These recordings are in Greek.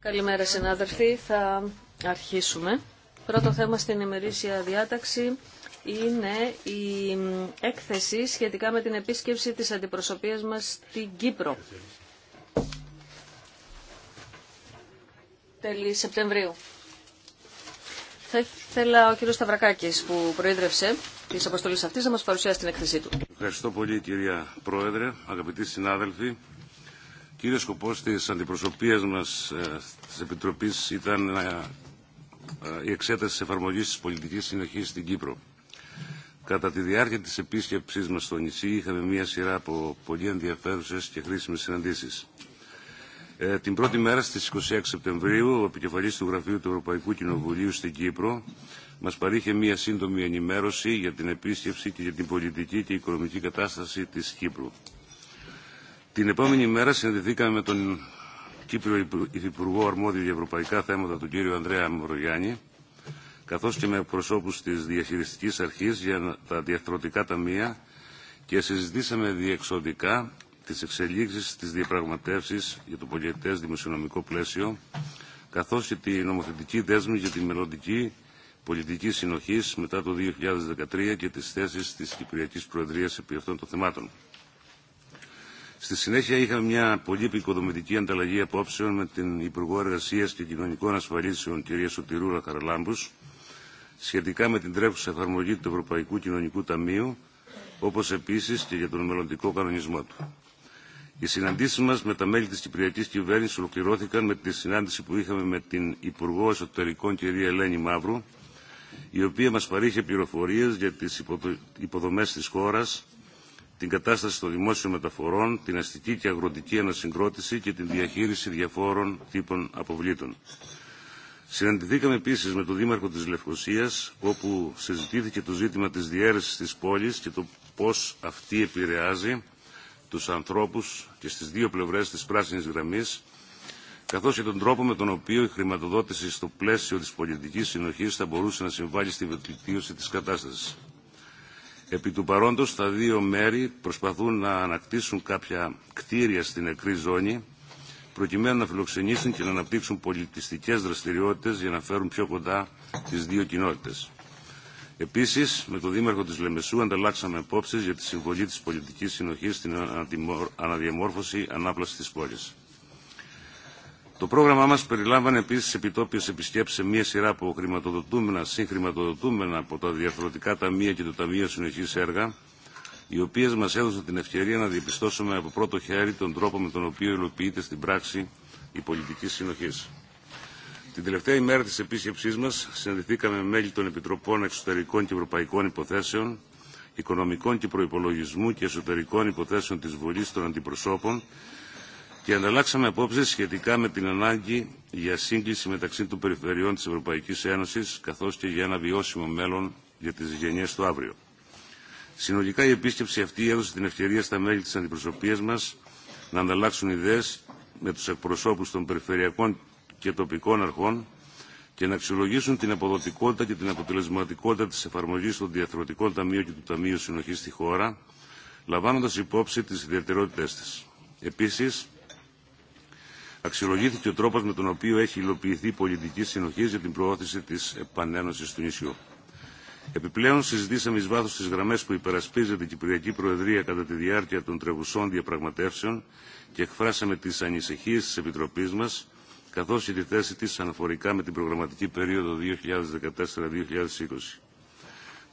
Καλημέρα συνάδελφοι, θα αρχίσουμε. Πρώτο θέμα στην ημερήσια διάταξη είναι η έκθεση σχετικά με την επίσκεψη της αντιπροσωπείας μας στην Κύπρο. Τέλη Σεπτεμβρίου. Θα ήθελα ο κύριος Σταυρακάκης που προείδρευσε τις αποστολή αυτής να μας παρουσιάσει την έκθεσή του. Ευχαριστώ πολύ κυρία Πρόεδρε, αγαπητοί συνάδελφοι. Κύριος σκοπός της αντιπροσωπείας μας ε, της Επιτροπής ήταν ε, ε, η εξέταση της εφαρμογής της πολιτικής συνοχής στην Κύπρο. Κατά τη διάρκεια της επίσκεψής μας στο νησί είχαμε μια σειρά από πολύ ενδιαφέρουσες και χρήσιμες συναντήσεις. Ε, την πρώτη μέρα στις 26 Σεπτεμβρίου ο επικεφαλής του Γραφείου του Ευρωπαϊκού Κοινοβουλίου στην Κύπρο μας παρήχε μια σύντομη ενημέρωση για την επίσκεψη και για την πολιτική και οικονομική κατάσταση της Κύπρου. Την επόμενη μέρα συναντηθήκαμε με τον Κύπριο Υφυπουργό Αρμόδιο για Ευρωπαϊκά Θέματα, τον κύριο Ανδρέα Μαυρογιάννη, καθώς και με προσώπους της Διαχειριστικής Αρχής για τα διαθροτικά ταμεία και συζητήσαμε διεξοδικά τις εξελίξεις της διαπραγματεύσης για το πολιετές δημοσιονομικό πλαίσιο, καθώς και τη νομοθετική δέσμη για τη μελλοντική πολιτική συνοχής μετά το 2013 και τις θέσεις της Κυπριακής Προεδρίας επί αυτών των θεμάτων. Στη συνέχεια είχαμε μια πολύ επικοδομητική ανταλλαγή απόψεων με την Υπουργό Εργασία και Κοινωνικών Ασφαλίσεων κυρία Σωτηρούλα Καραλάμπους σχετικά με την τρέχουσα εφαρμογή του Ευρωπαϊκού Κοινωνικού Ταμείου, όπως επίσης και για τον μελλοντικό κανονισμό του. Οι συναντήσεις μας με τα μέλη της Κυπριακής Κυβέρνησης ολοκληρώθηκαν με τη συνάντηση που είχαμε με την Υπουργό Εσωτερικών κυρία Ελένη Μαύρου, η οποία μας παρήχε πληροφορίες για τις υποδομές της χώρας, την κατάσταση των δημόσιων μεταφορών, την αστική και αγροτική ανασυγκρότηση και την διαχείριση διαφόρων τύπων αποβλήτων. Συναντηθήκαμε επίσης με τον Δήμαρχο της Λευκοσίας, όπου συζητήθηκε το ζήτημα της διαίρεσης της πόλης και το πώς αυτή επηρεάζει τους ανθρώπους και στις δύο πλευρές της πράσινης γραμμής, καθώς και τον τρόπο με τον οποίο η χρηματοδότηση στο πλαίσιο της πολιτικής συνοχής θα μπορούσε να συμβάλλει στη βελτίωση της κατάστασης. Επί του παρόντος, τα δύο μέρη προσπαθούν να ανακτήσουν κάποια κτίρια στην νεκρή ζώνη, προκειμένου να φιλοξενήσουν και να αναπτύξουν πολιτιστικέ δραστηριότητε για να φέρουν πιο κοντά τι δύο κοινότητε. Επίση, με τον Δήμαρχο τη Λεμεσού ανταλλάξαμε απόψει για τη συμβολή τη πολιτική συνοχή στην αναδιαμόρφωση ανάπλαση τη πόλη. Το πρόγραμμά μα περιλάμβανε επίση επιτόπιε επισκέψεις σε μία σειρά από χρηματοδοτούμενα, συγχρηματοδοτούμενα από τα διαφορετικά ταμεία και το Ταμείο Συνοχή Έργα, οι οποίες μας έδωσαν την ευκαιρία να διαπιστώσουμε από πρώτο χέρι τον τρόπο με τον οποίο υλοποιείται στην πράξη η πολιτική συνοχή. Την τελευταία ημέρα της επίσκεψής μας συναντηθήκαμε με μέλη των Επιτροπών Εξωτερικών και Ευρωπαϊκών Υποθέσεων, Οικονομικών και Προϋπολογισμού και Εσωτερικών Υποθέσεων της Βουλής των Αντιπροσώπων και ανταλλάξαμε απόψεις σχετικά με την ανάγκη για σύγκληση μεταξύ των περιφερειών της Ευρωπαϊκής Ένωση, καθώς και για ένα βιώσιμο μέλλον για τις γενιές του αύριο. Συνολικά η επίσκεψη αυτή έδωσε την ευκαιρία στα μέλη της αντιπροσωπείας μας να ανταλλάξουν ιδέες με τους εκπροσώπους των περιφερειακών και τοπικών αρχών και να αξιολογήσουν την αποδοτικότητα και την αποτελεσματικότητα της εφαρμογής των διαθροτικών ταμείων και του Ταμείου Συνοχής στη χώρα, λαμβάνοντας υπόψη τις ιδιαιτερότητές της. Επίσης, αξιολογήθηκε ο τρόπος με τον οποίο έχει υλοποιηθεί η πολιτική συνοχή για την προώθηση της επανένωσης του νησιού. Επιπλέον, συζητήσαμε ει βάθο τι γραμμέ που υπερασπίζεται η Κυπριακή Προεδρία κατά τη διάρκεια των τρεχουσών διαπραγματεύσεων και εκφράσαμε τι ανησυχίε τη Επιτροπή μα, καθώ και τη θέση τη αναφορικά με την προγραμματική περίοδο 2014-2020.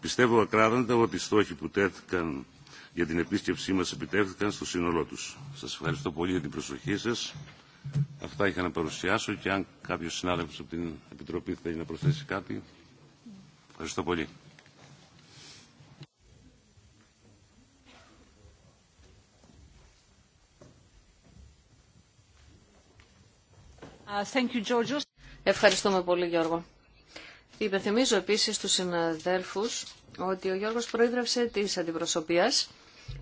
Πιστεύω ακράδαντα ότι οι στόχοι που τέθηκαν για την επίσκεψή μας επιτεύχθηκαν στο σύνολό τους. Σας ευχαριστώ πολύ για την προσοχή σας. Αυτά είχα να παρουσιάσω και αν κάποιος συνάδελφος από την Επιτροπή θέλει να προσθέσει κάτι. Ευχαριστώ πολύ. Uh, Ευχαριστούμε πολύ Γιώργο. Υπενθυμίζω επίσης στους συναδέλφους ότι ο Γιώργος προείδρευσε τη αντιπροσωπείας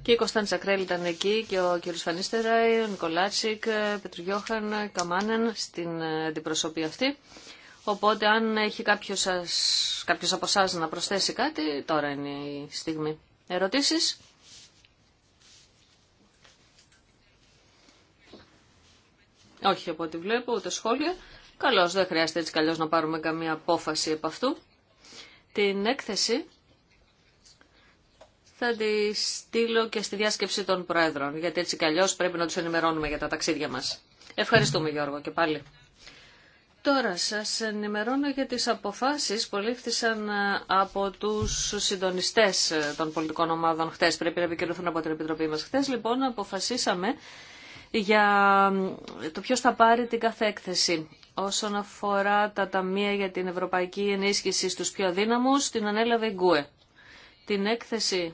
και η Κωνσταντζα Κρέλ ήταν εκεί και ο κ. Φανίστερα, ο Νικολάτσικ, Πετρουγιώχαν, Καμάνεν στην αντιπροσωπεία αυτή. Οπότε αν έχει κάποιος, σας, κάποιος από εσά να προσθέσει κάτι, τώρα είναι η στιγμή. Ερωτήσεις? Όχι από ό,τι βλέπω, ούτε σχόλια. Καλώ δεν χρειάζεται έτσι καλώ να πάρουμε καμία απόφαση από αυτού. Την έκθεση θα τη στείλω και στη διάσκεψη των Προέδρων, γιατί έτσι καλώ πρέπει να του ενημερώνουμε για τα ταξίδια μας. Ευχαριστούμε Γιώργο και πάλι. Τώρα σας ενημερώνω για τις αποφάσεις που λήφθησαν ε, από τους συντονιστές ε, των πολιτικών ομάδων χθες. Πρέπει να επικοινωθούν από την Επιτροπή μας χθες Λοιπόν, αποφασίσαμε για το ποιος θα πάρει την κάθε έκθεση. Όσον αφορά τα ταμεία για την ευρωπαϊκή ενίσχυση στους πιο αδύναμους, την ανέλαβε η Γκουε. Την έκθεση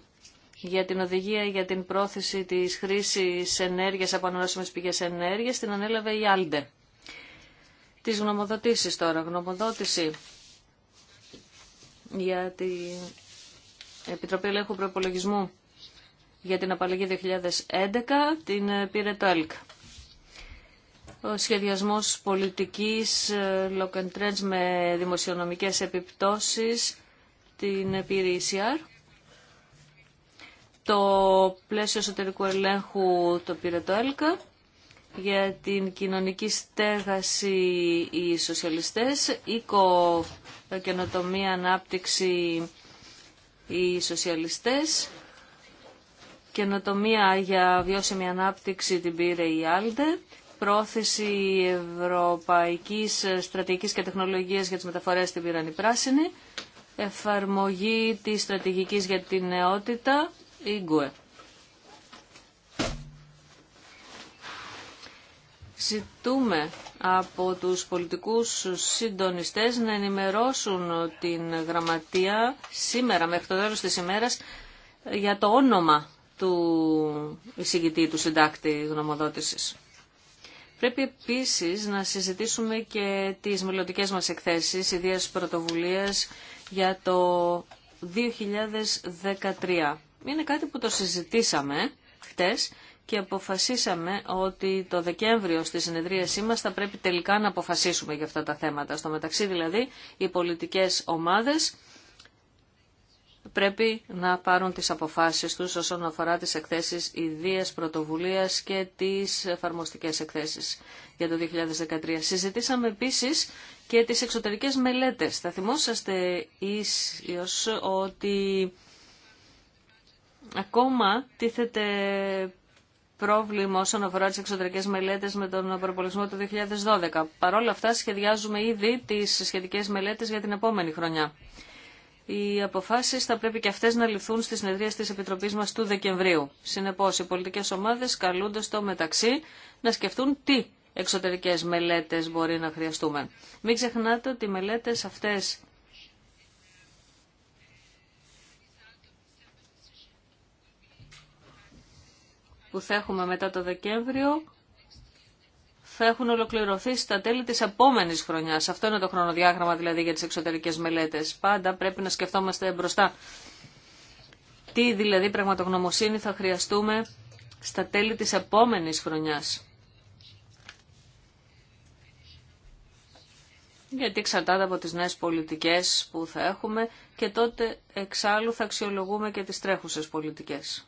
για την οδηγία για την πρόθεση της χρήσης ενέργειας από ανανεώσιμες πηγές ενέργειας, την ανέλαβε η Άλντε. Τις γνωμοδοτήσεις τώρα. Γνωμοδότηση για την Επιτροπή Ελέγχου Προπολογισμού για την απαλλαγή 2011 την ε, πήρε το ΕΛΚ. Ο σχεδιασμός πολιτικής ε, lock and trends με δημοσιονομικές επιπτώσεις την πήρε η Το πλαίσιο εσωτερικού ελέγχου το πήρε το ΕΛΚ. Για την κοινωνική στέγαση οι σοσιαλιστές. Οίκο ε, καινοτομία ανάπτυξη οι σοσιαλιστές καινοτομία για βιώσιμη ανάπτυξη την πήρε η Άλντε, πρόθεση ευρωπαϊκής στρατηγικής και τεχνολογίας για τις μεταφορές την πήραν πράσινη, εφαρμογή της στρατηγικής για την νεότητα, η ΓΚΟΕ. Ζητούμε από τους πολιτικούς συντονιστές να ενημερώσουν την γραμματεία σήμερα, μέχρι το τέλος της ημέρας, για το όνομα του εισηγητή, του συντάκτη γνωμοδότησης. Πρέπει επίσης να συζητήσουμε και τις μελλοντικέ μας εκθέσεις, ιδίας πρωτοβουλίας για το 2013. Είναι κάτι που το συζητήσαμε χτες και αποφασίσαμε ότι το Δεκέμβριο στη συνεδρίασή μας θα πρέπει τελικά να αποφασίσουμε για αυτά τα θέματα. Στο μεταξύ δηλαδή οι πολιτικές ομάδες πρέπει να πάρουν τις αποφάσεις τους όσον αφορά τις εκθέσεις ιδίας πρωτοβουλίας και τις εφαρμοστικές εκθέσεις για το 2013. Συζητήσαμε επίσης και τις εξωτερικές μελέτες. Θα θυμόσαστε ίσως ότι ακόμα τίθεται πρόβλημα όσον αφορά τις εξωτερικές μελέτες με τον προπολισμό του 2012. Παρ' όλα αυτά σχεδιάζουμε ήδη τις σχετικές μελέτες για την επόμενη χρονιά. Οι αποφάσεις θα πρέπει και αυτές να ληφθούν στη συνεδρία της Επιτροπής μας του Δεκεμβρίου. Συνεπώς, οι πολιτικές ομάδες καλούνται στο μεταξύ να σκεφτούν τι εξωτερικές μελέτες μπορεί να χρειαστούμε. Μην ξεχνάτε ότι οι μελέτες αυτές που θα έχουμε μετά το Δεκέμβριο θα έχουν ολοκληρωθεί στα τέλη της επόμενης χρονιάς. Αυτό είναι το χρονοδιάγραμμα δηλαδή για τις εξωτερικές μελέτες. Πάντα πρέπει να σκεφτόμαστε μπροστά. Τι δηλαδή πραγματογνωμοσύνη θα χρειαστούμε στα τέλη της επόμενης χρονιάς. γιατί εξαρτάται από τις νέες πολιτικές που θα έχουμε και τότε εξάλλου θα αξιολογούμε και τις τρέχουσες πολιτικές.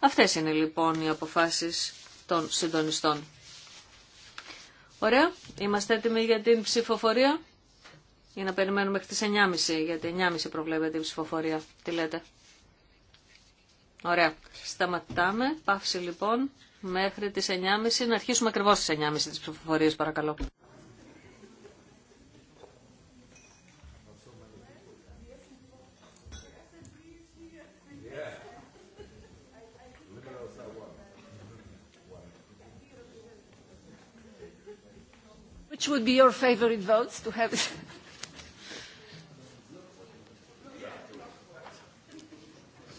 Αυτές είναι λοιπόν οι αποφάσεις των συντονιστών. Ωραία, είμαστε έτοιμοι για την ψηφοφορία ή να περιμένουμε μέχρι τις 9.30, γιατί 9.30 προβλέπεται η ψηφοφορία. Τι λέτε. Ωραία, σταματάμε, παύση λοιπόν, μέχρι τις 9.30, να αρχίσουμε ακριβώς τις 9.30 της ψηφοφορίες παρακαλώ. Which would be your favorite votes to have?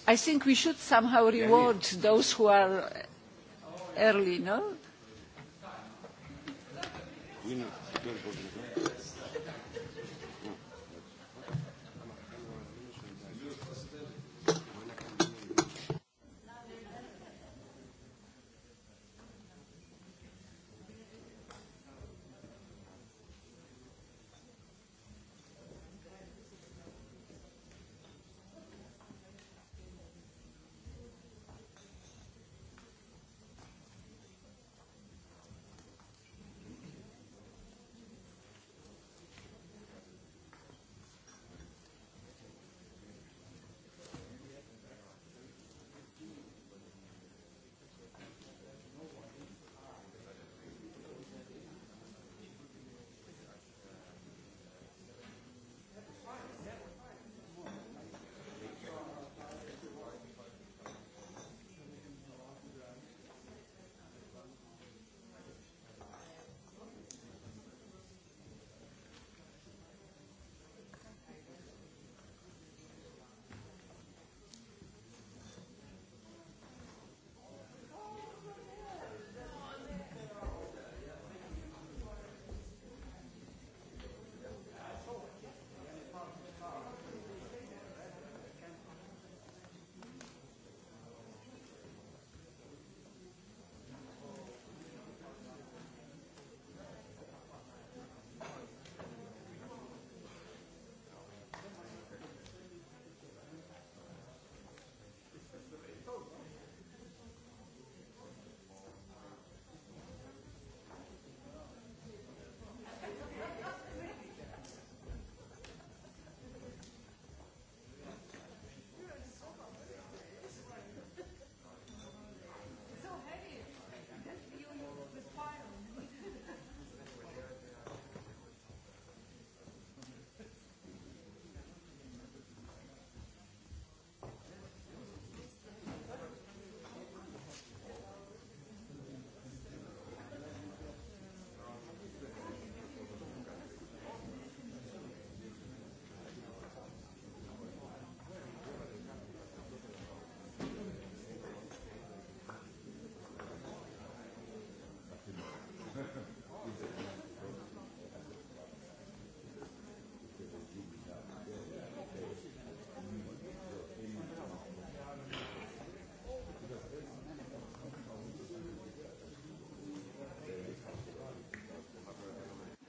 I think we should somehow reward those who are early, no?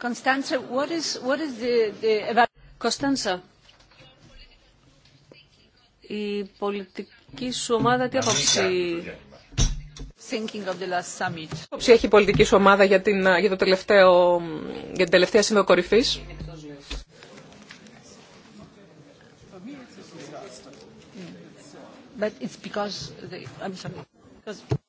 Constanza, what is, what is the, the... Constanza, η πολιτική σου ομάδα τι άποψη Όψη έχει η πολιτική σου ομάδα για την, για το τελευταίο, για την τελευταία σύνοδο κορυφή. But it's because they, I'm sorry. Because...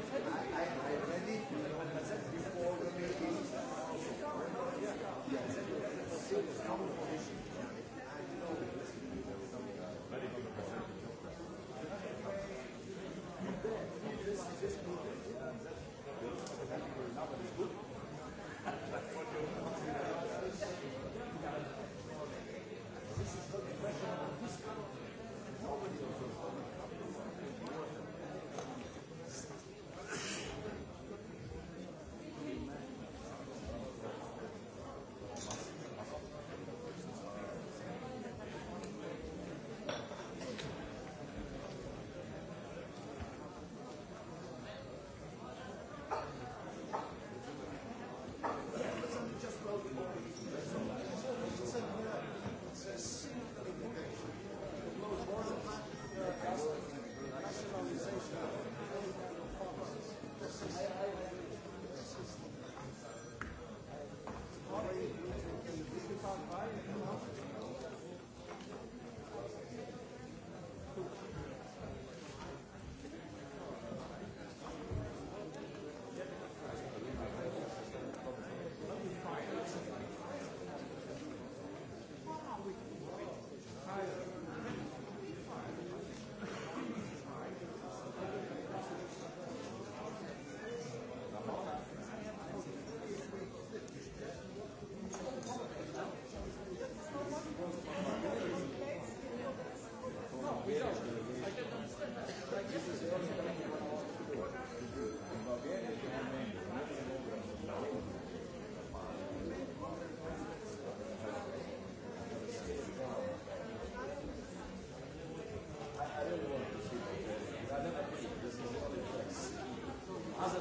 meeting.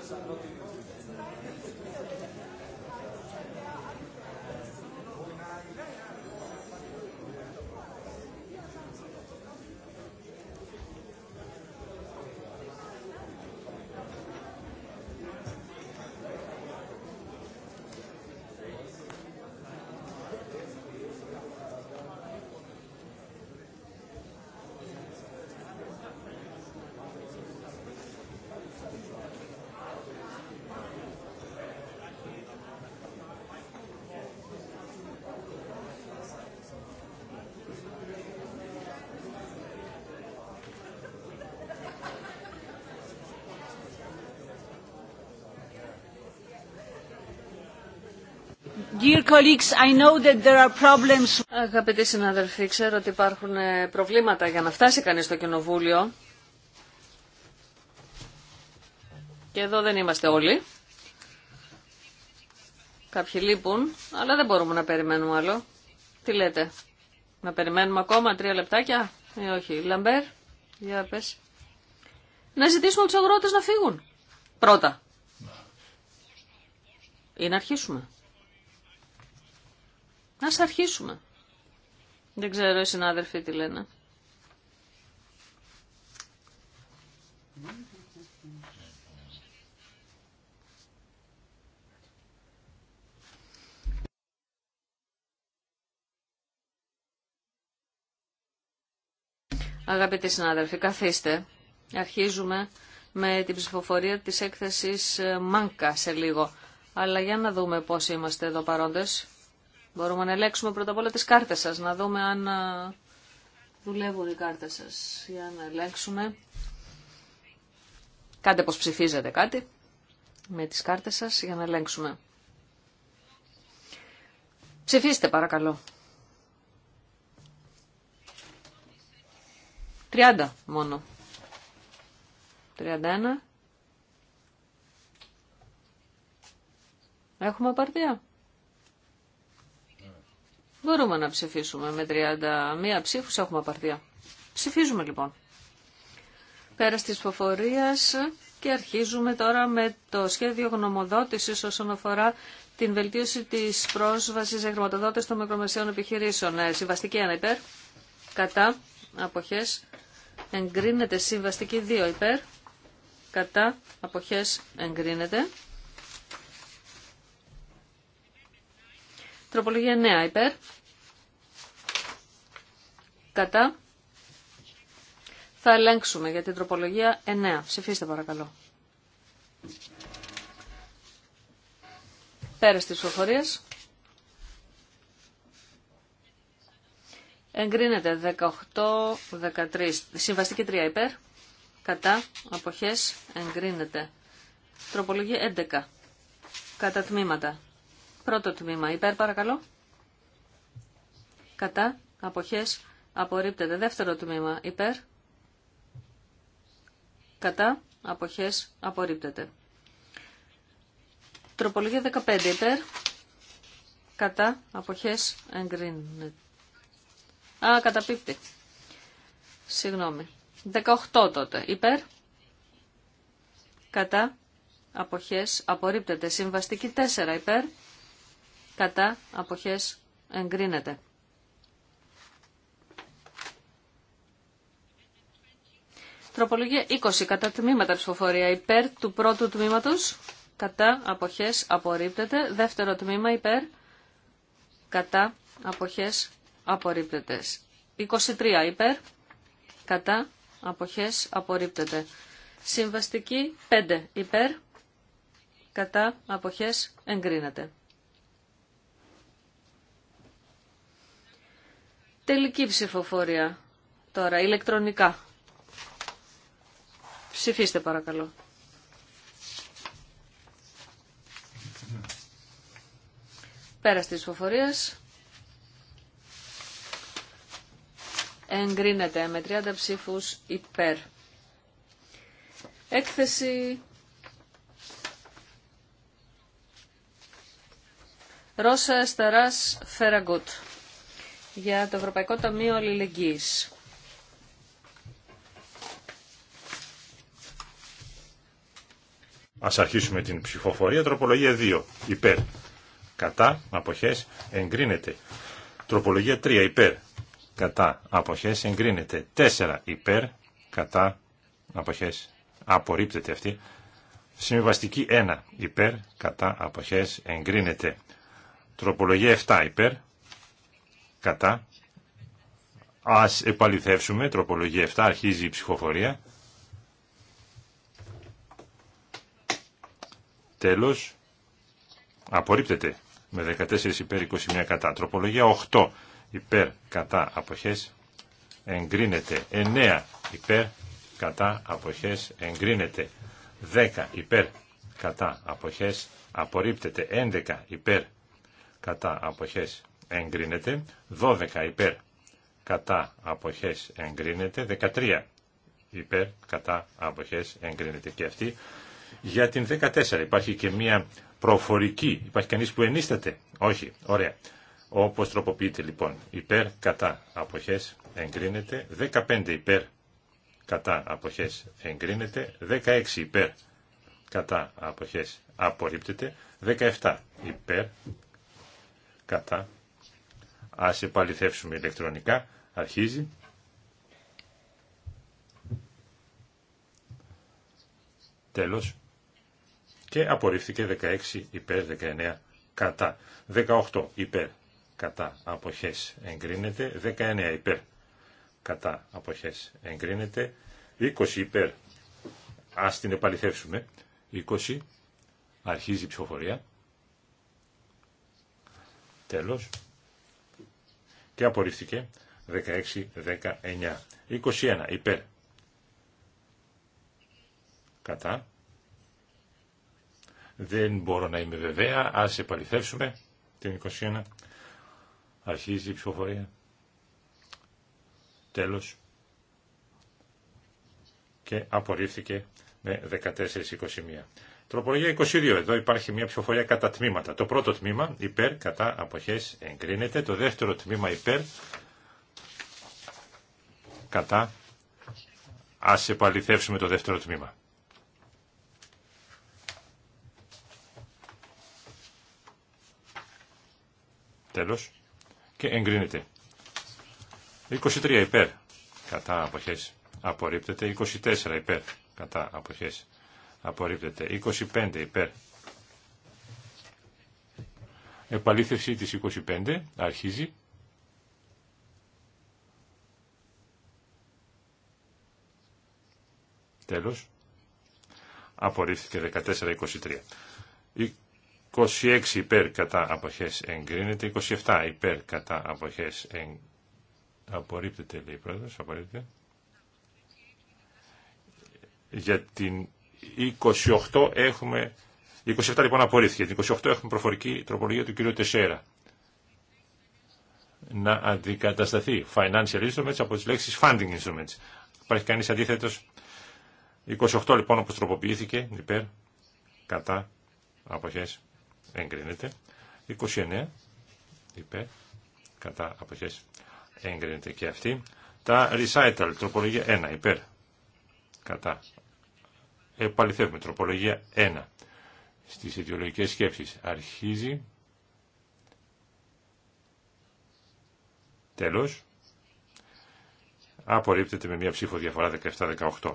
σαν το Αγαπητοί συναδελφοί, ξέρω ότι υπάρχουν ε, προβλήματα για να φτάσει κανείς στο κοινοβούλιο. Και εδώ δεν είμαστε όλοι. Κάποιοι λείπουν, αλλά δεν μπορούμε να περιμένουμε άλλο. Τι λέτε, να περιμένουμε ακόμα τρία λεπτάκια ή ε, όχι. Λαμπέρ, για πες. Να ζητήσουμε τους αγρότες να φύγουν. Πρώτα. Ή να αρχίσουμε. Ας αρχίσουμε. Δεν ξέρω οι συνάδελφοι τι λένε. Αγαπητοί συνάδελφοι, καθίστε. Αρχίζουμε με την ψηφοφορία της έκθεσης Μάνκα σε λίγο. Αλλά για να δούμε πώς είμαστε εδώ παρόντες. Μπορούμε να ελέγξουμε πρώτα απ' όλα τις κάρτες σας, να δούμε αν δουλεύουν οι κάρτες σας. Για να ελέγξουμε. Κάντε πως ψηφίζετε κάτι με τις κάρτες σας για να ελέγξουμε. Ψηφίστε παρακαλώ. 30 μόνο. 31. Έχουμε απαρτία. Μπορούμε να ψηφίσουμε με 31 ψήφους, έχουμε απαρτία. Ψηφίζουμε λοιπόν. Πέρα της ψηφοφορίας και αρχίζουμε τώρα με το σχέδιο γνωμοδότησης όσον αφορά την βελτίωση της πρόσβασης σε χρηματοδότες των μικρομεσαίων επιχειρήσεων. Ε, συμβαστική 1 υπέρ, κατά, αποχές, εγκρίνεται. Συμβαστική 2 υπέρ, κατά, αποχές, εγκρίνεται. Τροπολογία 9 υπέρ. Κατά. Θα ελέγξουμε για την τροπολογία 9. Ψηφίστε παρακαλώ. Πέρες τη ψηφοφορίας. Εγκρίνεται 18-13. Συμβαστική 3 υπέρ. Κατά. Αποχές. Εγκρίνεται. Τροπολογία 11. Κατά τμήματα πρώτο τμήμα. Υπέρ παρακαλώ. Κατά. Αποχές. Απορρίπτεται. Δεύτερο τμήμα. Υπέρ. Κατά. Αποχές. Απορρίπτεται. Τροπολογία 15. Υπέρ. Κατά. Αποχές. Εγκρίνεται. Α, καταπίπτει. Συγγνώμη. 18 τότε. Υπέρ. Κατά. Αποχές. Απορρίπτεται. Συμβαστική 4. Υπέρ κατά αποχές εγκρίνεται. 20 κατά τμήματα ψηφοφορία υπέρ του πρώτου τμήματος, κατά αποχές απορρίπτεται, δεύτερο τμήμα υπέρ, κατά αποχές απορρίπτεται. 23 υπέρ, κατά αποχές απορρίπτεται. Συμβαστική 5 υπέρ, κατά αποχές εγκρίνεται. Τελική ψηφοφορία τώρα, ηλεκτρονικά. Ψηφίστε παρακαλώ. Πέρα στις ψηφοφορίας. Εγκρίνεται με 30 ψήφους υπέρ. Έκθεση Ρώσα Στεράς Φεραγκούτ για το Ευρωπαϊκό Ταμείο Αλληλεγγύης. Ας αρχίσουμε την ψηφοφορία. Τροπολογία 2. Υπέρ. Κατά. Αποχές. Εγκρίνεται. Τροπολογία 3. Υπέρ. Κατά. Αποχές. Εγκρίνεται. 4. Υπέρ. Κατά. Αποχές. Απορρίπτεται αυτή. Συμβαστική 1. Υπέρ. Κατά. Αποχές. Εγκρίνεται. Τροπολογία 7. Υπέρ κατά. Ας επαληθεύσουμε, τροπολογία 7, αρχίζει η ψηφοφορία. Τέλος, απορρίπτεται με 14 υπέρ 21 κατά. Τροπολογία 8 υπέρ κατά αποχές εγκρίνεται. 9 υπέρ κατά αποχές εγκρίνεται. 10 υπέρ κατά αποχές απορρίπτεται. 11 υπέρ κατά αποχές εγκρίνεται, 12 υπέρ κατά αποχές εγκρίνεται, 13 υπέρ κατά αποχές εγκρίνεται και αυτή. Για την 14 υπάρχει και μια προφορική, υπάρχει κανείς που ενίσταται, όχι, ωραία. Όπως τροποποιείται λοιπόν, υπέρ κατά αποχές εγκρίνεται, 15 υπέρ κατά αποχές εγκρίνεται, 16 υπέρ κατά αποχές απορρίπτεται, 17 υπέρ κατά Ας επαληθεύσουμε ηλεκτρονικά. Αρχίζει. Τέλος. Και απορρίφθηκε 16 υπέρ 19 κατά. 18 υπέρ κατά αποχές εγκρίνεται. 19 υπέρ κατά αποχές εγκρίνεται. 20 υπέρ. Ας την επαληθεύσουμε. 20. Αρχίζει η ψηφοφορία. Τέλος και απορρίφθηκε 16-19. 21 υπέρ. Κατά. Δεν μπορώ να είμαι βεβαία. Ας επαληθεύσουμε την 21. Αρχίζει η ψηφοφορία. Τέλος. Και απορρίφθηκε με 14-21. Τροπολογία 22. Εδώ υπάρχει μια ψηφοφορία κατά τμήματα. Το πρώτο τμήμα υπέρ, κατά, αποχέ εγκρίνεται. Το δεύτερο τμήμα υπέρ, κατά. Α επαληθεύσουμε το δεύτερο τμήμα. Τέλος. Και εγκρίνεται. 23 υπέρ, κατά, αποχέ απορρίπτεται. 24 υπέρ, κατά, αποχέ απορρίπτεται. 25 υπέρ. Επαλήθευση της 25 αρχίζει. Τέλος. Απορρίφθηκε 14-23. 26 υπέρ κατά αποχές εγκρίνεται. 27 υπέρ κατά αποχές εγκρίνεται. Απορρίπτεται λέει η πρόεδρος. Απορρίπτεται. Για την 28 έχουμε... 27 λοιπόν απορρίφθηκε. 28 έχουμε προφορική τροπολογία του κύριου Τεσέρα. Να αντικατασταθεί financial instruments από τις λέξεις funding instruments. Υπάρχει κανείς αντίθετος. 28 λοιπόν όπως τροποποιήθηκε υπέρ κατά αποχές εγκρίνεται. 29 υπέρ κατά αποχές εγκρίνεται και αυτή. Τα recital τροπολογία 1 υπέρ κατά επαληθεύουμε. Τροπολογία 1 στις αιτιολογικές σκέψεις. Αρχίζει. Τέλος. Απορρίπτεται με μια ψήφο διαφορά 17-18.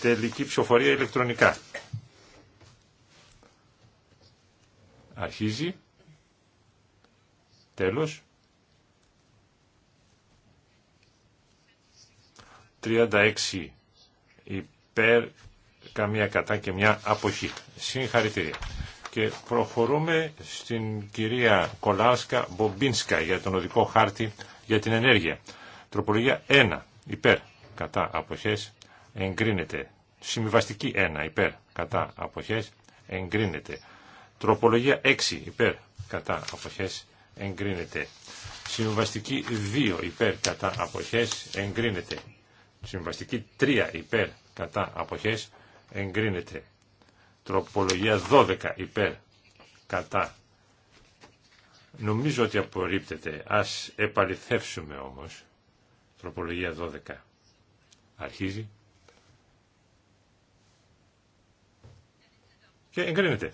Τελική ψηφοφορία ηλεκτρονικά. Αρχίζει. Τέλος. 36 υπέρ καμία κατά και μια αποχή. Συγχαρητήρια. Και προχωρούμε στην κυρία Κολάσκα Μπομπίνσκα για τον οδικό χάρτη για την ενέργεια. Τροπολογία 1 υπέρ κατά αποχές εγκρίνεται. Συμβιβαστική 1 υπέρ κατά αποχές εγκρίνεται. Τροπολογία 6 υπέρ κατά αποχές εγκρίνεται. Συμβαστική 2 υπέρ κατά αποχές εγκρίνεται. Συμβαστική 3 υπέρ κατά αποχές εγκρίνεται. Τροπολογία 12 υπέρ κατά. Νομίζω ότι απορρίπτεται. Ας επαληθεύσουμε όμως. Τροπολογία 12. Αρχίζει. Και εγκρίνεται.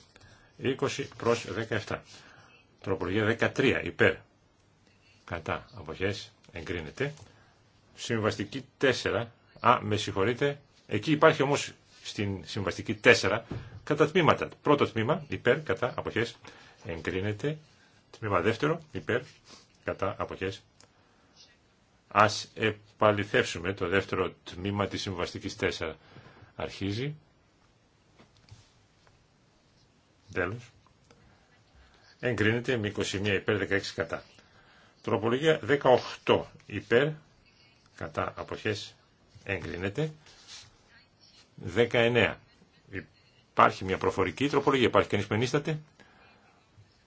20 προς 17. Τροπολογία 13 υπέρ. Κατά αποχές εγκρίνεται. Συμβαστική 4. Α, με συγχωρείτε. Εκεί υπάρχει όμως στην συμβαστική 4 κατά τμήματα. Πρώτο τμήμα υπέρ κατά αποχές εγκρίνεται. Τμήμα δεύτερο υπέρ κατά αποχές. Ας επαληθεύσουμε το δεύτερο τμήμα της συμβαστικής 4. Αρχίζει. Τέλος. Εγκρίνεται με 21 υπέρ 16 κατά. Τροπολογία 18 υπέρ κατά αποχές εγκρίνεται. 19. Υπάρχει μια προφορική τροπολογία. Υπάρχει κανείς που ενίσταται.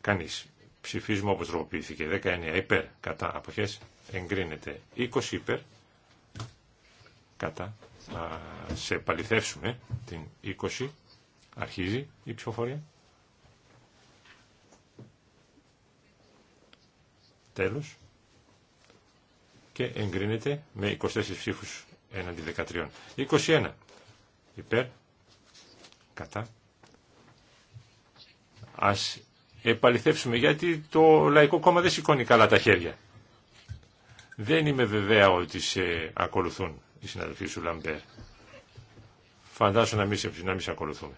Κανείς. Ψηφίζουμε όπως τροποποιήθηκε. 19 υπέρ. Κατά. Αποχές. Εγκρίνεται. 20 υπέρ. Κατά. Θα σε παληθεύσουμε την 20. Αρχίζει η ψηφοφορία. Τέλος. Και εγκρίνεται με 24 ψήφους έναντι 13. 21 υπέρ, κατά. Ας επαληθεύσουμε γιατί το Λαϊκό Κόμμα δεν σηκώνει καλά τα χέρια. Δεν είμαι βεβαία ότι σε ακολουθούν οι συναδελφοί σου Λαμπέρ. Φαντάζομαι να μην, να μην σε ακολουθούμε.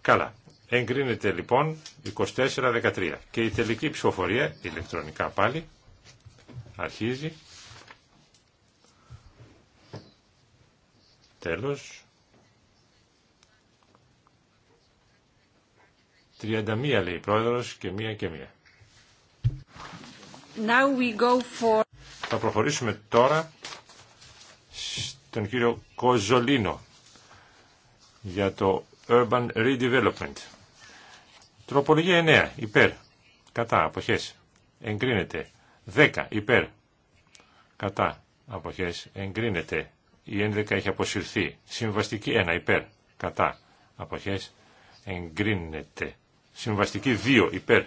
Καλά. Εγκρίνεται λοιπόν 24-13 και η τελική ψηφοφορία ηλεκτρονικά πάλι αρχίζει. Τέλος. 31 λέει η πρόεδρος και μία και μία. Now we go for... Θα προχωρήσουμε τώρα στον κύριο Κοζολίνο για το Urban Redevelopment. Τροπολογία 9, υπέρ. Κατά, αποχές. Εγκρίνεται. 10, υπέρ. Κατά, αποχές. Εγκρίνεται. Η 11 έχει αποσυρθεί. Συμβαστική 1 υπέρ. Κατά. Αποχές εγκρίνεται. Συμβαστική 2 υπέρ.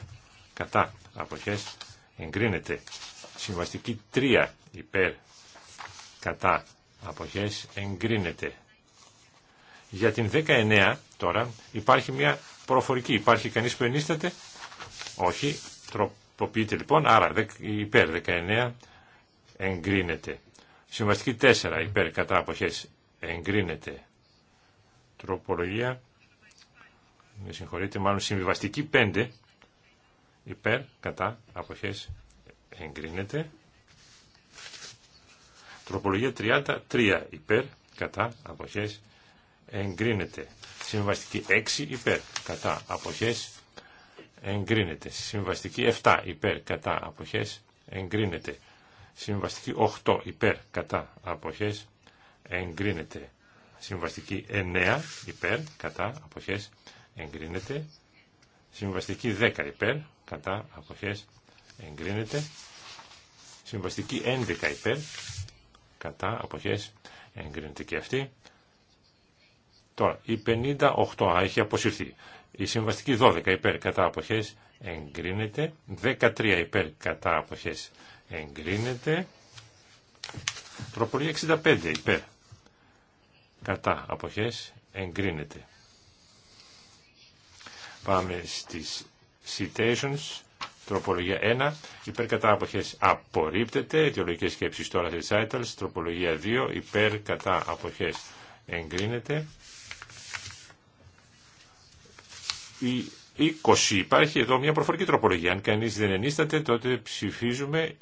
Κατά. Αποχές εγκρίνεται. Συμβαστική 3 υπέρ. Κατά. Αποχές εγκρίνεται. Για την 19 τώρα υπάρχει μια προφορική. Υπάρχει κανείς που ενίσταται. Όχι. Τροποποιείται λοιπόν. Άρα υπέρ 19 εγκρίνεται. Συμβαστική 4 υπέρ κατά αποχές εγκρίνεται. Τροπολογία, με συγχωρείτε, μάλλον συμβιβαστική 5 υπέρ κατά αποχές εγκρίνεται. Τροπολογία 33 υπέρ κατά αποχές εγκρίνεται. Συμβαστική 6 υπέρ κατά αποχές εγκρίνεται. Συμβαστική 7 υπέρ κατά αποχές εγκρίνεται. Συμβαστική 8 υπέρ κατά αποχές εγκρίνεται. Συμβαστική 9 υπέρ κατά αποχές εγκρίνεται. Συμβαστική 10 υπέρ κατά αποχές εγκρίνεται. Συμβαστική 11 υπέρ κατά αποχές εγκρίνεται και αυτή. Τώρα, η 58 έχει αποσυρθεί. Η συμβαστική 12 υπέρ κατά αποχές εγκρίνεται. 13 υπέρ κατά αποχές εγκρίνεται. Τροπολογία 65 υπέρ. Κατά αποχές εγκρίνεται. Πάμε στις citations. Τροπολογία 1. Υπέρ κατά αποχές απορρίπτεται. Αιτιολογικές σκέψεις τώρα Τροπολογία 2. Υπέρ κατά αποχές εγκρίνεται. Η 20. Υπάρχει εδώ μια προφορική τροπολογία. Αν κανείς δεν ενίσταται τότε ψηφίζουμε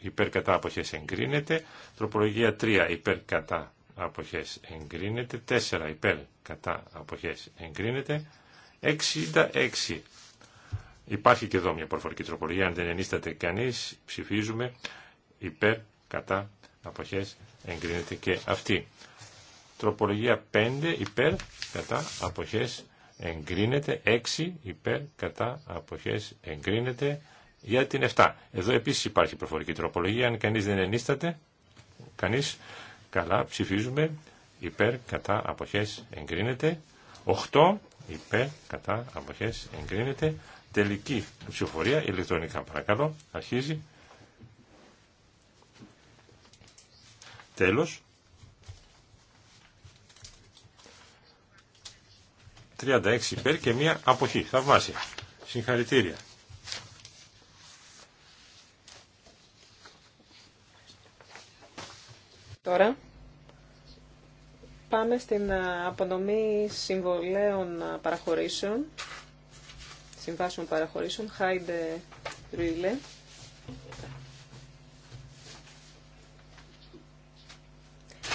υπέρ κατά αποχές εγκρίνεται. Τροπολογία 3 υπέρ κατά αποχές εγκρίνεται. 4 υπέρ κατά αποχές εγκρίνεται. 66. Υπάρχει και εδώ μια προφορική τροπολογία. Αν δεν ενίσταται κανείς ψηφίζουμε υπέρ κατά αποχές εγκρίνεται και αυτή. Τροπολογία 5 υπέρ κατά αποχές εγκρίνεται. 6 υπέρ κατά αποχές εγκρίνεται για την 7. Εδώ επίσης υπάρχει προφορική τροπολογία, αν κανείς δεν ενίσταται, κανείς, καλά, ψηφίζουμε, υπέρ, κατά, αποχές, εγκρίνεται. 8, υπέρ, κατά, αποχές, εγκρίνεται. Τελική ψηφοφορία, ηλεκτρονικά παρακαλώ, αρχίζει. Τέλος. 36 υπέρ και μία αποχή. Θαυμάσια. Συγχαρητήρια. Τώρα πάμε στην ε, απονομή συμβολέων ε, παραχωρήσεων, συμβάσεων παραχωρήσεων, Χάιντε Ρουίλε.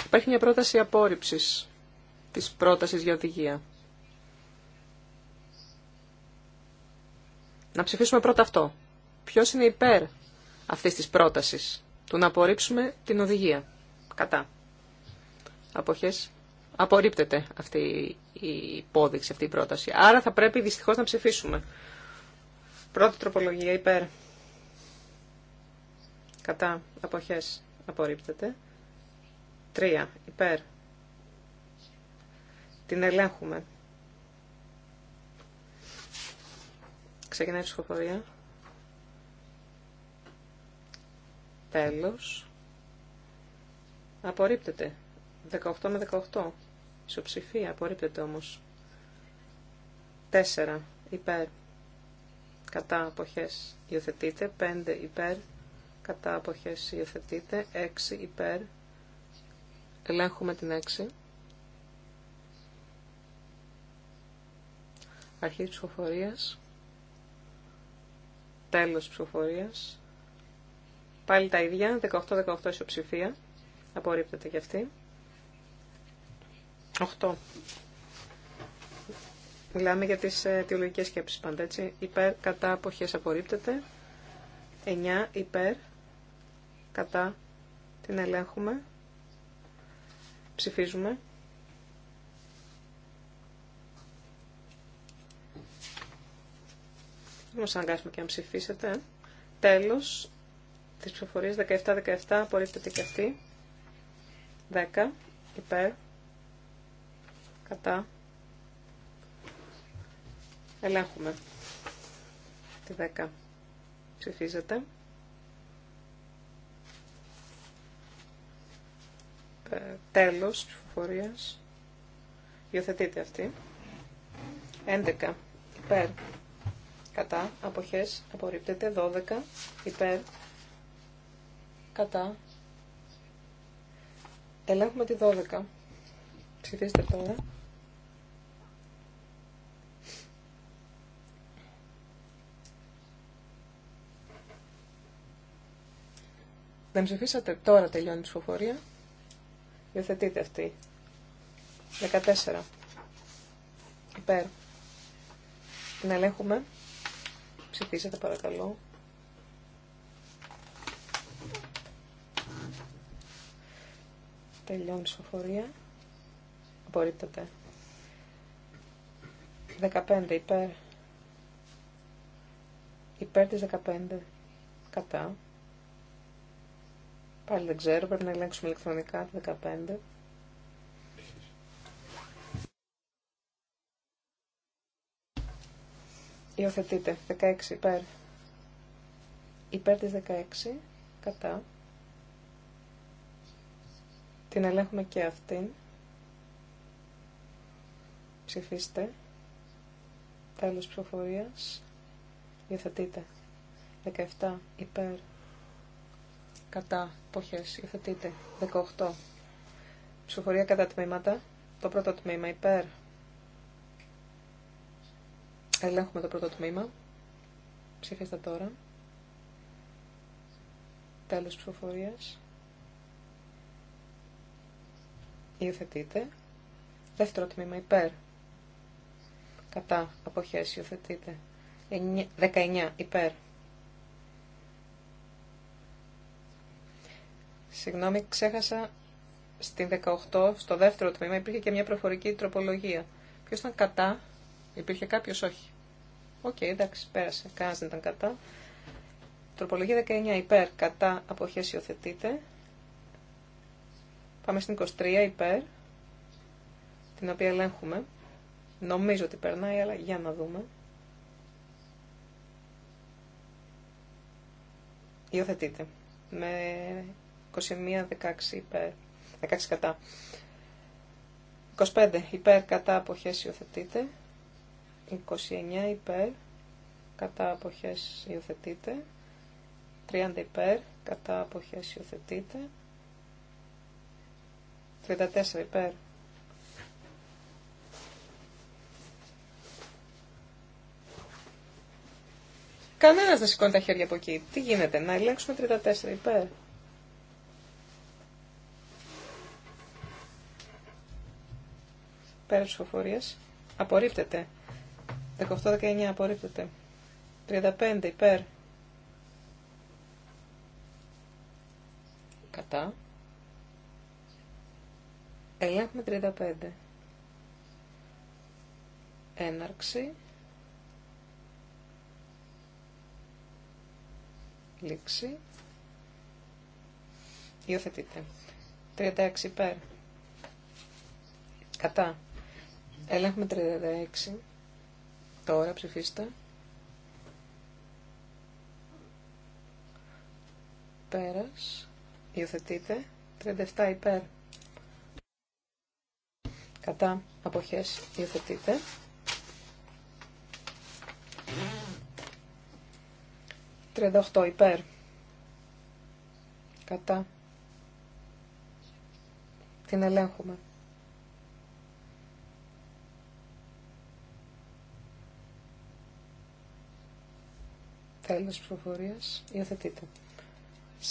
Υπάρχει μια πρόταση απόρριψης της πρότασης για οδηγία. Να ψηφίσουμε πρώτα αυτό. Ποιος είναι υπέρ αυτής της πρότασης, του να απορρίψουμε την οδηγία. Κατά. Αποχές. Απορρίπτεται αυτή η υπόδειξη, αυτή η πρόταση. Άρα θα πρέπει δυστυχώς να ψηφίσουμε. Πρώτη τροπολογία υπέρ. Κατά. Αποχές. Απορρίπτεται. Τρία. Υπέρ. Την ελέγχουμε. Ξεκινάει η ψηφοφορία. Τέλος. Απορρίπτεται. 18 με 18. Ισοψηφία. Απορρίπτεται όμως. 4 υπέρ. Κατά αποχές υιοθετείται. 5 υπέρ. Κατά αποχές υιοθετείται. 6 υπέρ. Ελέγχουμε την 6. Αρχή ψηφοφορίας. Τέλος ψηφοφορίας. Πάλι τα ίδια, 18-18 ισοψηφία. Απορρίπτεται και αυτή. 8. Μιλάμε για τις ε, αιτιολογικές σκέψεις πάντα, έτσι. Υπέρ, κατά, αποχές απορρίπτεται. 9. Υπέρ, κατά, την ελέγχουμε. Ψηφίζουμε. Δεν μας αναγκάσουμε και να ψηφίσετε. Ε. Τέλος της ψηφοφοριες 17 17-17 απορρίπτεται και αυτή. 10 υπέρ κατά ελέγχουμε τη 10 ψηφίζεται ε, τέλος ψηφοφορίας υιοθετείται αυτή 11 υπέρ κατά αποχές απορρίπτεται 12 υπέρ κατά Ελέγχουμε τη 12. Ψηφίστε τώρα. Δεν ψηφίσατε. Τώρα τελειώνει η ψηφοφορία. Υιοθετείτε αυτή. 14. Υπέρ. Την ελέγχουμε. Ψηφίσατε παρακαλώ. Τελειώνει η ψηφοφορία. Απορρίπτεται. 15 υπέρ. Υπέρ της 15. Κατά. Πάλι δεν ξέρω, πρέπει να ελέγξουμε ηλεκτρονικά το 15. Υιοθετείτε. 16 υπέρ. Υπέρ της 16. Κατά. Την ελέγχουμε και αυτήν. Ψηφίστε. Τέλος ψηφοφορίας. Υιοθετείτε. 17. Υπέρ. Κατά. Ποχές. Υιοθετείτε. 18. Ψηφοφορία κατά τμήματα. Το πρώτο τμήμα. Υπέρ. Ελέγχουμε το πρώτο τμήμα. Ψηφίστε τώρα. Τέλος ψηφοφορίας. υιοθετείται. Δεύτερο τμήμα υπέρ. Κατά αποχές υιοθετείται. 19 υπέρ. Συγγνώμη, ξέχασα στην 18, στο δεύτερο τμήμα, υπήρχε και μια προφορική τροπολογία. Ποιος ήταν κατά, υπήρχε κάποιος όχι. Οκ, okay, εντάξει, πέρασε. Κανένας δεν ήταν κατά. Τροπολογία 19 υπέρ, κατά αποχές υιοθετείται. Πάμε στην 23 υπέρ, την οποία ελέγχουμε. Νομίζω ότι περνάει, αλλά για να δούμε. Υιοθετείτε Με 21-16 υπέρ, 16 κατά. 25 υπέρ κατά αποχές υιοθετείτε, 29 υπέρ κατά αποχές υιοθετείτε, 30 υπέρ κατά αποχές υιοθετείτε. 34 υπέρ. Κανένας δεν σηκώνει τα χέρια από εκεί. Τι γίνεται, να ελέγξουμε 34 υπέρ. Πέρα ψηφοφορίας. Απορρίπτεται. 18-19 απορρίπτεται. 35 υπέρ. Κατά. Ελέγχουμε 35. Έναρξη. Λήξη. Υιοθετείτε. 36 υπέρ. Κατά. Ελέγχουμε 36. Τώρα ψηφίστε. Πέρας. Υιοθετείτε. 37 υπέρ κατά αποχές υιοθετείτε. 38 υπέρ κατά την ελέγχουμε. Τέλος προφορίας. Υιοθετείτε.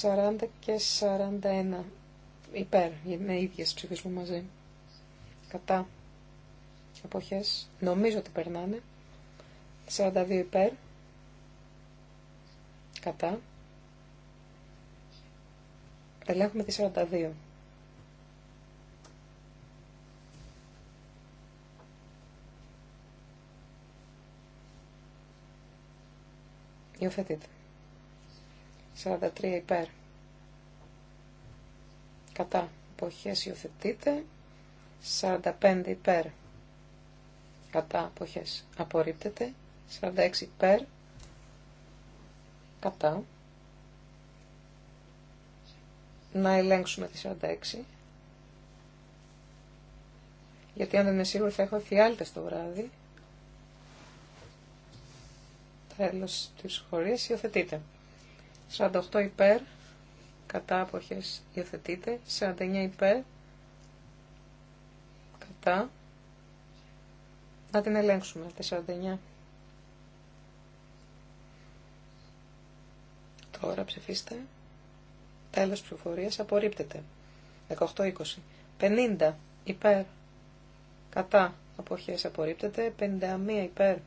40 και 41 υπέρ, είναι ίδιες ψηφίσμα μαζί κατά εποχές, νομίζω ότι περνάνε, 42 υπέρ, κατά, ελέγχουμε τη 42. Υιοθετείτε. 43 υπέρ. Κατά εποχές υιοθετείτε. 45 υπέρ κατά αποχές απορρίπτεται 46 υπέρ κατά να ελέγξουμε τη 46 γιατί αν δεν είμαι σίγουρη θα έχω θυάλτες το βράδυ τέλος της χωρίς υιοθετείται 48 υπέρ κατά αποχές υιοθετείται 49 υπέρ να την ελέγξουμε, 49. Τώρα ψηφίστε. Τέλος ψηφοφορίας απορρίπτεται. 18-20. 50 υπέρ. Κατά αποχές απορρίπτεται. 51 υπέρ.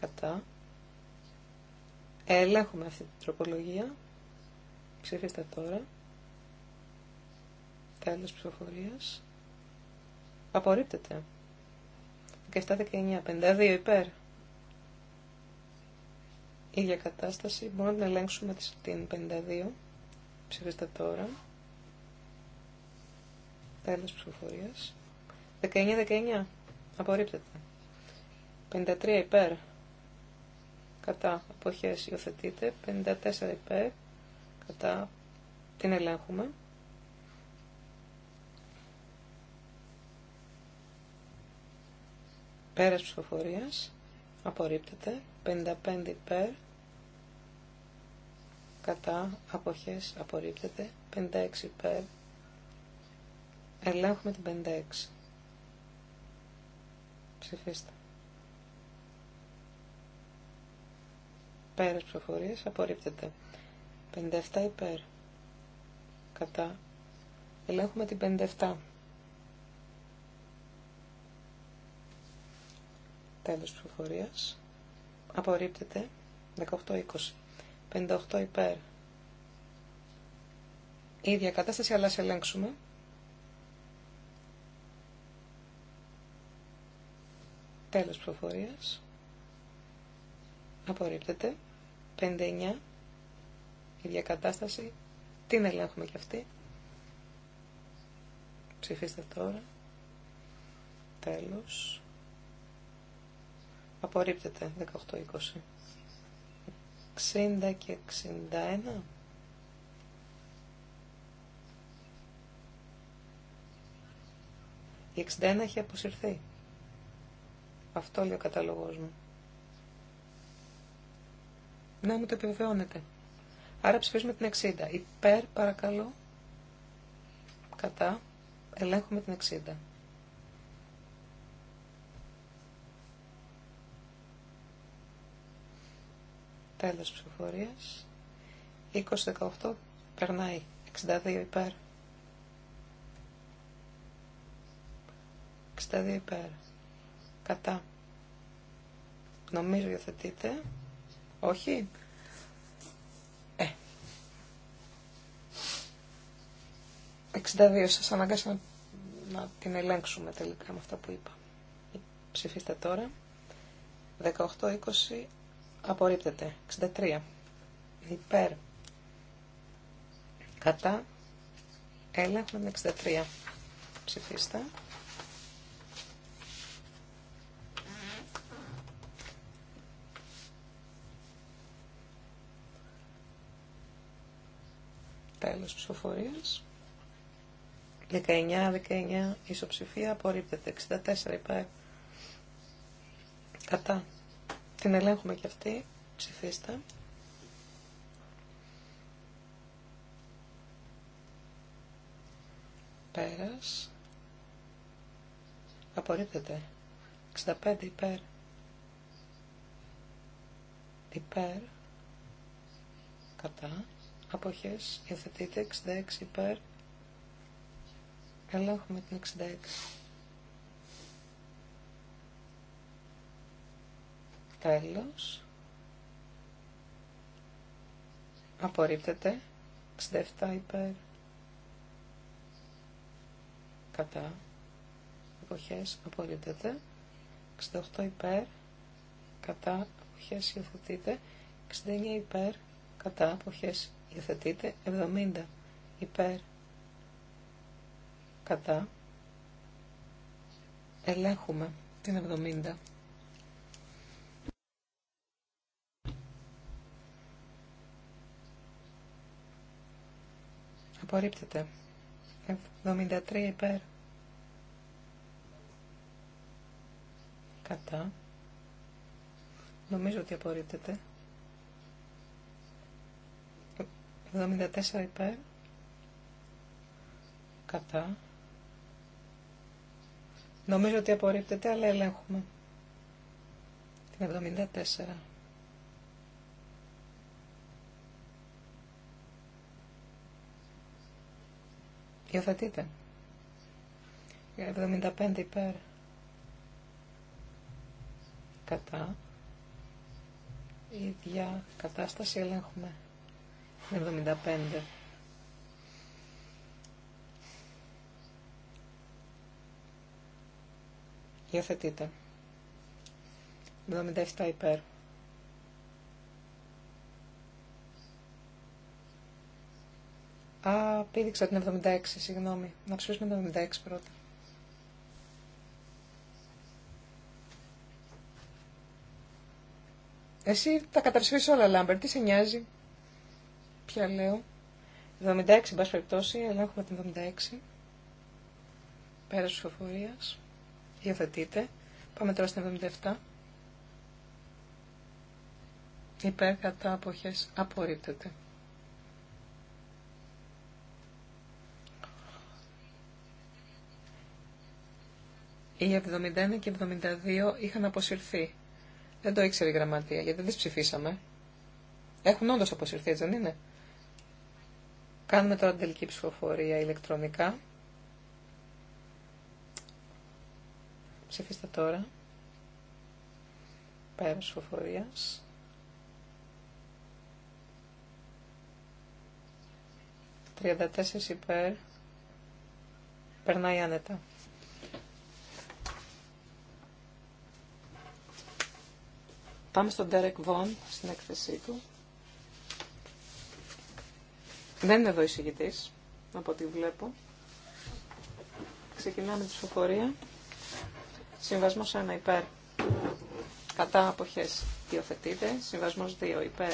Κατά. Ελέγχουμε αυτή την τροπολογία. Ψηφίστε τώρα. Τέλος ψηφοφορίας. Απορρίπτεται. 17-19. 52 υπέρ. Ίδια κατάσταση. Μπορούμε να ελέγξουμε την 52. Ψηφίστε τώρα. Τέλος ψηφοφορίας. 19-19. Απορρίπτεται. 53 υπέρ. Κατά αποχές υιοθετείται. 54 υπέρ. Κατά την ελέγχουμε. Πέρας ψηφοφορίας. Απορρίπτεται. 55 υπέρ. Κατά. Αποχές. Απορρίπτεται. 56 υπέρ. Ελέγχουμε την 56. Ψηφίστε. Πέρας ψηφοφορίας. Απορρίπτεται. 57 υπέρ. Κατά. Ελέγχουμε την 57. τελος προφοριας ψηφοφορίας. Απορρίπτεται. 18-20. 58 υπέρ. Η ίδια κατάσταση, αλλά σε ελέγξουμε. Τέλος προφορίας Απορρίπτεται. 59. Ίδια κατάσταση. Την ελέγχουμε κι αυτή. Ψηφίστε τώρα. Τέλος. Απορρίπτεται 18-20. 60 και 61. Η 61 έχει αποσυρθεί. Αυτό λέει ο κατάλογος μου. Ναι, μου το επιβεβαιώνετε. Άρα ψηφίζουμε την 60. Υπέρ, παρακαλώ. Κατά. Ελέγχουμε την 60. Τέλος ψηφοφορίας. 20-18 περνάει. 62 υπέρ. 62 υπέρ. Κατά. Νομίζω υιοθετείτε. Όχι. Ε. 62 σας αναγκάσα να, να την ελέγξουμε τελικά με αυτά που είπα. Ψηφίστε τώρα. 18-20 απορρίπτεται. 63 υπέρ κατά έλεγχο 63 ψηφίστε. Τέλος ψηφοφορίας. 19-19 ισοψηφία απορρίπτεται. 64 υπέρ. Κατά την ελέγχουμε κι αυτή. Ψηφίστε. Πέρας. Απορρίπτεται. 65 υπέρ. Υπέρ. Κατά. Αποχές. Υιοθετείται. 66 υπέρ. Ελέγχουμε την 66. Τέλος. Απορρίπτεται. 67 υπέρ. Κατά. Εποχές. Απορρίπτεται. 68 υπέρ. Κατά. Εποχές. Υιοθετείται. 69 υπέρ. Κατά. Εποχές. Υιοθετείται. 70 υπέρ. Κατά. Ελέγχουμε την 70. Απορρίπτεται. 73 υπέρ. Κατά. Νομίζω ότι απορρίπτεται. 74 υπέρ. Κατά. Νομίζω ότι απορρίπτεται, αλλά ελέγχουμε. Την 74. Υιοθετείτε. 75 υπέρ. Κατά. Η κατάσταση ελέγχουμε. 75. Υιοθετείτε. 77 υπέρ. Α, πήδηξα την 76, συγγνώμη. Να ψηφίσουμε την 76 πρώτα. Εσύ τα καταψηφίσεις όλα, Λάμπερ. Τι σε νοιάζει. Ποια λέω. 76, μπας περιπτώσει. Ελέγχουμε την 76. Πέρας ψηφοφορίας. Υιοθετείτε. Πάμε τώρα στην 77. Υπέρ κατά αποχές απορρίπτεται. Οι 71 και 72 είχαν αποσυρθεί. Δεν το ήξερε η γραμματεία, γιατί δεν τις ψηφίσαμε. Έχουν όντω αποσυρθεί, έτσι δεν είναι. Κάνουμε τώρα την τελική ψηφοφορία ηλεκτρονικά. Ψηφίστε τώρα. Πέρα ψηφοφορίας. 34 υπέρ. Περνάει άνετα. Πάμε στον Derek Vaughan στην έκθεσή του. Δεν είναι εδώ εισηγητής, από ό,τι βλέπω. Ξεκινάμε τη ψηφοφορία. Συμβασμό 1 υπέρ. Κατά αποχές υιοθετείται. Συμβασμό 2 υπέρ.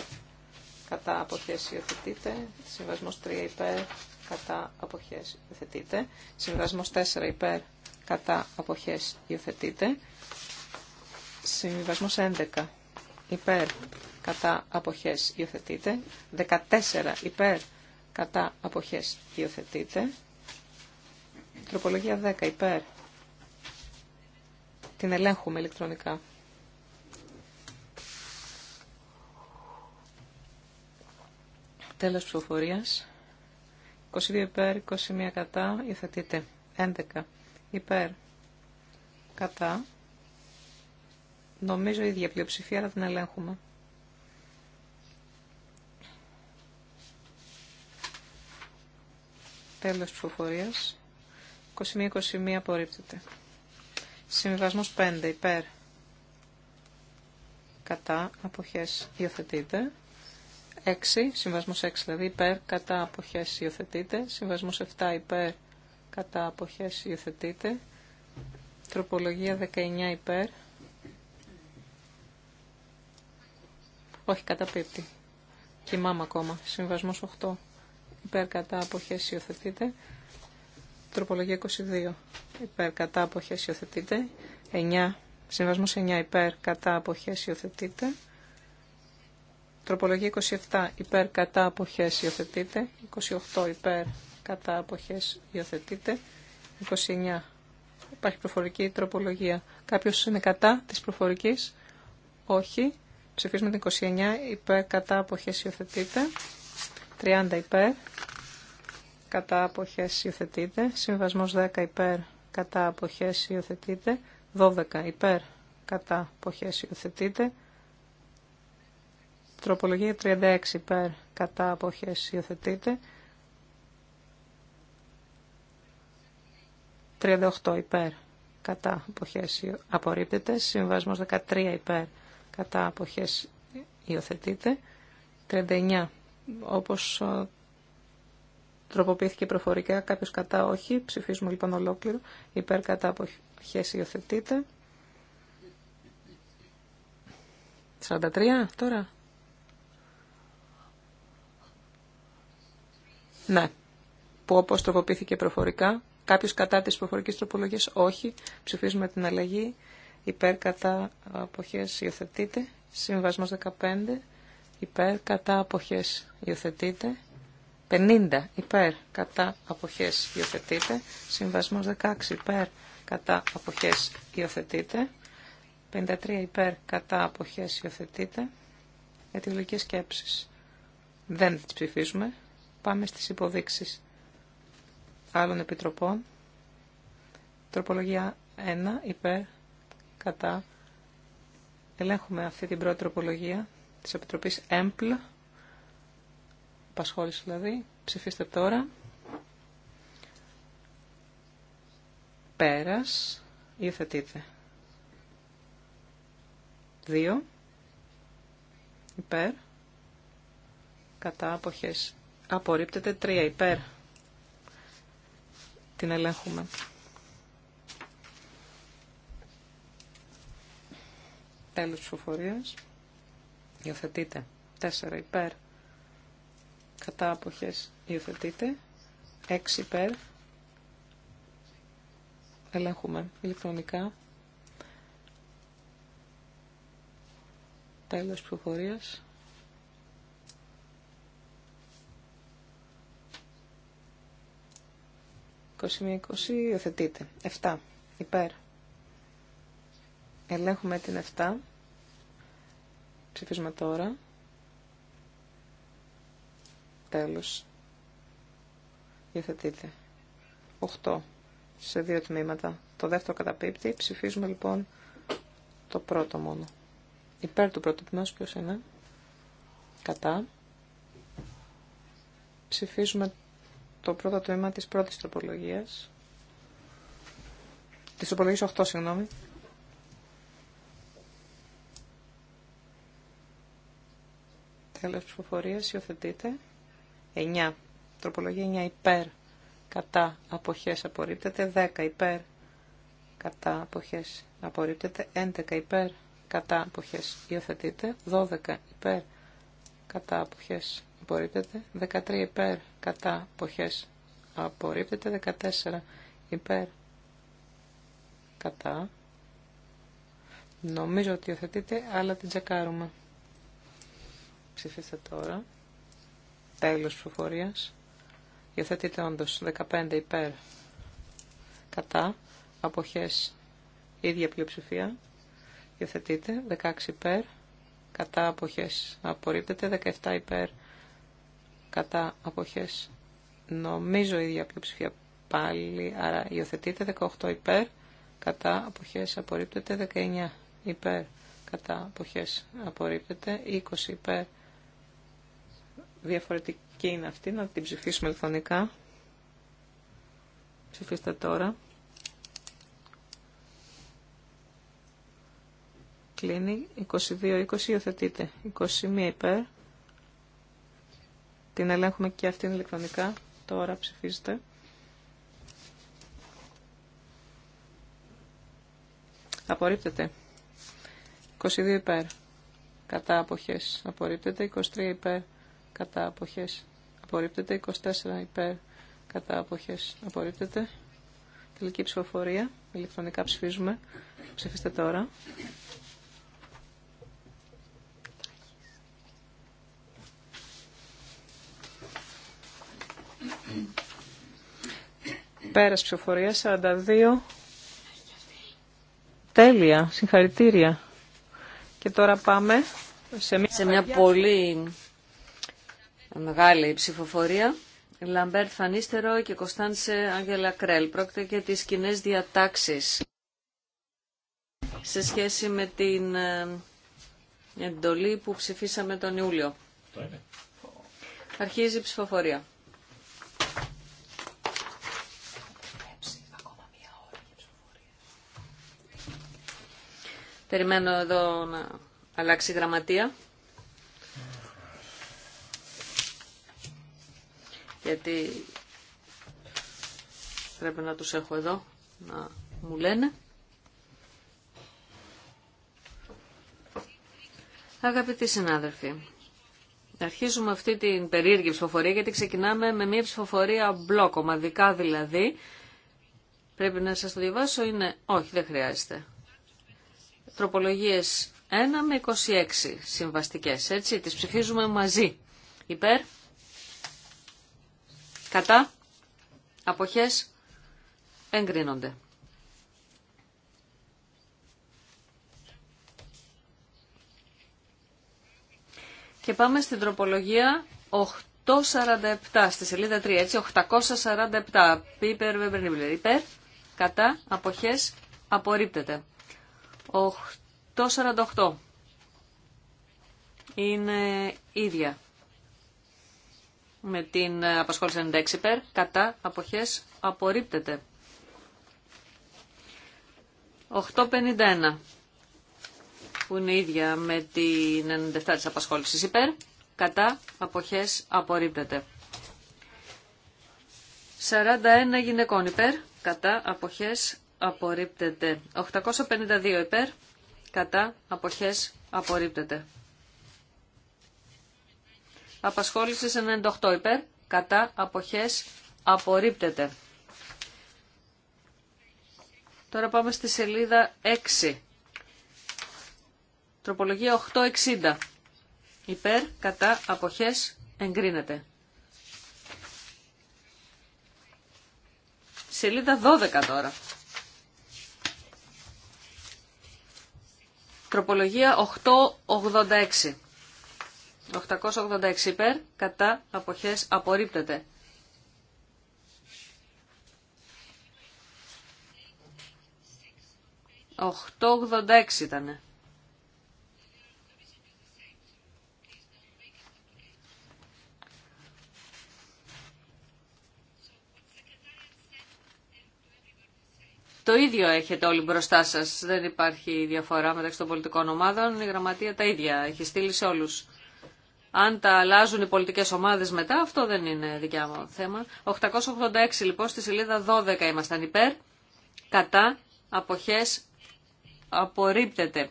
Κατά αποχές υιοθετείται. Συμβασμό 3 υπέρ. Κατά αποχές υιοθετείται. Συμβασμό 4 υπέρ. Κατά αποχές υιοθετείται. Συμβασμό 11 υπέρ κατά αποχές υιοθετείται. 14 υπέρ κατά αποχές υιοθετείτε. Τροπολογία 10 υπέρ. Την ελέγχουμε ηλεκτρονικά. Τέλος ψηφοφορίας. 22 υπέρ, 21 κατά, υιοθετείτε. 11 υπέρ, κατά, Νομίζω η ίδια πλειοψηφία, αλλά την ελέγχουμε. Τέλος ψηφοφορίας. 21-21 απορρίπτεται. Συμβιβασμός 5 υπέρ. Κατά αποχές υιοθετείται. 6, συμβασμός 6 δηλαδή υπέρ, κατά αποχές υιοθετείται. Συμβασμός 7 υπέρ, κατά αποχές υιοθετείται. Τροπολογία 19 υπέρ, Όχι, καταπίπτει. Κοιμάμαι ακόμα. Συμβασμό 8. Υπέρ κατά αποχές υιοθετείτε. Τροπολογία 22. Υπέρ κατά αποχές υιοθετείτε. 9. Συμβασμό 9. Υπέρ κατά αποχές υιοθετείτε. Τροπολογία 27. Υπέρ κατά αποχές υιοθετείτε. 28. Υπέρ κατά αποχές υιοθετείτε. 29. Υπάρχει προφορική τροπολογία. Κάποιος είναι κατά της προφορικής. Όχι. Ψηφίσουμε την 29 υπέρ κατά αποχές υιοθετείται. 30 υπέρ κατά αποχές υιοθετείται. Συμβασμός 10 υπέρ κατά αποχές υιοθετείται. 12 υπέρ κατά αποχές υιοθετείται. Τροπολογία 36 υπέρ κατά αποχές υιοθετείται. 38 υπέρ κατά αποχές απορρίπτεται. Συμβασμός 13 υπέρ κατά αποχές υιοθετείται. 39 όπως ε, τροποποιήθηκε προφορικά, κάποιος κατά όχι, ψηφίζουμε λοιπόν ολόκληρο, υπέρ κατά αποχές υιοθετείται. 43 τώρα. Ναι, που όπως τροποποιήθηκε προφορικά, κάποιος κατά της προφορικής τροπολογίας όχι, ψηφίζουμε την αλλαγή υπέρ κατά αποχές υιοθετείται. Συμβασμός 15 υπέρ κατά αποχές υιοθετείται. 50 υπέρ κατά αποχές υιοθετείται. Συμβασμός 16 υπέρ κατά αποχές υιοθετείται. 53 υπέρ κατά αποχές υιοθετείται. Αιτιολογικές σκέψεις. Δεν τις ψηφίζουμε. Πάμε στις υποδείξεις άλλων επιτροπών. Τροπολογία 1 υπέρ κατά. Ελέγχουμε αυτή την πρώτη τροπολογία της Επιτροπής ΕΜΠΛ, Πασχόληση, δηλαδή. Ψηφίστε τώρα. Πέρας, υιοθετείτε. Δύο. Υπέρ. Κατά αποχές. Απορρίπτεται τρία υπέρ. Την ελέγχουμε. Τέλος ψηφοφορίας. Υιοθετείτε. 4 υπέρ. Κατά αποχές υιοθετείτε. 6 υπέρ. Ελέγχουμε ηλεκτρονικά. Τέλος ψηφοφορίας. υιοθετείτε. 7 υπέρ. Ελέγχουμε την 7. Ψηφίζουμε τώρα. Τέλος. Υιοθετείτε. 8. Σε δύο τμήματα. Το δεύτερο καταπίπτει. Ψηφίζουμε λοιπόν το πρώτο μόνο. Υπέρ του πρώτου τμήματος ποιος είναι. Κατά. Ψηφίζουμε το πρώτο τμήμα της πρώτης τροπολογίας. Της τροπολογίας 8, συγγνώμη. Τέλος ψηφοφορίας υιοθετείται. 9. Τροπολογία 9 υπέρ. Κατά αποχές απορρίπτεται. 10 υπέρ. Κατά αποχές απορρίπτεται. 11 υπέρ. Κατά αποχές υιοθετείται. 12 υπέρ. Κατά αποχές απορρίπτεται. 13 υπέρ. Κατά αποχές απορρίπτεται. 14 υπέρ. Κατά. Νομίζω ότι υιοθετείται, αλλά την τσεκάρουμε. Ψηφίστε τώρα. Τέλος ψηφοφορίας. Υιοθετείτε όντως 15 υπέρ κατά αποχές ίδια πλειοψηφία. Υιοθετείτε 16 υπέρ κατά αποχές απορρίπτεται 17 υπέρ κατά αποχές νομίζω ίδια πλειοψηφία πάλι άρα υιοθετείτε 18 υπέρ κατά αποχές απορρίπτεται 19 υπέρ κατά αποχές απορρίπτεται 20 υπέρ διαφορετική είναι αυτή, να την ψηφίσουμε ηλεκτρονικά. Ψηφίστε τώρα. Κλείνει. 22-20 υιοθετείται. 21 υπέρ. Την ελέγχουμε και αυτήν ηλεκτρονικά. Τώρα ψηφίστε. Απορρίπτεται. 22 υπέρ. Κατά τωρα ψηφιζετε απορριπτεται 22 Απορρίπτεται. 23 υπέρ κατά αποχές απορρίπτεται. 24 υπέρ κατά αποχές απορρίπτεται. Τελική ψηφοφορία. Ηλεκτρονικά ψηφίζουμε. Ψηφίστε τώρα. Πέρας ψηφοφορία 42. Τέλεια. Συγχαρητήρια. Και τώρα πάμε σε μια, σε μια πολύ μεγάλη ψηφοφορία. Λαμπέρτ Φανίστερο και Κωνσταντσε Άγγελα Κρέλ. Πρόκειται για τις κοινέ διατάξεις σε σχέση με την ε, εντολή που ψηφίσαμε τον Ιούλιο. Αρχίζει η ψηφοφορία. Περιμένω εδώ να αλλάξει η γραμματεία. γιατί πρέπει να τους έχω εδώ να μου λένε. Αγαπητοί συνάδελφοι, αρχίζουμε αυτή την περίεργη ψηφοφορία γιατί ξεκινάμε με μια ψηφοφορία μπλοκ, ομαδικά δηλαδή. Πρέπει να σας το διαβάσω, είναι... Όχι, δεν χρειάζεται. Τροπολογίες 1 με 26 συμβαστικές, έτσι, τις ψηφίζουμε μαζί. Υπέρ, Κατά. Αποχές. Εγκρίνονται. Και πάμε στην τροπολογία 847, στη σελίδα 3, έτσι, 847, πίπερ, βεμπερνίμπλερ, υπέρ, κατά, αποχές, απορρίπτεται. 848, είναι ίδια με την ε, απασχόληση 96 υπέρ, κατά αποχές απορρίπτεται. 851 που είναι ίδια με την 97 της απασχόληση. υπέρ, κατά αποχές απορρίπτεται. 41 γυναικών υπέρ, κατά αποχές απορρίπτεται. 852 υπέρ, κατά αποχές απορρίπτεται. Απασχόλησης 98 υπέρ. Κατά αποχές απορρίπτεται. Τώρα πάμε στη σελίδα 6. Τροπολογία 860. Υπέρ, κατά, αποχές, εγκρίνεται. Σελίδα 12 τώρα. Τροπολογία 886. 886 υπέρ, κατά αποχές απορρίπτεται. Οχτώ ήτανε. Το ίδιο έχετε όλοι μπροστά σας. Δεν υπάρχει διαφορά μεταξύ των πολιτικών ομάδων. Η γραμματεία τα ίδια έχει στείλει σε όλους αν τα αλλάζουν οι πολιτικέ ομάδε μετά, αυτό δεν είναι δικιά μου θέμα. 886 λοιπόν στη σελίδα 12 ήμασταν υπέρ, κατά, αποχές, απορρίπτεται.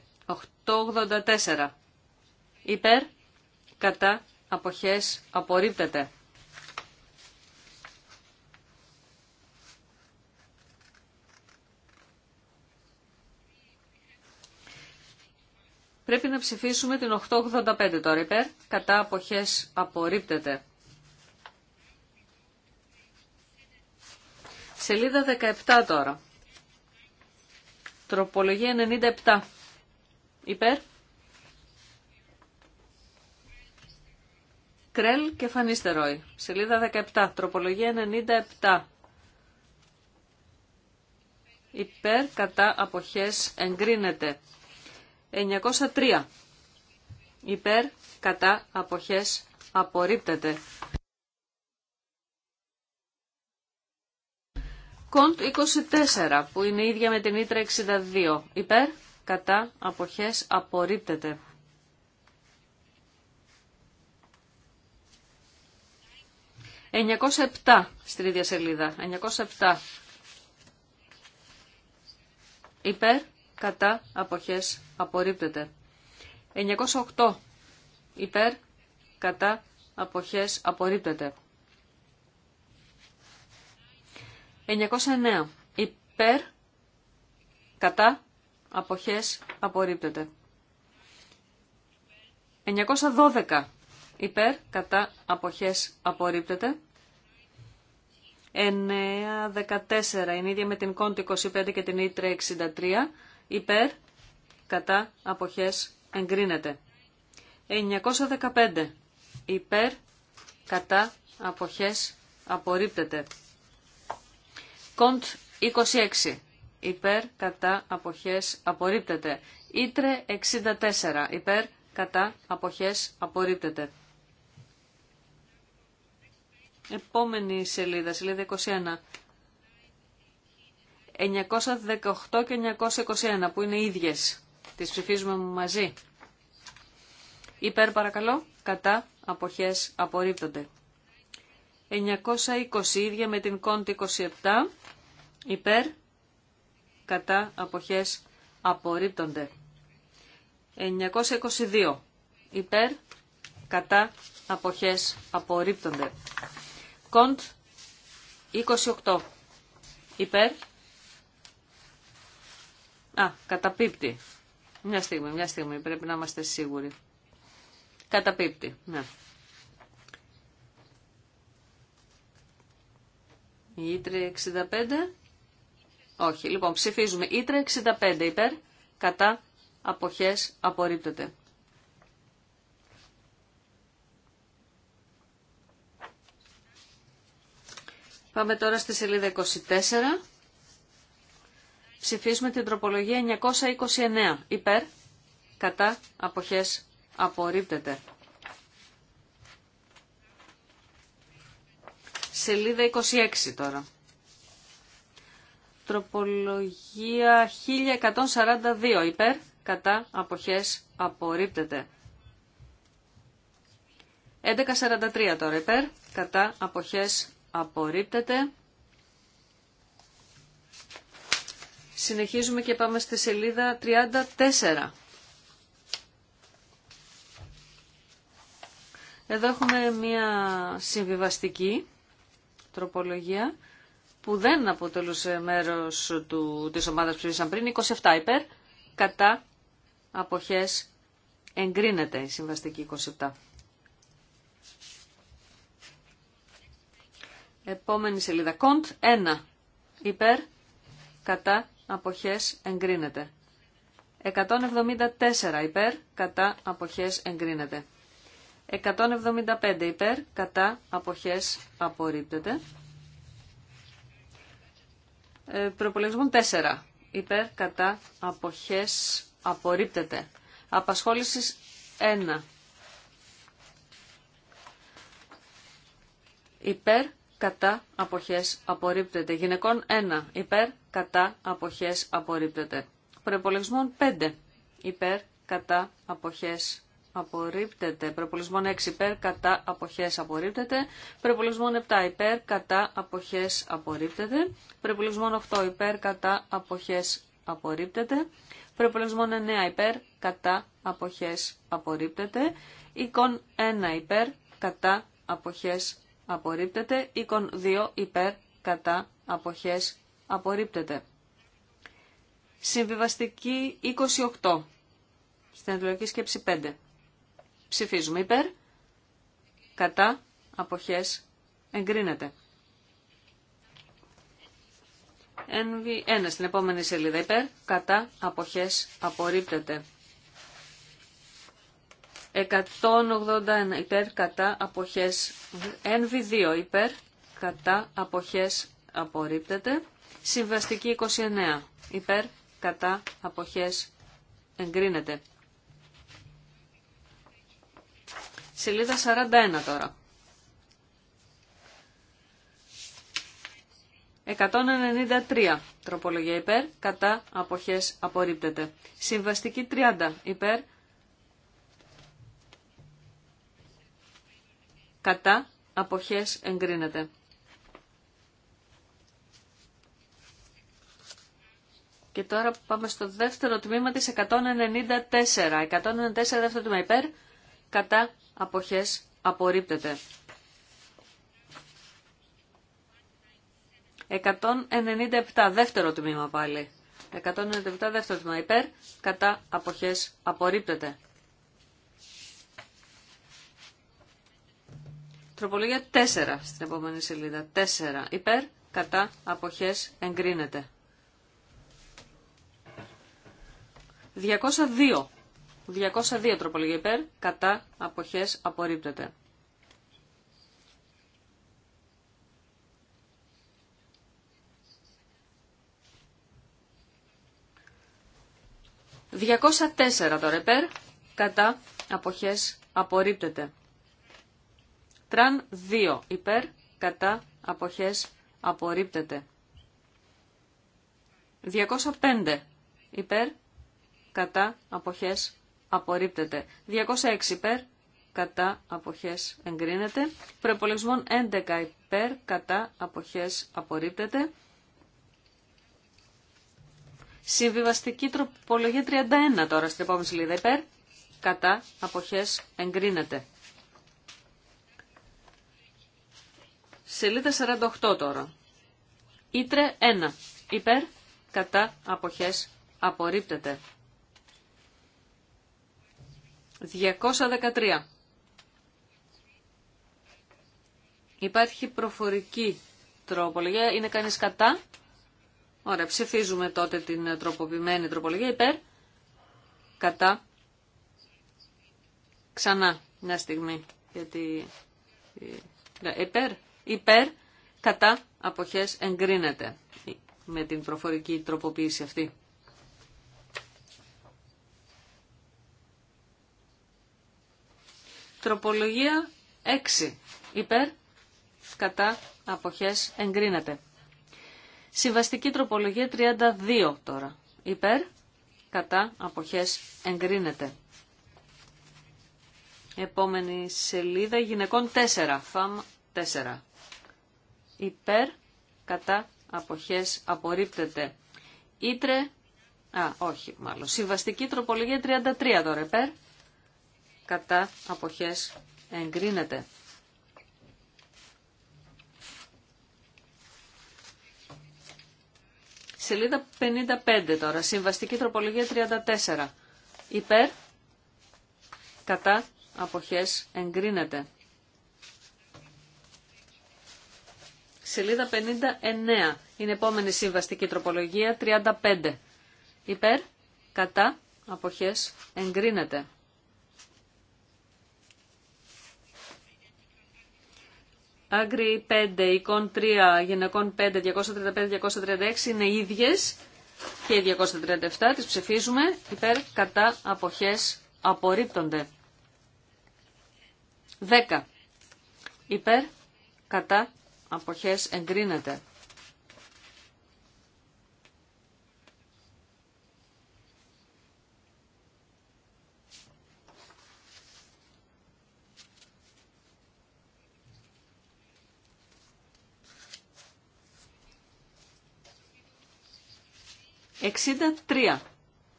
884 υπέρ, κατά, απόχέ απορρίπτεται. Πρέπει να ψηφίσουμε την 885 τώρα υπέρ. Κατά αποχές απορρίπτεται. Σελίδα 17 τώρα. Τροπολογία 97. Υπέρ. Κρέλ και Φανίστερόι. Σελίδα 17. Τροπολογία 97. Υπέρ κατά αποχές εγκρίνεται. 903. Υπέρ, κατά, αποχές, απορρίπτεται. Κοντ 24, που είναι ίδια με την Ήτρα 62. Υπέρ, κατά, αποχές, απορρίπτεται. 907 στην ίδια σελίδα. 907. Υπέρ, κατά αποχές απορρίπτεται. 908 υπέρ κατά αποχές απορρίπτεται. 909 υπέρ κατά αποχές απορρίπτεται. 912 υπέρ κατά αποχές απορρίπτεται. 914 είναι ίδια με την κόντι 25 και την ήτρε 63 υπέρ, κατά, αποχές, εγκρίνεται. 915 υπέρ, κατά, αποχές, απορρίπτεται. Κοντ 26 υπέρ, κατά, αποχές, απορρίπτεται. Ήτρε 64 υπέρ, κατά, αποχές, απορρίπτεται. Επόμενη σελίδα, σελίδα 21. 918 και 921 που είναι ίδιες. Τις ψηφίζουμε μαζί. Υπέρ παρακαλώ, κατά, αποχές, απορρίπτονται. 920 ίδια με την κόντ 27, υπέρ, κατά, αποχές, απορρίπτονται. 922, υπέρ, κατά, αποχές, απορρίπτονται. Κοντ 28, υπέρ, Α, καταπίπτει. Μια στιγμή, μια στιγμή. Πρέπει να είμαστε σίγουροι. Καταπίπτει, ναι. Η Ήτρε 65. Όχι, λοιπόν, ψηφίζουμε. Ήτρε 65 υπέρ, κατά, αποχές, απορρίπτεται. Πάμε τώρα στη σελίδα 24. Ψηφίζουμε την τροπολογία 929. Υπέρ, κατά, αποχές, απορρίπτεται. Σελίδα 26 τώρα. Τροπολογία 1142. Υπέρ, κατά, αποχές, απορρίπτεται. 1143 τώρα υπέρ, κατά αποχές απορρίπτεται. Συνεχίζουμε και πάμε στη σελίδα 34. Εδώ έχουμε μία συμβιβαστική τροπολογία που δεν αποτελούσε μέρος του, της ομάδας που ψήφισαν πριν, 27 υπέρ, κατά αποχές εγκρίνεται η συμβαστική 27. Επόμενη σελίδα, κοντ 1 υπέρ, κατά αποχές εγκρίνεται. 174 υπέρ, κατά αποχές εγκρίνεται. 175 υπέρ, κατά αποχές απορρίπτεται. Ε, 4 υπέρ, κατά αποχές απορρίπτεται. Απασχόλησης 1. Υπέρ, κατά αποχές απορρίπτεται. Γυναικών 1 υπέρ κατά αποχές απορρίπτεται. Προπολογισμών 5 υπέρ κατά αποχές απορρίπτεται. Προπολογισμών 6 υπέρ κατά αποχές απορρίπτεται. Προπολογισμών 7 υπέρ κατά αποχές απορρίπτεται. Προπολογισμών 8 υπέρ κατά αποχές απορρίπτεται. Προπολογισμών 9 υπέρ κατά αποχές απορρίπτεται. Εικόν 1 υπέρ κατά αποχές απορρίπτεται. Οίκον 2 υπέρ κατά αποχές απορρίπτεται. Συμβιβαστική 28. Στην αντιλογική σκέψη 5. Ψηφίζουμε υπέρ. Κατά αποχές εγκρίνεται. Ένα στην επόμενη σελίδα υπέρ. Κατά αποχές απορρίπτεται. 181 υπέρ κατά αποχές NV2 υπέρ κατά αποχές απορρίπτεται συμβαστική 29 υπέρ κατά αποχές εγκρίνεται σελίδα 41 τώρα 193 τροπολογία υπέρ κατά αποχές απορρίπτεται συμβαστική 30 υπέρ κατά, αποχές εγκρίνεται. Και τώρα πάμε στο δεύτερο τμήμα της 194. 194 δεύτερο τμήμα υπέρ, κατά, αποχές απορρίπτεται. 197 δεύτερο τμήμα πάλι. 197 δεύτερο τμήμα υπέρ, κατά αποχές απορρίπτεται. Τροπολογία 4 στην επόμενη σελίδα. 4. Υπέρ, κατά, αποχές, εγκρίνεται. 202. 202 τροπολογία υπέρ, κατά, αποχές, απορρίπτεται. 204 τώρα υπέρ, κατά, αποχές, απορρίπτεται. Τραν 2 υπέρ κατά αποχές απορρίπτεται. 205 υπέρ κατά αποχές απορρίπτεται. 206 υπέρ κατά αποχές εγκρίνεται. Προπολογισμών 11 υπέρ κατά αποχές απορρίπτεται. Συμβιβαστική τροπολογία 31 τώρα στην επόμενη σελίδα υπέρ κατά αποχές εγκρίνεται. Σελίδα 48 τώρα. Ήτρε 1. Υπέρ, κατά, αποχές, απορρίπτεται. 213. Υπάρχει προφορική τροπολογία. Είναι κανείς κατά. Ωραία, ψηφίζουμε τότε την τροποποιημένη τροπολογία. Υπέρ, κατά. Ξανά μια στιγμή, γιατί... Ε, ναι, υπέρ, υπέρ, κατά, αποχές εγκρίνεται με την προφορική τροποποίηση αυτή. Τροπολογία 6. Υπέρ, κατά, αποχές, εγκρίνεται. Συμβαστική τροπολογία 32 τώρα. Υπέρ, κατά, αποχές, εγκρίνεται. Επόμενη σελίδα, γυναικών 4. Φαμ 4 υπέρ, κατά, αποχές, απορρίπτεται. Ήτρε, α, όχι μάλλον, συμβαστική τροπολογία 33 τώρα, υπέρ, κατά, αποχές, εγκρίνεται. Σελίδα 55 τώρα, συμβαστική τροπολογία 34, υπέρ, κατά, αποχές, εγκρίνεται. Σελίδα 59. Είναι επόμενη συμβαστική τροπολογία 35. Υπέρ, κατά, αποχές, εγκρίνεται. Άγκρι 5, εικόν 3, γυναικών 5, 235, 236 είναι ίδιες και οι 237. Τις ψηφίζουμε υπέρ, κατά, αποχές, απορρίπτονται. 10. Υπέρ, κατά, αποχές εγκρίνεται. Εξήντα τρία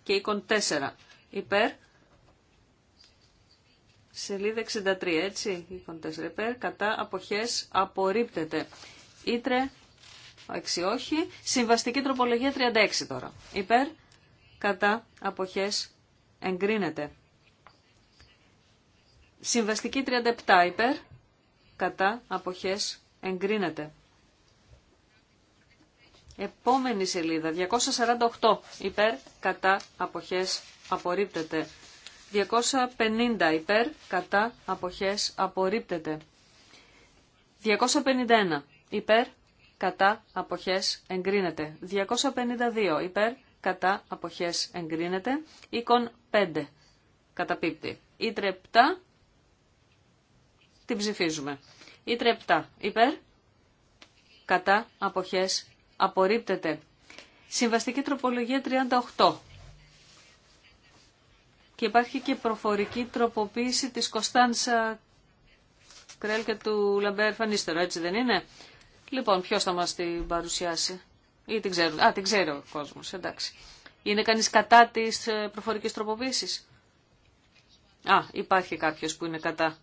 και εικον τέσσερα υπέρ Σελίδα 63, έτσι, εικόν 4 κατά αποχές απορρίπτεται. Ήτρε, έξι όχι. Συμβαστική τροπολογία 36 τώρα. Υπέρ, κατά αποχές εγκρίνεται. Συμβαστική 37 υπέρ, κατά αποχές εγκρίνεται. Επόμενη σελίδα, 248 υπέρ, κατά αποχές απορρίπτεται. 250 υπέρ, κατά, αποχές, απορρίπτεται. 251 υπέρ, κατά, αποχές, εγκρίνεται. 252 υπέρ, κατά, αποχές, εγκρίνεται. Οίκον 5, καταπίπτει. Ήτρε 7, την ψηφίζουμε. Ήτρε 7 υπέρ, κατά, αποχές, απορρίπτεται. Συμβαστική τροπολογία 38 και υπάρχει και προφορική τροποποίηση της Κωνσταντσα Κρέλ και του Λαμπέρ Φανίστερο, έτσι δεν είναι. Λοιπόν, ποιος θα μας την παρουσιάσει. Ή την ξέρουν. Α, την ξέρει ο κόσμος, εντάξει. Είναι κανείς κατά της ε, προφορικής τροποποίησης. Α, υπάρχει κάποιος που είναι κατά.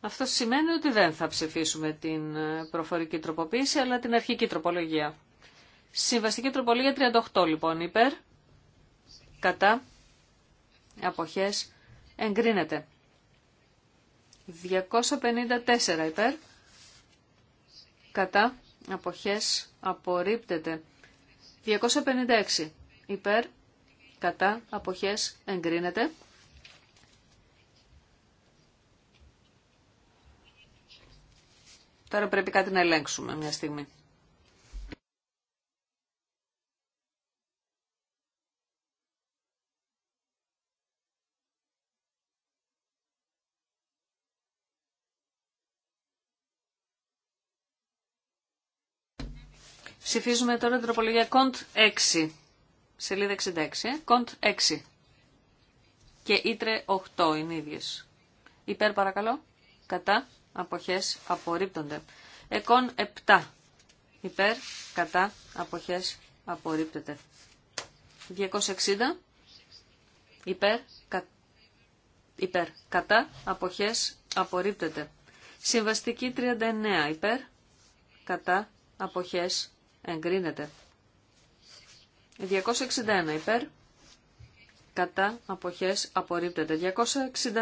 Αυτό σημαίνει ότι δεν θα ψηφίσουμε την ε, προφορική τροποποίηση, αλλά την αρχική τροπολογία. Συμβαστική τροπολογία 38, λοιπόν, υπέρ, κατά, αποχές εγκρίνεται. 254 υπέρ κατά αποχές απορρίπτεται. 256 υπέρ κατά αποχές εγκρίνεται. Τώρα πρέπει κάτι να ελέγξουμε μια στιγμή. Ψηφίζουμε τώρα την τροπολογία κοντ 6. Σελίδα 66. Ε. Κοντ 6. Και ήτρε 8 είναι ίδιες. Υπέρ παρακαλώ. Κατά. αποχέ, απορρίπτονται. Εκόν 7. Υπέρ. Κατά. Αποχές απορρίπτεται. 260. Υπέρ. Κα... Υπέρ. Κατά. αποχέ, απορρίπτεται. Συμβαστική 39. Υπέρ. Κατά. Αποχές Εγκρίνεται. 261 υπέρ. Κατά αποχές απορρίπτεται.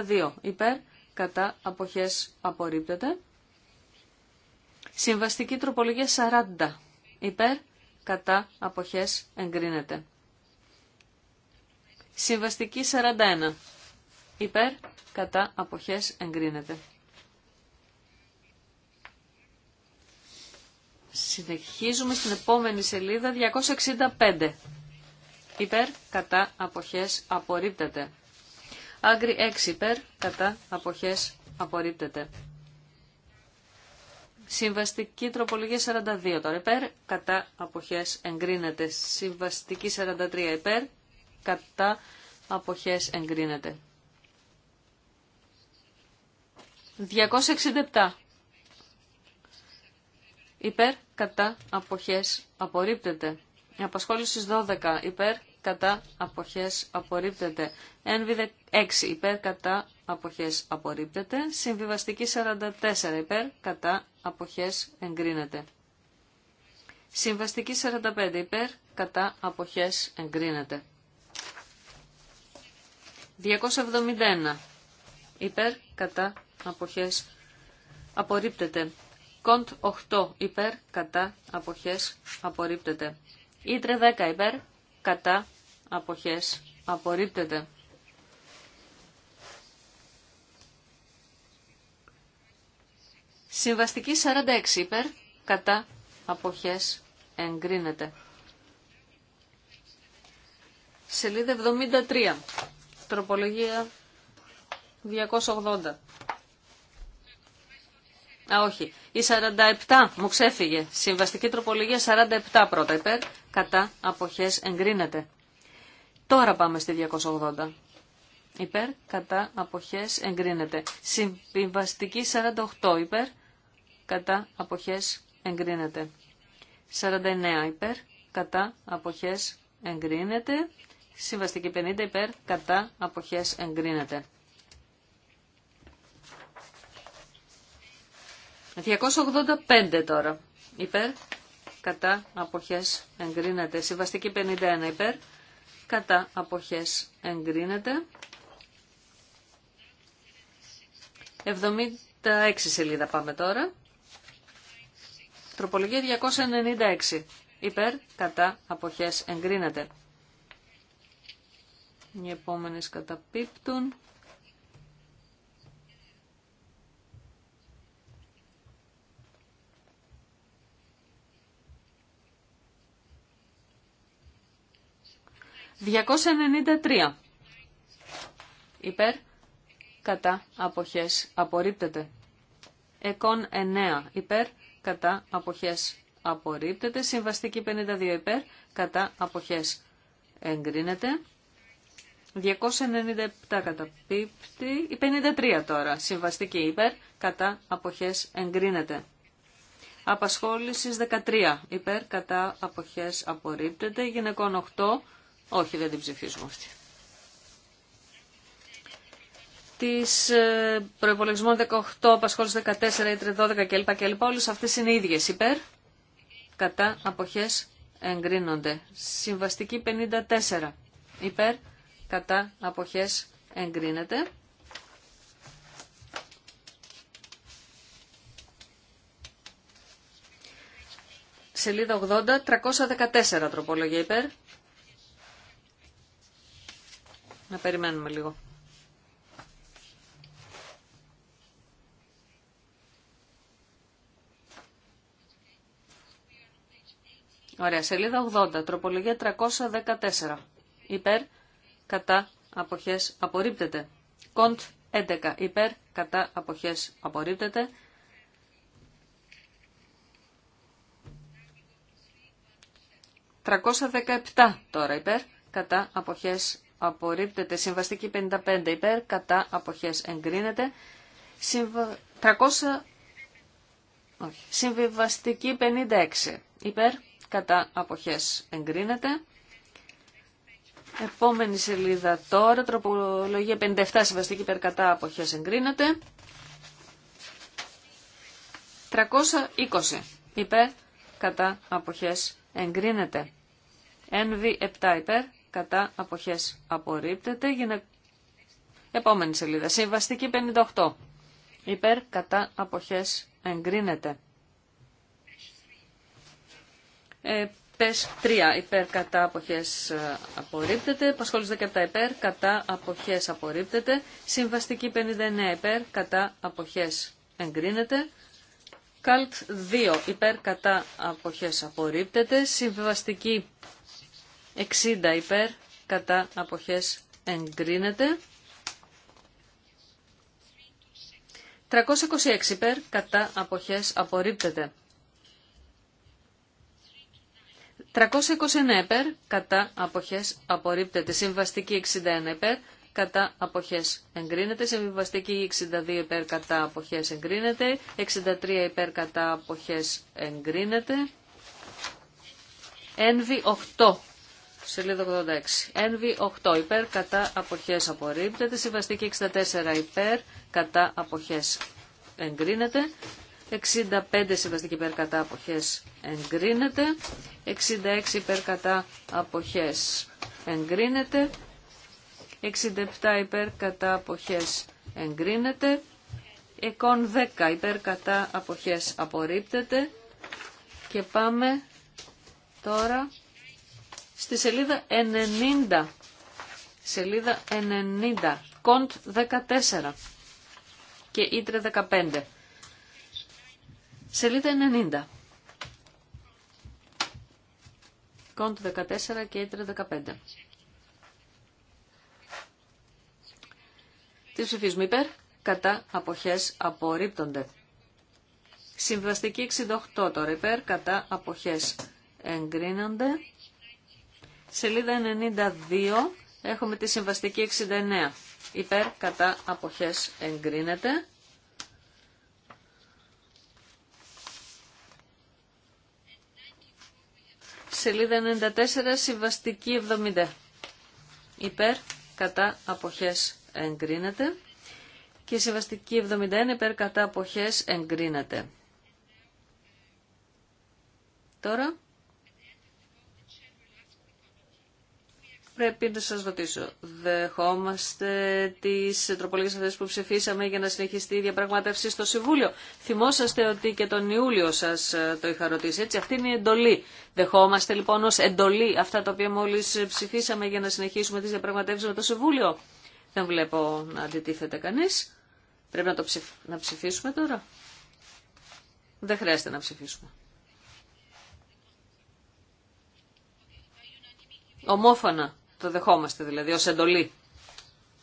262 υπέρ. Κατά αποχές απορρίπτεται. Συμβαστική τροπολογία 40 υπέρ. Κατά αποχές εγκρίνεται. Συμβαστική 41 υπέρ. Κατά αποχές εγκρίνεται. Συνεχίζουμε στην επόμενη σελίδα 265. Υπέρ, κατά, αποχές, απορρίπτεται. Άγκρι 6 υπέρ, κατά, αποχές, απορρίπτεται. Συμβαστική τροπολογία 42 τώρα υπέρ, κατά, αποχές, εγκρίνεται. Συμβαστική 43 υπέρ, κατά, αποχές, εγκρίνεται. 267 υπέρ κατά αποχές απορρίπτεται. απασχόληση 12 υπέρ κατά αποχές απορρίπτεται. Ένβιδε 6 υπέρ κατά αποχές απορρίπτεται. Συμβιβαστική 44 υπέρ κατά αποχές εγκρίνεται. Συμβαστική 45 υπέρ κατά αποχές εγκρίνεται. 271 υπέρ κατά αποχές απορρίπτεται. Κοντ 8 υπέρ, κατά, αποχές, απορρίπτεται. Ήτρε 10 υπέρ, κατά, αποχές, απορρίπτεται. Συμβαστική 46 υπέρ, κατά, αποχές, εγκρίνεται. Σελίδα 73, τροπολογία 280. Α, όχι. Η 47 μου ξέφυγε. Συμβαστική τροπολογία 47 πρώτα υπέρ. Κατά αποχές εγκρίνεται. Τώρα πάμε στη 280. Υπέρ, κατά, αποχές, εγκρίνεται. Συμβαστική 48 υπέρ, κατά, αποχές, εγκρίνεται. 49 υπέρ, κατά, αποχές, εγκρίνεται. Συμβαστική 50 υπέρ, κατά, αποχές, εγκρίνεται. 285 τώρα. Υπέρ, κατά, αποχές, εγκρίνεται. Συμβαστική 51 υπέρ, κατά, αποχές, εγκρίνεται. 76 σελίδα πάμε τώρα. Τροπολογία 296. Υπέρ, κατά, αποχές, εγκρίνεται. Οι επόμενες καταπίπτουν. 293. Υπέρ, κατά, αποχές, απορρίπτεται. Εκόν 9. Υπέρ, κατά, αποχές, απορρίπτεται. Συμβαστική 52 υπέρ, κατά, αποχές, εγκρίνεται. 297 κατά πίπτη, 53 τώρα, συμβαστική υπέρ, κατά, αποχές, εγκρίνεται. Απασχόλησης 13 υπέρ, κατά, αποχές, απορρίπτεται. Γυναικών 8 όχι, δεν την ψηφίζουμε αυτή. Τις ε, προπολογισμών 18, απασχόληση 14, ήτρε 12 κλπ. κλπ. Όλες αυτές είναι ίδιες υπέρ. Κατά αποχές εγκρίνονται. Συμβαστική 54. Υπέρ. Κατά αποχές εγκρίνεται. Σελίδα 80, 314 τροπολογία υπέρ να περιμένουμε λίγο. Ωραία, σελίδα 80, τροπολογία 314. Υπέρ, κατά, αποχές, απορρίπτεται. Κοντ 11, υπέρ, κατά, αποχές, απορρίπτεται. «317 τώρα υπέρ, κατά αποχές απορρίπτεται. Συμβαστική 55 υπέρ, κατά αποχές εγκρίνεται. 300... Όχι. Συμβιβαστική 56 υπέρ, κατά αποχές εγκρίνεται. Επόμενη σελίδα τώρα, τροπολογία 57 συμβαστική υπέρ, κατά αποχές εγκρίνεται. 320 υπέρ, κατά αποχές εγκρίνεται. NV7 υπέρ, κατά αποχές απορρίπτεται. Επόμενη σελίδα. Συμβαστική 58. Υπέρ κατά αποχές εγκρίνεται. Ε, πες 3 υπέρ κατά αποχές ε, απορρίπτεται. Πασχόλης 17 υπέρ κατά αποχές απορρίπτεται. Συμβαστική 59 υπέρ κατά αποχές εγκρίνεται. Καλτ 2 υπέρ κατά αποχές απορρίπτεται. Συμβαστική 60 υπέρ κατά αποχές εγκρίνεται. 326 υπέρ κατά αποχές απορρίπτεται. 329 υπέρ κατά αποχές απορρίπτεται. Συμβαστική 61 υπέρ κατά αποχές εγκρίνεται. Συμβαστική 62 υπέρ κατά αποχές εγκρίνεται. 63 υπέρ κατά αποχές εγκρίνεται. Ένβη 8 σελίδα 86. Ένβη 8 υπέρ, κατά αποχές απορρίπτεται. Συμβαστική 64 υπέρ, κατά απόχέ εγκρίνεται. 65 συμβαστική υπέρ κατά αποχές εγκρίνεται. 66 υπέρ κατά αποχές εγκρίνεται. 67 υπέρ κατά αποχές εγκρίνεται. Εκόν 10 υπέρ κατά αποχές απορρίπτεται. Και πάμε τώρα στη σελίδα 90. Σελίδα 90. Κοντ 14 και Ήτρε 15. Σελίδα 90. Κοντ 14 και Ήτρε 15. Τι ψηφίζουμε υπέρ, κατά αποχές απορρίπτονται. Συμβαστική 68 τώρα υπέρ, κατά αποχές εγκρίνονται. Σελίδα 92 έχουμε τη συμβαστική 69. Υπέρ κατά αποχές εγκρίνεται. Σελίδα 94 συμβαστική 70. Υπέρ κατά αποχές εγκρίνεται. Και συμβαστική 71 υπέρ κατά αποχές εγκρίνεται. Τώρα πρέπει να σας ρωτήσω. Δεχόμαστε τις τροπολογίε αυτές που ψηφίσαμε για να συνεχιστεί η διαπραγματεύση στο Συμβούλιο. Θυμόσαστε ότι και τον Ιούλιο σας ε, το είχα ρωτήσει. Έτσι, αυτή είναι η εντολή. Δεχόμαστε λοιπόν ως εντολή αυτά τα οποία μόλις ψηφίσαμε για να συνεχίσουμε τις διαπραγματεύσεις με το Συμβούλιο. Δεν βλέπω να αντιτίθεται κανείς. Πρέπει να, το να ψηφίσουμε τώρα. Δεν χρειάζεται να ψηφίσουμε. Ομόφωνα το δεχόμαστε δηλαδή ως εντολή.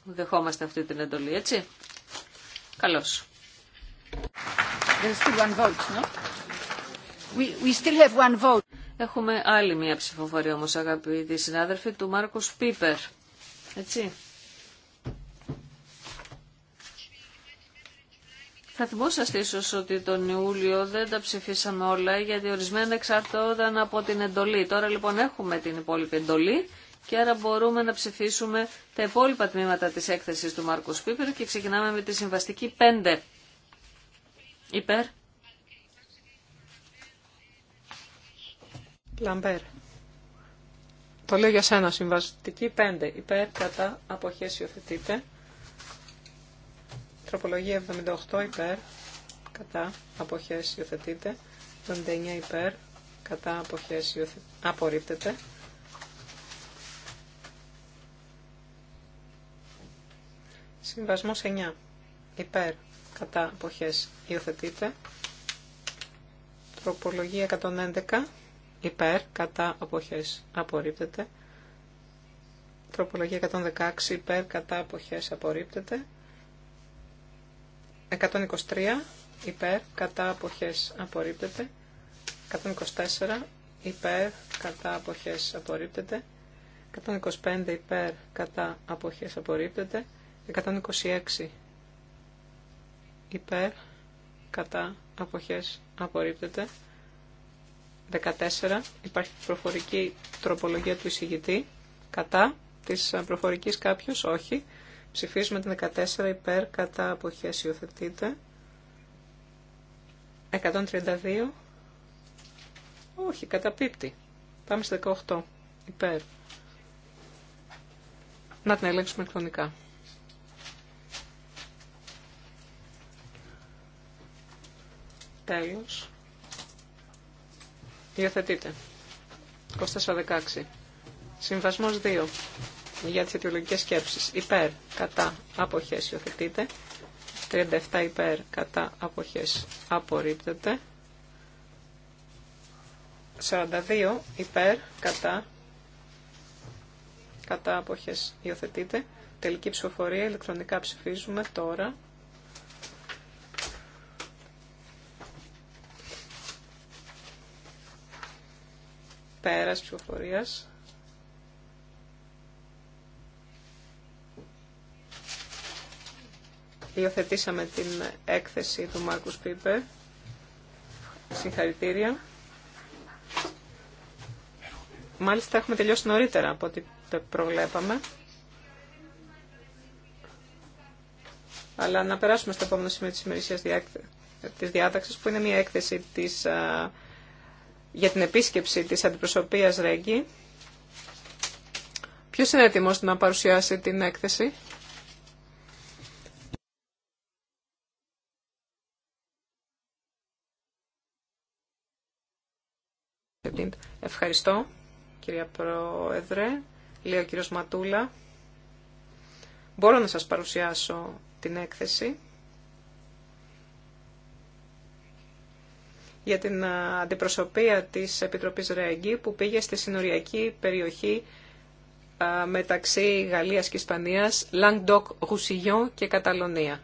Δεχόμαστε αυτή την εντολή, έτσι. Καλώς. Έχουμε άλλη μία ψηφοφορία όμως αγαπητοί συνάδελφοι του Μάρκος Πίπερ. Έτσι. Θα θυμόσαστε ίσω ότι τον Ιούλιο δεν τα ψηφίσαμε όλα γιατί ορισμένα εξαρτώνταν από την εντολή. Τώρα λοιπόν έχουμε την υπόλοιπη εντολή και άρα μπορούμε να ψηφίσουμε τα υπόλοιπα τμήματα της έκθεσης του Μάρκου Σπίπερ και ξεκινάμε με τη συμβαστική 5. Υπέρ. Λαμπέρ. Το λέω για σένα, συμβαστική 5. Υπέρ, κατά, αποχές υιοθετείτε. Τροπολογία 78 υπέρ, κατά, αποχές υιοθετείτε. 79 υπέρ, κατά, αποχές υιοθετείτε. Συμβασμό 9. Υπέρ. Κατά αποχές υιοθετείται. Τροπολογία 111. Υπέρ. Κατά αποχές απορρίπτεται. Τροπολογία 116. Υπέρ. Κατά αποχές απορρίπτεται. 123. Υπέρ. Κατά αποχές απορρίπτεται. 124. Υπέρ. Κατά αποχές απορρίπτεται. 125 υπέρ κατά αποχές απορρίπτεται, 126 υπέρ, κατά, αποχές, απορρίπτεται. 14 υπάρχει προφορική τροπολογία του εισηγητή, κατά, της προφορικής κάποιος, όχι. Ψηφίζουμε την 14 υπέρ, κατά, αποχές, υιοθετείται. 132, όχι, καταπίπτει. Πάμε στο 18, υπέρ. Να την ελέγξουμε εκτονικά Τέλος. 24.16 Συμβασμός 2. Για τις αιτιολογικές σκέψεις. Υπέρ, κατά, αποχές. Υιοθετείτε. 37 υπέρ, κατά, αποχές. Απορρίπτεται. 42 υπέρ, κατά, κατά αποχές υιοθετείται. Τελική ψηφοφορία, ηλεκτρονικά ψηφίζουμε τώρα. τη ψηφοφορία. Υιοθετήσαμε την έκθεση του Μάρκου Πίπε Συγχαρητήρια. Μάλιστα έχουμε τελειώσει νωρίτερα από ό,τι προβλέπαμε. Αλλά να περάσουμε στο επόμενο σημείο της ημερησίας της διάταξης που είναι μια έκθεση της για την επίσκεψη της αντιπροσωπείας Ρέγγι. Ποιος είναι έτοιμος να παρουσιάσει την έκθεση. Ευχαριστώ, κυρία Πρόεδρε, λέει ο κύριος Ματούλα. Μπορώ να σας παρουσιάσω την έκθεση. για την ε, αντιπροσωπεία της Επιτροπής Ρέγγι που πήγε στη συνοριακή περιοχή ε, μεταξύ Γαλλίας και Ισπανίας, Languedoc-Roussillon και Καταλωνία.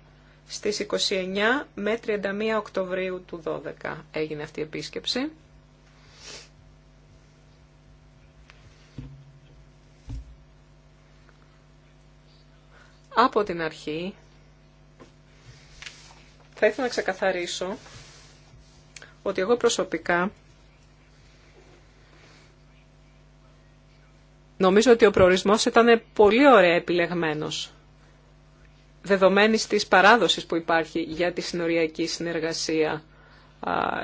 Στις 29 με 31 Οκτωβρίου του 12 έγινε αυτή η επίσκεψη. Από την αρχή θα ήθελα να ξεκαθαρίσω ότι εγώ προσωπικά νομίζω ότι ο προορισμός ήταν πολύ ωραία επιλεγμένος δεδομένης της παράδοσης που υπάρχει για τη συνοριακή συνεργασία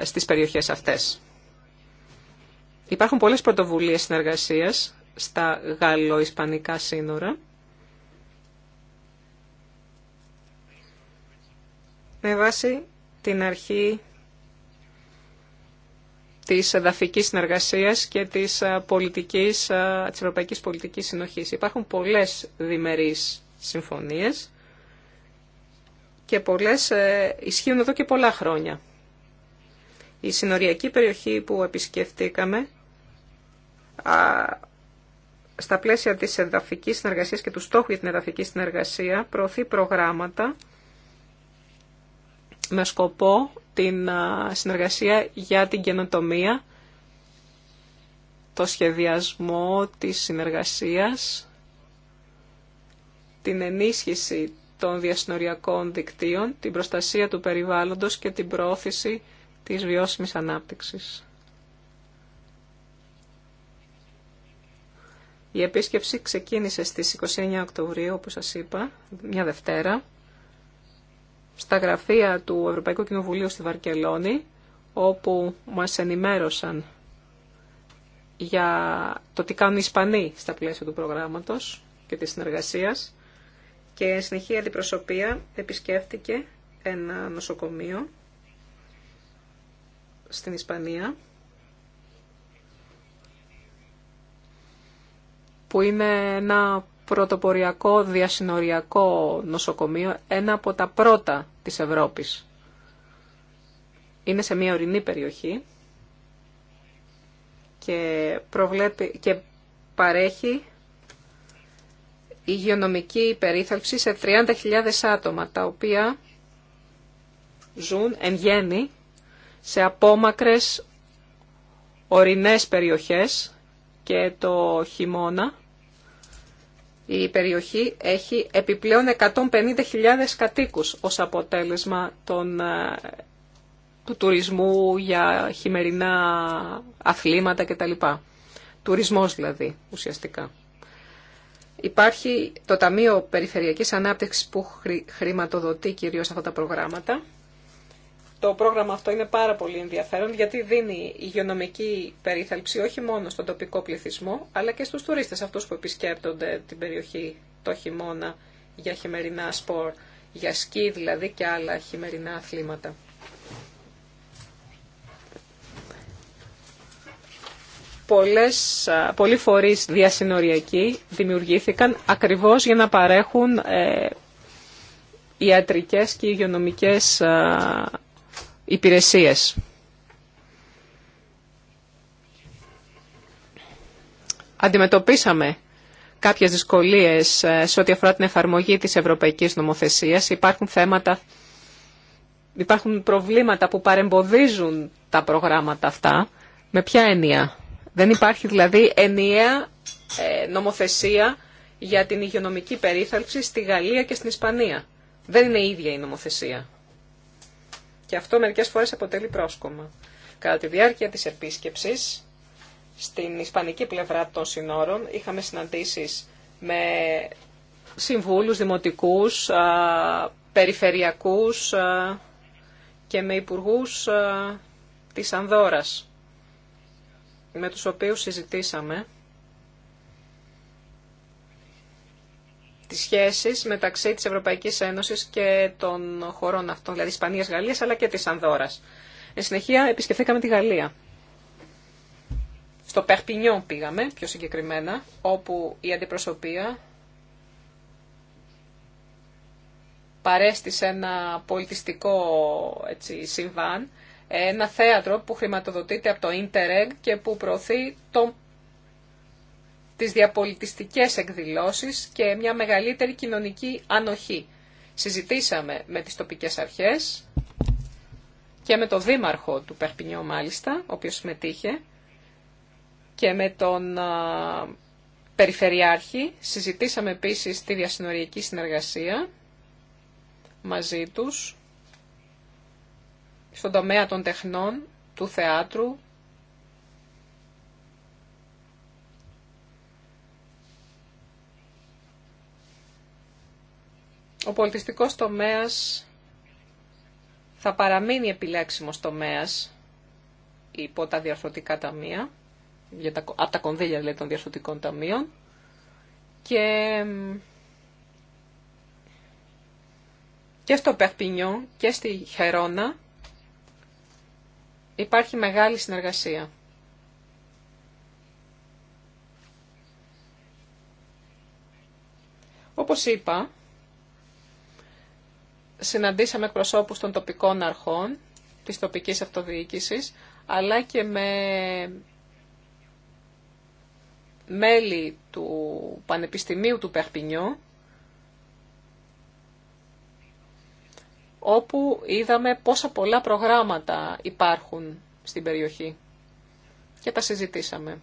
στις περιοχές αυτές. Υπάρχουν πολλές πρωτοβουλίες συνεργασίας στα γαλλο-ισπανικά σύνορα. Με βάση την αρχή της εδαφικής συνεργασίας και της, ε, πολιτικής, ε, της ευρωπαϊκής πολιτικής συνοχής. Υπάρχουν πολλές διμερείς συμφωνίες και πολλές ε, ισχύουν εδώ και πολλά χρόνια. Η συνοριακή περιοχή που επισκεφτήκαμε στα πλαίσια της εδαφικής συνεργασίας και του στόχου για την εδαφική συνεργασία προωθεί προγράμματα με σκοπό την συνεργασία για την καινοτομία, το σχεδιασμό της συνεργασίας, την ενίσχυση των διασυνοριακών δικτύων, την προστασία του περιβάλλοντος και την πρόθεση της βιώσιμης ανάπτυξης. Η επίσκεψη ξεκίνησε στις 29 Οκτωβρίου, όπως σας είπα, μια Δευτέρα στα γραφεία του Ευρωπαϊκού Κοινοβουλίου στη Βαρκελόνη, όπου μας ενημέρωσαν για το τι κάνουν οι Ισπανοί στα πλαίσια του προγράμματος και της συνεργασίας και συνεχή συνεχεία αντιπροσωπεία επισκέφτηκε ένα νοσοκομείο στην Ισπανία που είναι ένα πρωτοποριακό διασυνοριακό νοσοκομείο, ένα από τα πρώτα της Ευρώπης. Είναι σε μια ορεινή περιοχή και, προβλέπει, και παρέχει υγειονομική υπερίθαλψη σε 30.000 άτομα, τα οποία ζουν εν γέννη σε απόμακρες ορεινές περιοχές και το χειμώνα η περιοχή έχει επιπλέον 150.000 κατοίκους ως αποτέλεσμα των, ε, του τουρισμού για χειμερινά αθλήματα κτλ. Τουρισμός δηλαδή ουσιαστικά. Υπάρχει το Ταμείο Περιφερειακής Ανάπτυξης που χρηματοδοτεί κυρίως αυτά τα προγράμματα το πρόγραμμα αυτό είναι πάρα πολύ ενδιαφέρον γιατί δίνει υγειονομική περίθαλψη όχι μόνο στον τοπικό πληθυσμό αλλά και στους τουρίστες αυτούς που επισκέπτονται την περιοχή το χειμώνα για χειμερινά σπορ, για σκι δηλαδή και άλλα χειμερινά αθλήματα. Πολλές, πολλοί φορείς διασυνοριακοί δημιουργήθηκαν ακριβώς για να παρέχουν ε, ιατρικές και υγειονομικές υπηρεσίες. Αντιμετωπίσαμε κάποιες δυσκολίες ε, σε ό,τι αφορά την εφαρμογή της ευρωπαϊκής νομοθεσίας. Υπάρχουν θέματα, υπάρχουν προβλήματα που παρεμποδίζουν τα προγράμματα αυτά. Με ποια έννοια. Δεν υπάρχει δηλαδή ενιαία ε, νομοθεσία για την υγειονομική περίθαλψη στη Γαλλία και στην Ισπανία. Δεν είναι ίδια η νομοθεσία και αυτό μερικέ φορές αποτελεί πρόσκομα. Κατά τη διάρκεια της επίσκεψη στην ισπανική πλευρά των συνόρων είχαμε συναντήσεις με συμβούλους δημοτικούς, περιφερειακούς και με υπουργούς της Ανδόρας, με τους οποίους συζητήσαμε τις σχέσεις μεταξύ της Ευρωπαϊκής Ένωσης και των χωρών αυτών, δηλαδή Ισπανίας, Γαλλίας, αλλά και της Ανδόρας. Εν συνεχεία επισκεφθήκαμε τη Γαλλία. Στο Περπινιό πήγαμε, πιο συγκεκριμένα, όπου η αντιπροσωπεία παρέστησε ένα πολιτιστικό έτσι, συμβάν, ένα θέατρο που χρηματοδοτείται από το Interreg και που προωθεί τον τις διαπολιτιστικές εκδηλώσεις και μια μεγαλύτερη κοινωνική ανοχή. Συζητήσαμε με τις τοπικές αρχές και με τον δήμαρχο του Περπινιό μάλιστα, ο οποίος συμμετείχε, και με τον Περιφερειάρχη. Συζητήσαμε επίσης τη διασυνοριακή συνεργασία μαζί τους στον τομέα των τεχνών, του θεάτρου, Ο πολιτιστικός τομέας θα παραμείνει επιλέξιμος τομέας υπό τα διαρθρωτικά ταμεία, για τα, από τα κονδύλια δηλαδή των διαρθρωτικών ταμείων και, και στο Περπινιό και στη Χερόνα υπάρχει μεγάλη συνεργασία. Όπως είπα, συναντήσαμε εκπροσώπους των τοπικών αρχών, της τοπικής αυτοδιοίκησης, αλλά και με μέλη του Πανεπιστημίου του Περπινιό, όπου είδαμε πόσα πολλά προγράμματα υπάρχουν στην περιοχή και τα συζητήσαμε.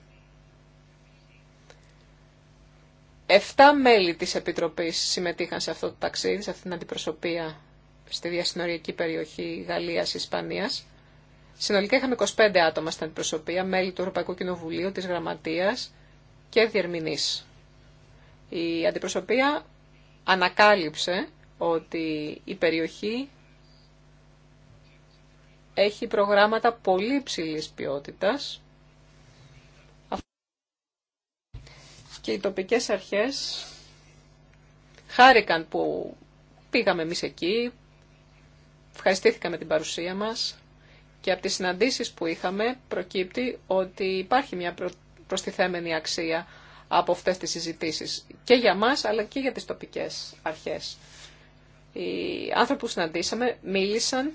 Εφτά μέλη της Επιτροπής συμμετείχαν σε αυτό το ταξίδι, σε αυτήν την αντιπροσωπεία στη διασυνοριακή περιοχή Γαλλίας-Ισπανίας. Συνολικά είχαμε 25 άτομα στην αντιπροσωπεία, μέλη του Ευρωπαϊκού Κοινοβουλίου, της Γραμματείας και διερμηνής. Η αντιπροσωπεία ανακάλυψε ότι η περιοχή έχει προγράμματα πολύ υψηλής ποιότητας και οι τοπικές αρχές χάρηκαν που πήγαμε εμείς εκεί, ευχαριστήθηκα με την παρουσία μας και από τις συναντήσεις που είχαμε προκύπτει ότι υπάρχει μια προστιθέμενη αξία από αυτές τις συζητήσεις και για μας αλλά και για τις τοπικές αρχές. Οι άνθρωποι που συναντήσαμε μίλησαν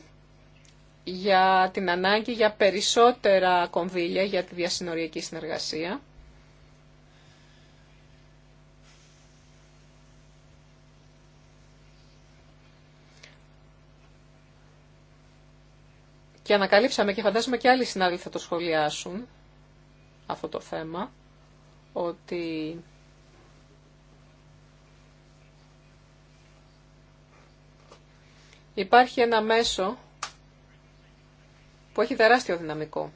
για την ανάγκη για περισσότερα κονδύλια για τη διασυνοριακή συνεργασία και ανακαλύψαμε και φαντάζομαι και άλλοι συνάδελφοι θα το σχολιάσουν αυτό το θέμα, ότι υπάρχει ένα μέσο που έχει τεράστιο δυναμικό.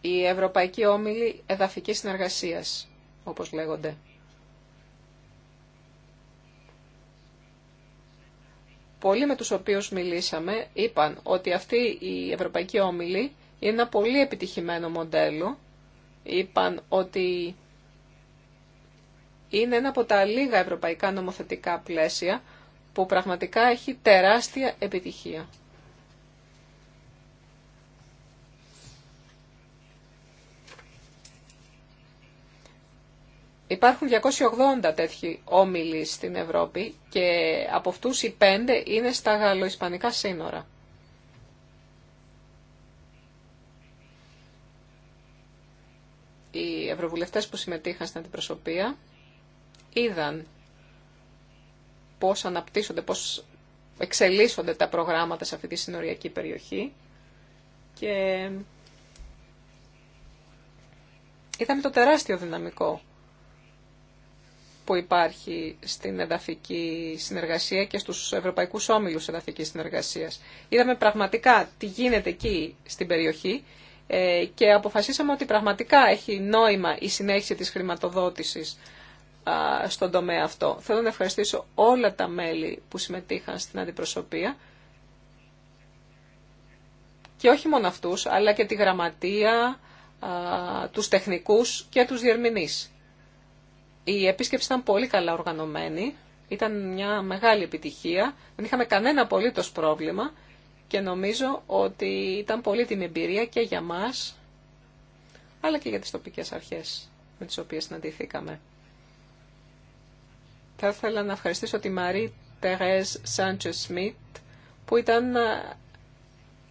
Η Ευρωπαϊκή Όμιλη Εδαφικής Συνεργασίας, όπως λέγονται. Πολλοί με τους οποίους μιλήσαμε είπαν ότι αυτή η Ευρωπαϊκή Όμιλη είναι ένα πολύ επιτυχημένο μοντέλο. Είπαν ότι είναι ένα από τα λίγα ευρωπαϊκά νομοθετικά πλαίσια που πραγματικά έχει τεράστια επιτυχία. Υπάρχουν 280 τέτοιοι όμιλοι στην Ευρώπη και από αυτούς οι πέντε είναι στα γαλλοϊσπανικά σύνορα. Οι ευρωβουλευτές που συμμετείχαν στην αντιπροσωπεία είδαν πώς αναπτύσσονται, πώς εξελίσσονται τα προγράμματα σε αυτή τη συνοριακή περιοχή και είδαμε το τεράστιο δυναμικό που υπάρχει στην εδαφική συνεργασία και στους ευρωπαϊκούς όμιλους εδαφικής συνεργασίας. Είδαμε πραγματικά τι γίνεται εκεί στην περιοχή ε, και αποφασίσαμε ότι πραγματικά έχει νόημα η συνέχιση της χρηματοδότησης στον τομέα αυτό. Θέλω να ευχαριστήσω όλα τα μέλη που συμμετείχαν στην αντιπροσωπεία και όχι μόνο αυτούς, αλλά και τη γραμματεία, τους τεχνικούς και τους διερμηνείς. Η επίσκεψη ήταν πολύ καλά οργανωμένη, ήταν μια μεγάλη επιτυχία, δεν είχαμε κανένα απολύτως πρόβλημα και νομίζω ότι ήταν πολύτιμη εμπειρία και για μας, αλλά και για τις τοπικές αρχές με τις οποίες συναντηθήκαμε. Θα ήθελα να ευχαριστήσω τη Μαρή Τερέζ Σάντσε Σμιτ, που ήταν ε,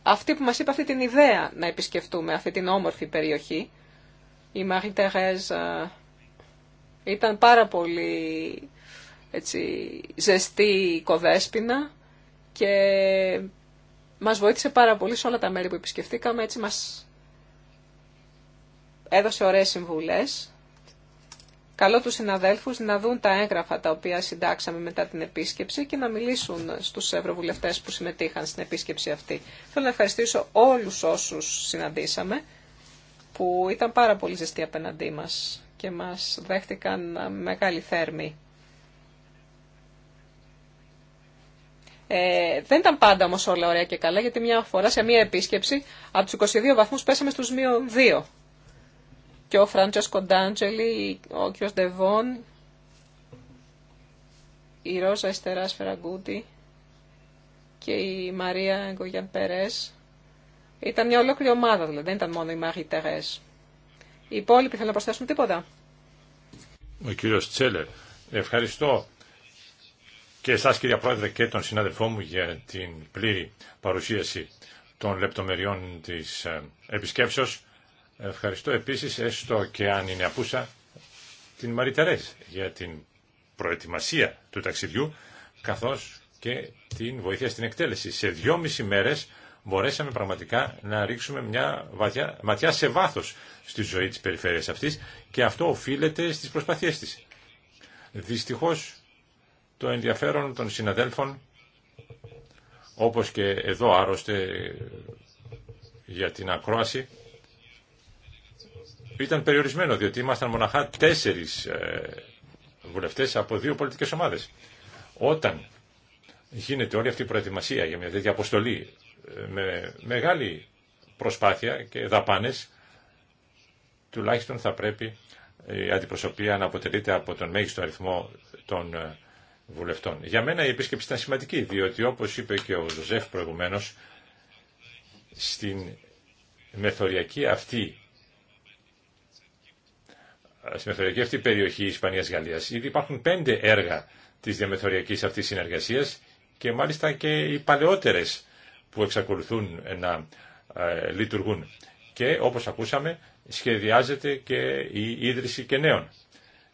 αυτή που μας είπε αυτή την ιδέα να επισκεφτούμε αυτή την όμορφη περιοχή. Η Μαρή Τερέζ ε, ήταν πάρα πολύ έτσι, ζεστή η κοδέσπινα και μας βοήθησε πάρα πολύ σε όλα τα μέρη που επισκεφτήκαμε. Έτσι μας έδωσε ωραίες συμβουλές. Καλό τους συναδέλφους να δουν τα έγγραφα τα οποία συντάξαμε μετά την επίσκεψη και να μιλήσουν στους ευρωβουλευτές που συμμετείχαν στην επίσκεψη αυτή. Θέλω να ευχαριστήσω όλους όσους συναντήσαμε που ήταν πάρα πολύ ζεστοί απέναντί μας και μας δέχτηκαν μεγάλη θέρμη. Ε, δεν ήταν πάντα όμως όλα ωραία και καλά, γιατί μια φορά σε μια επίσκεψη από τους 22 βαθμούς πέσαμε στους μείον 2. Και ο Φράντσες Κοντάντζελη, ο κ. Ντεβόν, η Ρόζα Εστεράς Φεραγκούτη και η Μαρία Γκογιαν Περές. Ήταν μια ολόκληρη ομάδα, δηλαδή δεν ήταν μόνο η Μαρή Τερές. Οι υπόλοιποι θέλουν να προσθέσουν τίποτα. Ο κύριος Τσέλερ, ευχαριστώ και εσάς κυρία Πρόεδρε και τον συνάδελφό μου για την πλήρη παρουσίαση των λεπτομεριών της ε, επισκέψεως. Ευχαριστώ επίσης, έστω και αν είναι απούσα, την Μαριτερές για την προετοιμασία του ταξιδιού, καθώς και την βοήθεια στην εκτέλεση. Σε δυόμιση μέρες μπορέσαμε πραγματικά να ρίξουμε μια βαθιά, ματιά σε βάθος στη ζωή τη περιφέρεια αυτής και αυτό οφείλεται στι προσπαθίε τη. Δυστυχώ το ενδιαφέρον των συναδέλφων όπως και εδώ άρρωστε για την ακρόαση ήταν περιορισμένο διότι ήμασταν μοναχά τέσσερις ε, βουλευτέ από δύο πολιτικές ομάδες. Όταν γίνεται όλη αυτή η προετοιμασία για μια τέτοια αποστολή με μεγάλη προσπάθεια και δαπάνες, τουλάχιστον θα πρέπει η αντιπροσωπεία να αποτελείται από τον μέγιστο αριθμό των ε, βουλευτών. Για μένα η επίσκεψη ήταν σημαντική, διότι όπως είπε και ο Ζωζεφ προηγουμένως, στην μεθοριακή αυτή στη μεθοριακή αυτή περιοχή Ισπανίας-Γαλλίας ήδη υπάρχουν πέντε έργα της διαμεθοριακής αυτής συνεργασίας και μάλιστα και οι παλαιότερες που εξακολουθούν να ε, λειτουργούν. Και όπως ακούσαμε σχεδιάζεται και η ίδρυση και νέων.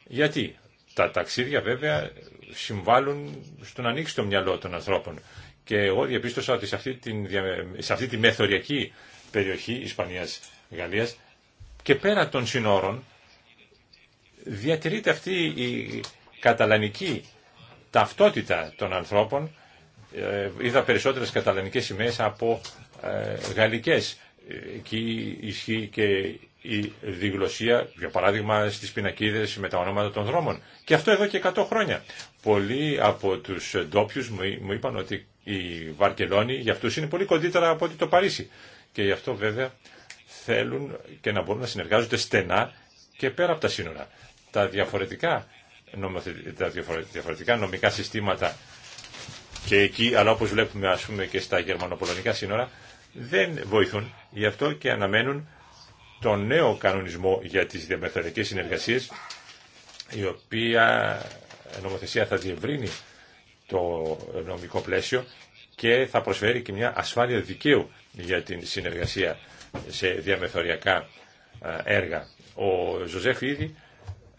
Γιατί τα ταξίδια βέβαια συμβάλλουν στο να ανοίξει το μυαλό των ανθρώπων. Και εγώ διαπίστωσα ότι σε αυτή, την, σε αυτή τη μεθοριακή περιοχή Ισπανίας-Γαλλίας και πέρα των συνόρων διατηρείται αυτή η καταλανική ταυτότητα των ανθρώπων ε, είδα περισσότερες καταλανικές σημαίες από ε, γαλλικές. Εκεί ισχύει και η διγλωσία, για παράδειγμα στις πινακίδες με τα ονόματα των δρόμων. Και αυτό εδώ και 100 χρόνια. Πολλοί από τους ντόπιου μου είπαν ότι η Βαρκελόνη για αυτούς είναι πολύ κοντύτερα από ότι το Παρίσι. Και γι' αυτό βέβαια θέλουν και να μπορούν να συνεργάζονται στενά και πέρα από τα σύνορα. Τα διαφορετικά, τα διαφορετικά νομικά συστήματα και εκεί, αλλά όπως βλέπουμε ας πούμε και στα γερμανοπολωνικά σύνορα, δεν βοηθούν. Γι' αυτό και αναμένουν τον νέο κανονισμό για τις διαμεθοριακές συνεργασίες, η οποία νομοθεσία θα διευρύνει το νομικό πλαίσιο και θα προσφέρει και μια ασφάλεια δικαίου για την συνεργασία σε διαμεθοριακά έργα. Ο Ζωζέφ ήδη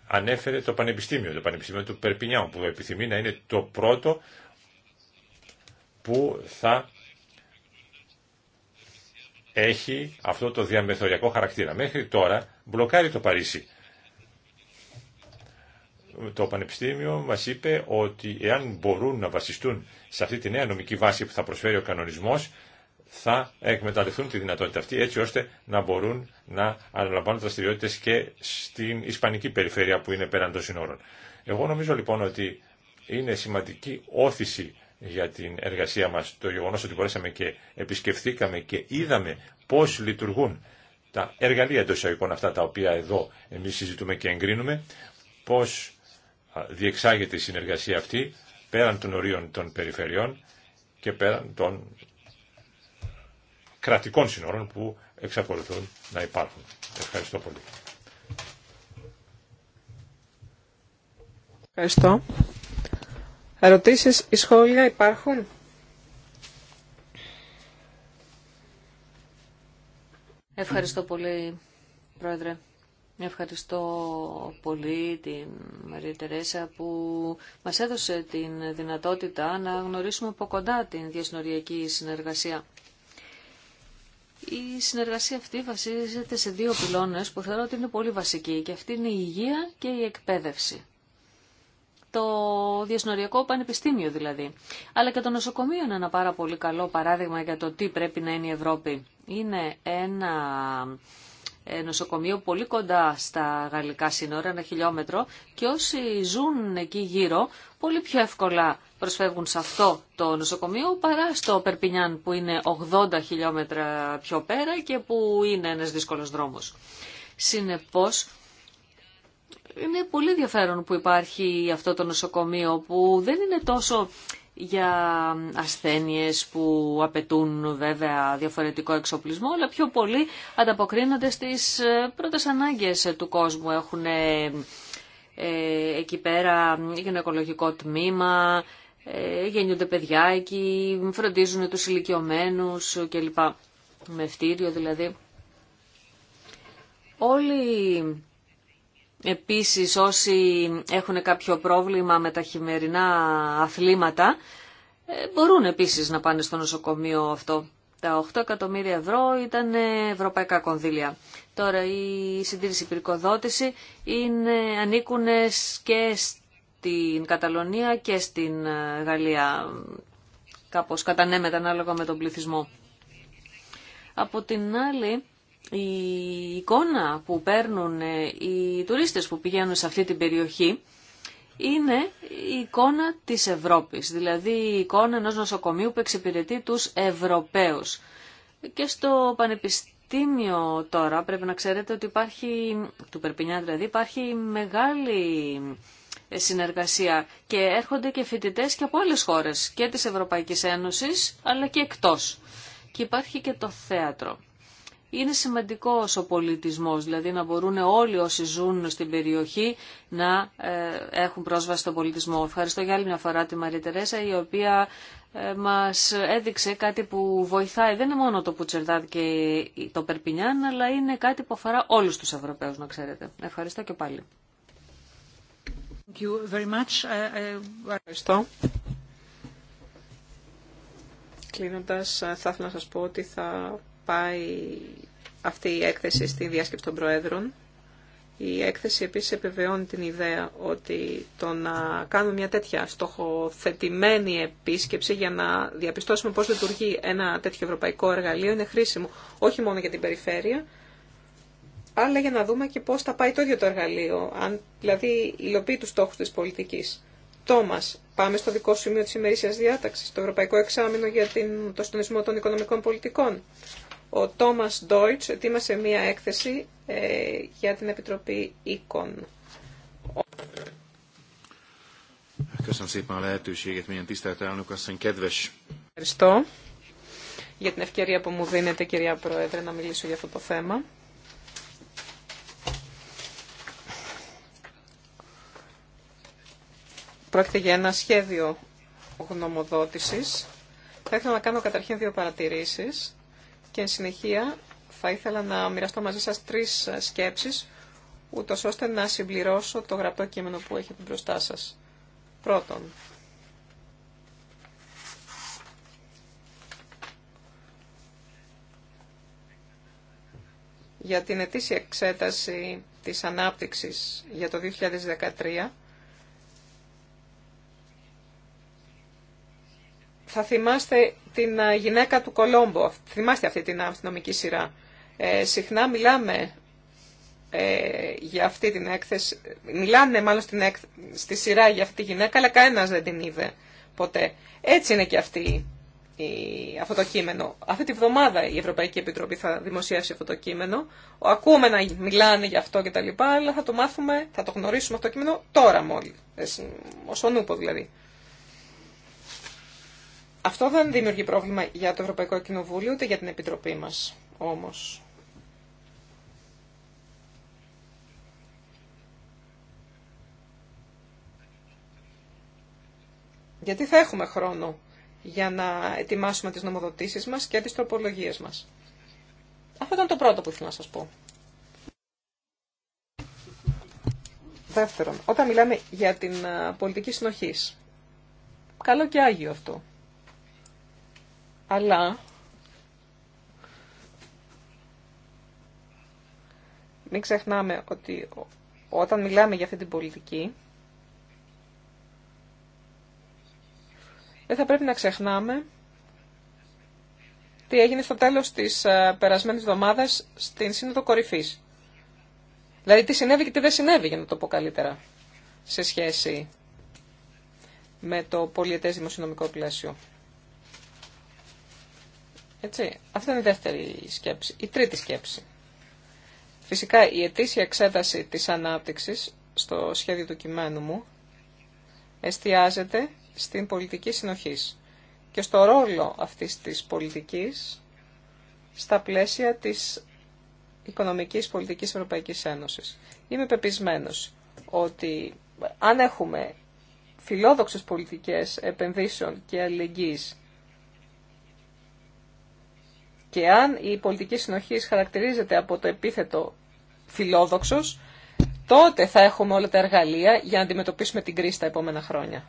ανέφερε το Πανεπιστήμιο, το Πανεπιστήμιο του Περπινιάου, που επιθυμεί να είναι το πρώτο που θα έχει αυτό το διαμεθοριακό χαρακτήρα. Μέχρι τώρα μπλοκάρει το Παρίσι. Το Πανεπιστήμιο μας είπε ότι εάν μπορούν να βασιστούν σε αυτή τη νέα νομική βάση που θα προσφέρει ο κανονισμός, θα εκμεταλλευτούν τη δυνατότητα αυτή έτσι ώστε να μπορούν να αναλαμβάνουν δραστηριότητε και στην Ισπανική περιφέρεια που είναι πέραν των συνόρων. Εγώ νομίζω λοιπόν ότι είναι σημαντική όθηση για την εργασία μας το γεγονός ότι μπορέσαμε και επισκεφθήκαμε και είδαμε πώς λειτουργούν τα εργαλεία εντός αυτά τα οποία εδώ εμείς συζητούμε και εγκρίνουμε, πώς διεξάγεται η συνεργασία αυτή πέραν των ορίων των περιφερειών και πέραν των κρατικών σύνορων που εξακολουθούν να υπάρχουν. Ευχαριστώ πολύ. Ερωτήσεις ή σχόλια υπάρχουν? Ευχαριστώ πολύ, Πρόεδρε. Ευχαριστώ πολύ την Μαρία Τερέσα που μας έδωσε την δυνατότητα να γνωρίσουμε από κοντά την διασυνοριακή συνεργασία. Η συνεργασία αυτή βασίζεται σε δύο πυλώνες που θεωρώ ότι είναι πολύ βασικοί και αυτή είναι η υγεία και η εκπαίδευση το Διασνοριακό Πανεπιστήμιο δηλαδή. Αλλά και το νοσοκομείο είναι ένα πάρα πολύ καλό παράδειγμα για το τι πρέπει να είναι η Ευρώπη. Είναι ένα ε, νοσοκομείο πολύ κοντά στα γαλλικά σύνορα, ένα χιλιόμετρο, και όσοι ζουν εκεί γύρω, πολύ πιο εύκολα προσφεύγουν σε αυτό το νοσοκομείο παρά στο Περπινιάν που είναι 80 χιλιόμετρα πιο πέρα και που είναι ένας δύσκολος δρόμος. Συνεπώς, είναι πολύ ενδιαφέρον που υπάρχει αυτό το νοσοκομείο που δεν είναι τόσο για ασθένειες που απαιτούν βέβαια διαφορετικό εξοπλισμό, αλλά πιο πολύ ανταποκρίνονται στις ε, πρώτες ανάγκες του κόσμου. Έχουν ε, εκεί πέρα γυναικολογικό τμήμα, ε, γεννιούνται παιδιά εκεί, φροντίζουν τους ηλικιωμένους κλπ. Με φτύριο δηλαδή. Όλοι Επίσης όσοι έχουν κάποιο πρόβλημα με τα χειμερινά αθλήματα ε, μπορούν επίσης να πάνε στο νοσοκομείο αυτό. Τα 8 εκατομμύρια ευρώ ήταν ευρωπαϊκά κονδύλια. Τώρα η συντήρηση πυρικοδότηση είναι, ανήκουν και στην Καταλωνία και στην ε, Γαλλία. Κάπως κατανέμεται ανάλογα με τον πληθυσμό. Από την άλλη, η εικόνα που παίρνουν ε, οι τουρίστες που πηγαίνουν σε αυτή την περιοχή είναι η εικόνα της Ευρώπης, δηλαδή η εικόνα ενός νοσοκομείου που εξυπηρετεί τους Ευρωπαίους. Και στο Πανεπιστήμιο τώρα πρέπει να ξέρετε ότι υπάρχει, του Περπινιά δηλαδή, υπάρχει μεγάλη ε, συνεργασία και έρχονται και φοιτητές και από άλλες χώρες και της Ευρωπαϊκής Ένωσης αλλά και εκτός. Και υπάρχει και το θέατρο είναι σημαντικός ο πολιτισμός, δηλαδή να μπορούν όλοι όσοι ζουν στην περιοχή να ε, έχουν πρόσβαση στον πολιτισμό. Ευχαριστώ για άλλη μια φορά τη Μαρία Τερέσα, η οποία ε, μας έδειξε κάτι που βοηθάει. Δεν είναι μόνο το Πουτσερδάτ και το Περπινιάν, αλλά είναι κάτι που αφορά όλους τους Ευρωπαίους, να ξέρετε. Ευχαριστώ και πάλι. Ε, Ευχαριστώ. Κλείνοντας, θα ήθελα να σας πω ότι θα πάει αυτή η έκθεση στη διάσκεψη των Προέδρων. Η έκθεση επίσης επιβεβαιώνει την ιδέα ότι το να κάνουμε μια τέτοια στοχοθετημένη επίσκεψη για να διαπιστώσουμε πώς λειτουργεί ένα τέτοιο ευρωπαϊκό εργαλείο είναι χρήσιμο όχι μόνο για την περιφέρεια, αλλά για να δούμε και πώς θα πάει το ίδιο το εργαλείο, αν δηλαδή υλοποιεί τους στόχους της πολιτικής. Τόμα πάμε στο δικό σημείο της ημερήσιας διάταξης, το Ευρωπαϊκό Εξάμεινο για την, το συντονισμό των οικονομικών πολιτικών. Ο Τόμας Ντόιτς ετοίμασε μία έκθεση ε, για την Επιτροπή Οίκων. Ευχαριστώ για την ευκαιρία που μου δίνετε, κυρία Πρόεδρε, να μιλήσω για αυτό το θέμα. Πρόκειται για ένα σχέδιο γνωμοδότησης. Θα ήθελα να κάνω καταρχήν δύο παρατηρήσεις και εν συνεχεία θα ήθελα να μοιραστώ μαζί σας τρεις σκέψεις, ούτω ώστε να συμπληρώσω το γραπτό κείμενο που έχετε μπροστά σας. Πρώτον, για την ετήσια εξέταση της ανάπτυξης για το 2013, θα θυμάστε την γυναίκα του Κολόμπο, θυμάστε αυτή την αστυνομική σειρά. Ε, συχνά μιλάμε ε, για αυτή την έκθεση, μιλάνε μάλλον στην στη σειρά για αυτή τη γυναίκα, αλλά κανένας δεν την είδε ποτέ. Έτσι είναι και αυτή η, αυτό το κείμενο. Αυτή τη βδομάδα η Ευρωπαϊκή Επιτροπή θα δημοσιεύσει αυτό το κείμενο. Ακούμε να μιλάνε για αυτό κτλ. αλλά θα το μάθουμε, θα το γνωρίσουμε αυτό το κείμενο τώρα μόλις, ως ο νουπο δηλαδή. Αυτό δεν δημιουργεί πρόβλημα για το Ευρωπαϊκό Κοινοβούλιο ούτε για την Επιτροπή μας όμως. Γιατί θα έχουμε χρόνο για να ετοιμάσουμε τις νομοδοτήσεις μας και τις τροπολογίες μας. Αυτό ήταν το πρώτο που ήθελα να σας πω. Δεύτερον, όταν μιλάμε για την πολιτική συνοχής, καλό και άγιο αυτό αλλά μην ξεχνάμε ότι όταν μιλάμε για αυτή την πολιτική, δεν θα πρέπει να ξεχνάμε τι έγινε στο τέλος της ε, περασμένης εβδομάδα στην Σύνοδο Κορυφής. Δηλαδή τι συνέβη και τι δεν συνέβη, για να το πω καλύτερα, σε σχέση με το πολιετές δημοσιονομικό πλαίσιο. Αυτή είναι η δεύτερη σκέψη. Η τρίτη σκέψη. Φυσικά η ετήσια εξέταση της ανάπτυξης στο σχέδιο του κειμένου μου εστιάζεται στην πολιτική συνοχής και στο ρόλο αυτής της πολιτικής στα πλαίσια της οικονομικής πολιτικής Ευρωπαϊκής Ένωσης. Είμαι πεπισμένος ότι αν έχουμε φιλόδοξες πολιτικές επενδύσεων και αλληλεγγύης και αν η πολιτική συνοχή χαρακτηρίζεται από το επίθετο φιλόδοξος, τότε θα έχουμε όλα τα εργαλεία για να αντιμετωπίσουμε την κρίση τα επόμενα χρόνια.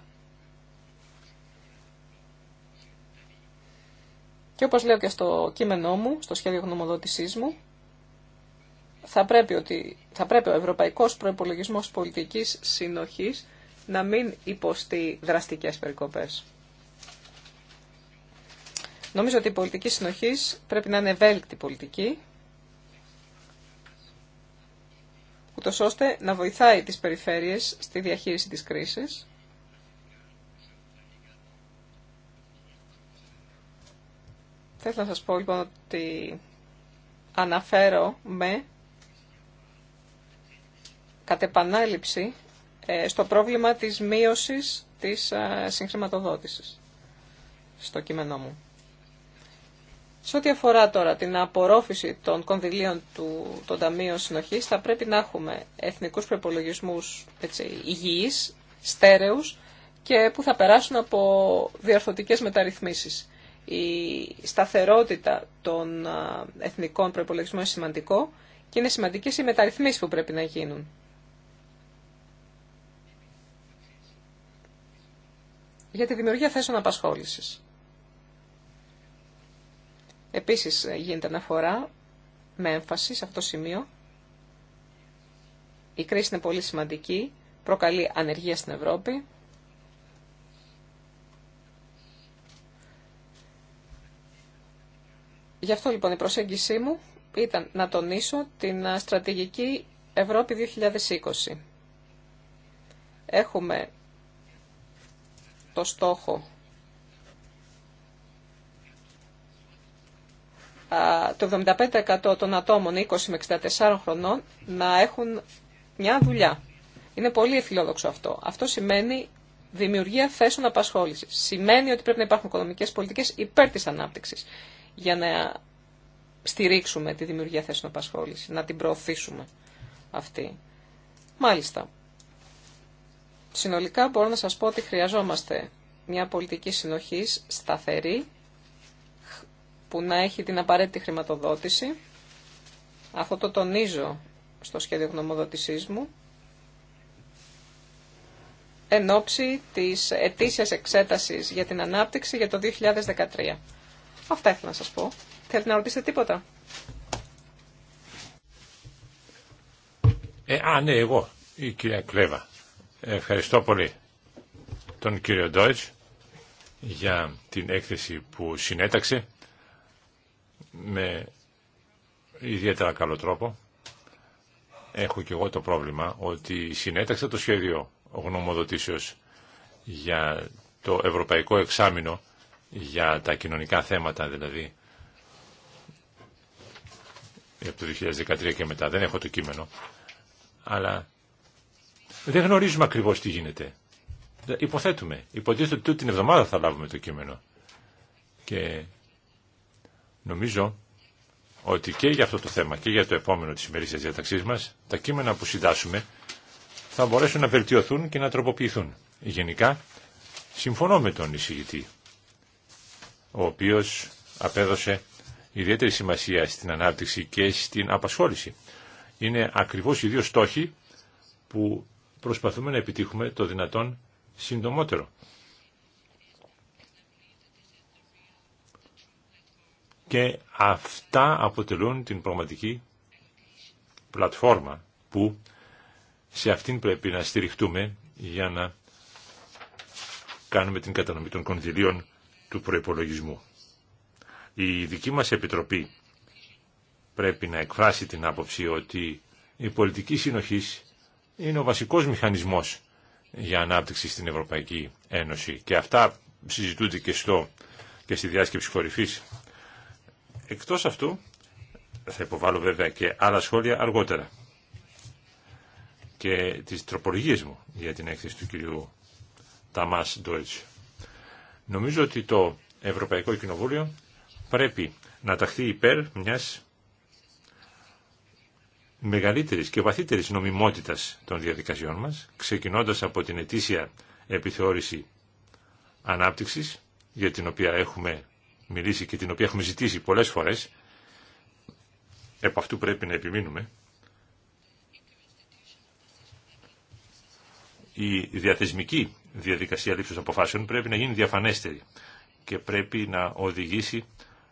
Και όπως λέω και στο κείμενό μου, στο σχέδιο γνωμοδότησής μου, θα πρέπει, ότι, θα πρέπει ο ευρωπαϊκός προϋπολογισμός πολιτικής συνοχής να μην υποστεί δραστικές περικοπές. Νομίζω ότι η πολιτική συνοχής πρέπει να είναι ευέλικτη πολιτική, ούτως ώστε να βοηθάει τις περιφέρειες στη διαχείριση της κρίσης. Θα να σας πω λοιπόν ότι αναφέρω με κατ' επανάληψη ε, στο πρόβλημα της μείωσης της ε, συγχρηματοδότησης στο κείμενό μου. Σε ό,τι αφορά τώρα την απορρόφηση των κονδυλίων του, των Ταμείων Συνοχής, θα πρέπει να έχουμε εθνικούς προπολογισμούς υγιείς, στέρεους και που θα περάσουν από διορθωτικές μεταρρυθμίσεις. Η σταθερότητα των εθνικών προπολογισμών είναι σημαντικό και είναι σημαντικές οι μεταρρυθμίσεις που πρέπει να γίνουν. Για τη δημιουργία θέσεων απασχόλησης. Επίσης ε, γίνεται αναφορά με έμφαση σε αυτό το σημείο. Η κρίση είναι πολύ σημαντική, προκαλεί ανεργία στην Ευρώπη. Γι' αυτό λοιπόν η προσέγγιση μου ήταν να τονίσω την ε, στρατηγική Ευρώπη 2020. Έχουμε το στόχο το 75% των ατόμων 20 με 64 χρονών να έχουν μια δουλειά. Είναι πολύ εφιλόδοξο αυτό. Αυτό σημαίνει δημιουργία θέσεων απασχόληση. Σημαίνει ότι πρέπει να υπάρχουν οικονομικέ πολιτικέ υπέρ τη ανάπτυξη για να στηρίξουμε τη δημιουργία θέσεων απασχόληση, να την προωθήσουμε αυτή. Μάλιστα. Συνολικά μπορώ να σας πω ότι χρειαζόμαστε μια πολιτική συνοχής σταθερή που να έχει την απαραίτητη χρηματοδότηση. Αυτό το τονίζω στο σχέδιο γνωμοδότησής μου. Εν ώψη της ετήσιας εξέτασης για την ανάπτυξη για το 2013. Αυτά ήθελα να σας πω. Θέλετε να ρωτήσετε τίποτα. Ε, α, ναι, εγώ, η κυρία Κλέβα. Ευχαριστώ πολύ τον κύριο Ντόιτς για την έκθεση που συνέταξε με ιδιαίτερα καλό τρόπο. Έχω και εγώ το πρόβλημα ότι συνέταξα το σχέδιο γνωμοδοτήσεως για το Ευρωπαϊκό Εξάμεινο για τα κοινωνικά θέματα δηλαδή από το 2013 και μετά. Δεν έχω το κείμενο. Αλλά δεν γνωρίζουμε ακριβώς τι γίνεται. Υποθέτουμε. Υποτίθεται ότι την εβδομάδα θα λάβουμε το κείμενο. Και Νομίζω ότι και για αυτό το θέμα και για το επόμενο της ημερήσιας διαταξής μας, τα κείμενα που συντάσσουμε θα μπορέσουν να βελτιωθούν και να τροποποιηθούν. Γενικά, συμφωνώ με τον εισηγητή, ο οποίος απέδωσε ιδιαίτερη σημασία στην ανάπτυξη και στην απασχόληση. Είναι ακριβώς οι δύο στόχοι που προσπαθούμε να επιτύχουμε το δυνατόν συντομότερο. και αυτά αποτελούν την πραγματική πλατφόρμα που σε αυτήν πρέπει να στηριχτούμε για να κάνουμε την κατανομή των κονδυλίων του προϋπολογισμού. Η δική μας Επιτροπή πρέπει να εκφράσει την άποψη ότι η πολιτική συνοχή είναι ο βασικός μηχανισμός για ανάπτυξη στην Ευρωπαϊκή Ένωση και αυτά συζητούνται και, στο, και στη διάσκεψη κορυφής Εκτός αυτού, θα υποβάλω βέβαια και άλλα σχόλια αργότερα και τις τροπολογίες μου για την έκθεση του κυρίου Ταμάς Ντόιτς. Νομίζω ότι το Ευρωπαϊκό Κοινοβούλιο πρέπει να ταχθεί υπέρ μιας μεγαλύτερης και βαθύτερης νομιμότητας των διαδικασιών μας, ξεκινώντας από την ετήσια επιθεώρηση ανάπτυξης, για την οποία έχουμε μιλήσει και την οποία έχουμε ζητήσει πολλές φορές, επ' αυτού πρέπει να επιμείνουμε, η διαθεσμική διαδικασία λήψης αποφάσεων πρέπει να γίνει διαφανέστερη και πρέπει να οδηγήσει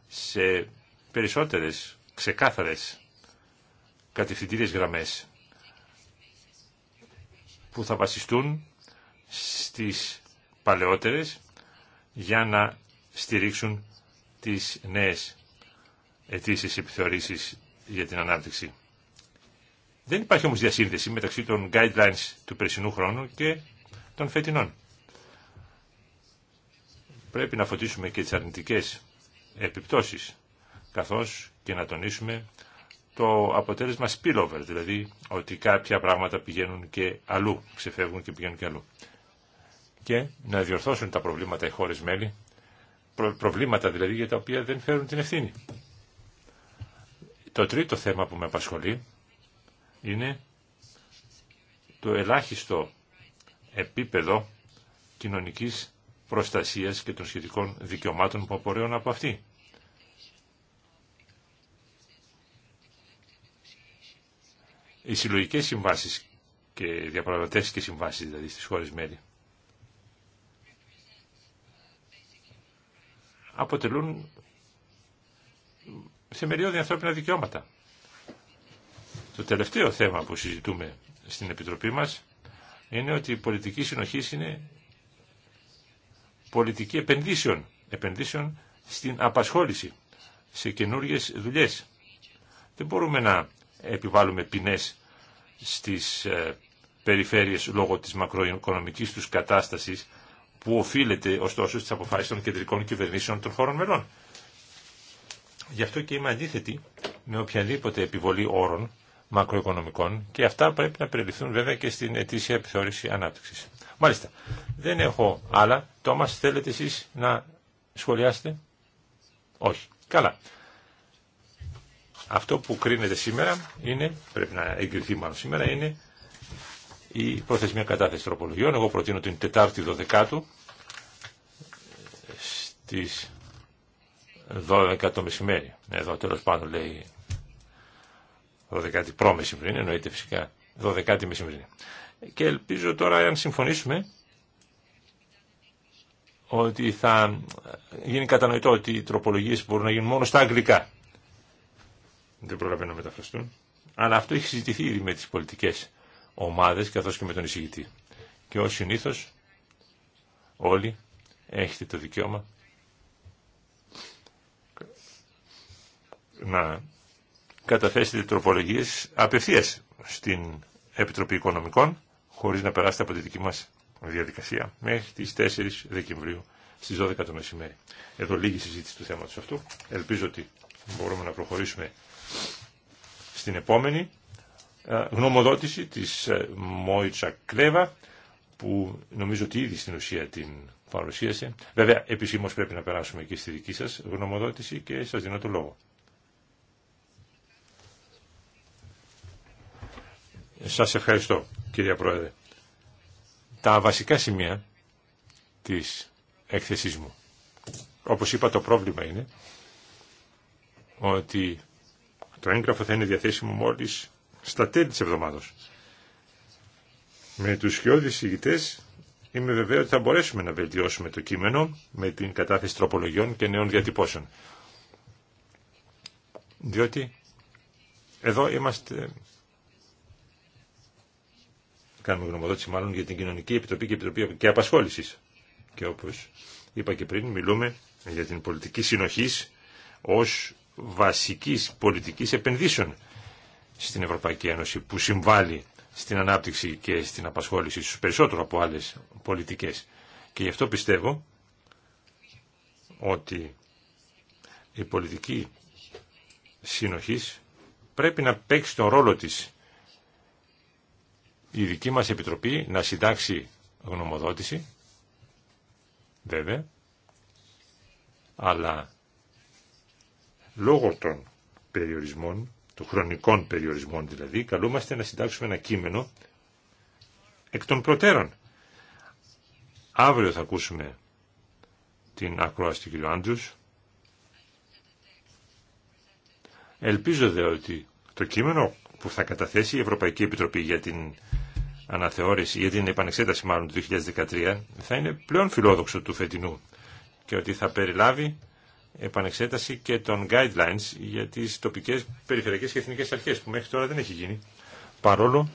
σε περισσότερες ξεκάθαρες κατευθυντήριες γραμμές που θα βασιστούν στις παλαιότερες για να στηρίξουν τις νέες αιτήσει επιθεωρήσεις για την ανάπτυξη. Δεν υπάρχει όμως διασύνδεση μεταξύ των guidelines του περσινού χρόνου και των φετινών. Πρέπει να φωτίσουμε και τις αρνητικές επιπτώσεις, καθώς και να τονίσουμε το αποτέλεσμα spillover, δηλαδή ότι κάποια πράγματα πηγαίνουν και αλλού, ξεφεύγουν και πηγαίνουν και αλλού. Και να διορθώσουν τα προβλήματα οι χώρες μέλη προβλήματα δηλαδή για τα οποία δεν φέρουν την ευθύνη. Το τρίτο θέμα που με απασχολεί είναι το ελάχιστο επίπεδο κοινωνικής προστασίας και των σχετικών δικαιωμάτων που απορρέουν από αυτή. Οι συλλογικές συμβάσεις και διαπραγματεύσεις και συμβάσεις δηλαδή στις χώρες μέλη αποτελούν θεμελιώδη ανθρώπινα δικαιώματα. Το τελευταίο θέμα που συζητούμε στην Επιτροπή μας είναι ότι η πολιτική συνοχή είναι πολιτική επενδύσεων, επενδύσεων στην απασχόληση, σε καινούριε δουλειές. Δεν μπορούμε να επιβάλλουμε ποινές στις ε, περιφέρειες λόγω της μακροοικονομικής τους κατάστασης που οφείλεται ωστόσο στις αποφάσεις των κεντρικών κυβερνήσεων των χώρων μελών. Γι' αυτό και είμαι αντίθετη με οποιαδήποτε επιβολή όρων μακροοικονομικών και αυτά πρέπει να περιληφθούν βέβαια και στην ετήσια επιθεώρηση ανάπτυξης. Μάλιστα, δεν έχω άλλα. Τόμας, θέλετε εσείς να σχολιάσετε. Όχι. Καλά. Αυτό που κρίνεται σήμερα είναι, πρέπει να εγκριθεί μάλλον σήμερα, είναι η προθεσμία κατάθεση τροπολογιών. Εγώ προτείνω την Τετάρτη 12 στις 12 το μεσημέρι. Εδώ τέλος πάντων λέει η πριν, πρόμεσημβρινή, εννοείται φυσικά 12η μεσημερι. Και ελπίζω τώρα, αν συμφωνήσουμε, ότι θα γίνει κατανοητό ότι οι τροπολογίες μπορούν να γίνουν μόνο στα αγγλικά. Δεν προλαβαίνω να μεταφραστούν. Αλλά αυτό έχει συζητηθεί ήδη με τις πολιτικές ομάδες καθώς και με τον εισηγητή. Και ως συνήθως όλοι έχετε το δικαίωμα να καταθέσετε τροπολογίες απευθείας στην Επιτροπή Οικονομικών χωρίς να περάσετε από τη δική μας διαδικασία μέχρι τις 4 Δεκεμβρίου στις 12 το μεσημέρι. Εδώ λίγη συζήτηση του θέματος αυτού. Ελπίζω ότι μπορούμε να προχωρήσουμε στην επόμενη ε, γνωμοδότηση της ε, Μόιτσα Κλέβα που νομίζω ότι ήδη στην ουσία την παρουσίασε. Βέβαια, επισήμως πρέπει να περάσουμε και στη δική σας γνωμοδότηση και σας δίνω το λόγο. Σας ευχαριστώ, κυρία Πρόεδρε. Τα βασικά σημεία της έκθεσής μου. Όπως είπα, το πρόβλημα είναι ότι το έγγραφο θα είναι διαθέσιμο μόλις στα τέλη της εβδομάδος. Με τους σχεώδεις ηγητές είμαι βεβαίως ότι θα μπορέσουμε να βελτιώσουμε το κείμενο με την κατάθεση τροπολογιών και νέων διατυπώσεων. Διότι εδώ είμαστε... Κάνουμε γνωμοδότηση μάλλον για την Κοινωνική Επιτροπή και Επιτροπή και Απασχόλησης. Και όπως είπα και πριν, μιλούμε για την πολιτική συνοχής ως βασικής πολιτικής επενδύσεων στην Ευρωπαϊκή Ένωση που συμβάλλει στην ανάπτυξη και στην απασχόληση στους περισσότερο από άλλες πολιτικές. Και γι' αυτό πιστεύω ότι η πολιτική συνοχής πρέπει να παίξει τον ρόλο της η δική μας Επιτροπή να συντάξει γνωμοδότηση, βέβαια, αλλά λόγω των περιορισμών των χρονικών περιορισμών δηλαδή, καλούμαστε να συντάξουμε ένα κείμενο εκ των προτέρων. Αύριο θα ακούσουμε την ακρόαση του κ. Άντρους. Ελπίζω δε ότι το κείμενο που θα καταθέσει η Ευρωπαϊκή Επιτροπή για την αναθεώρηση, για την επανεξέταση μάλλον του 2013, θα είναι πλέον φιλόδοξο του φετινού και ότι θα περιλάβει επανεξέταση και των guidelines για τις τοπικές, περιφερειακές και εθνικές αρχές που μέχρι τώρα δεν έχει γίνει παρόλο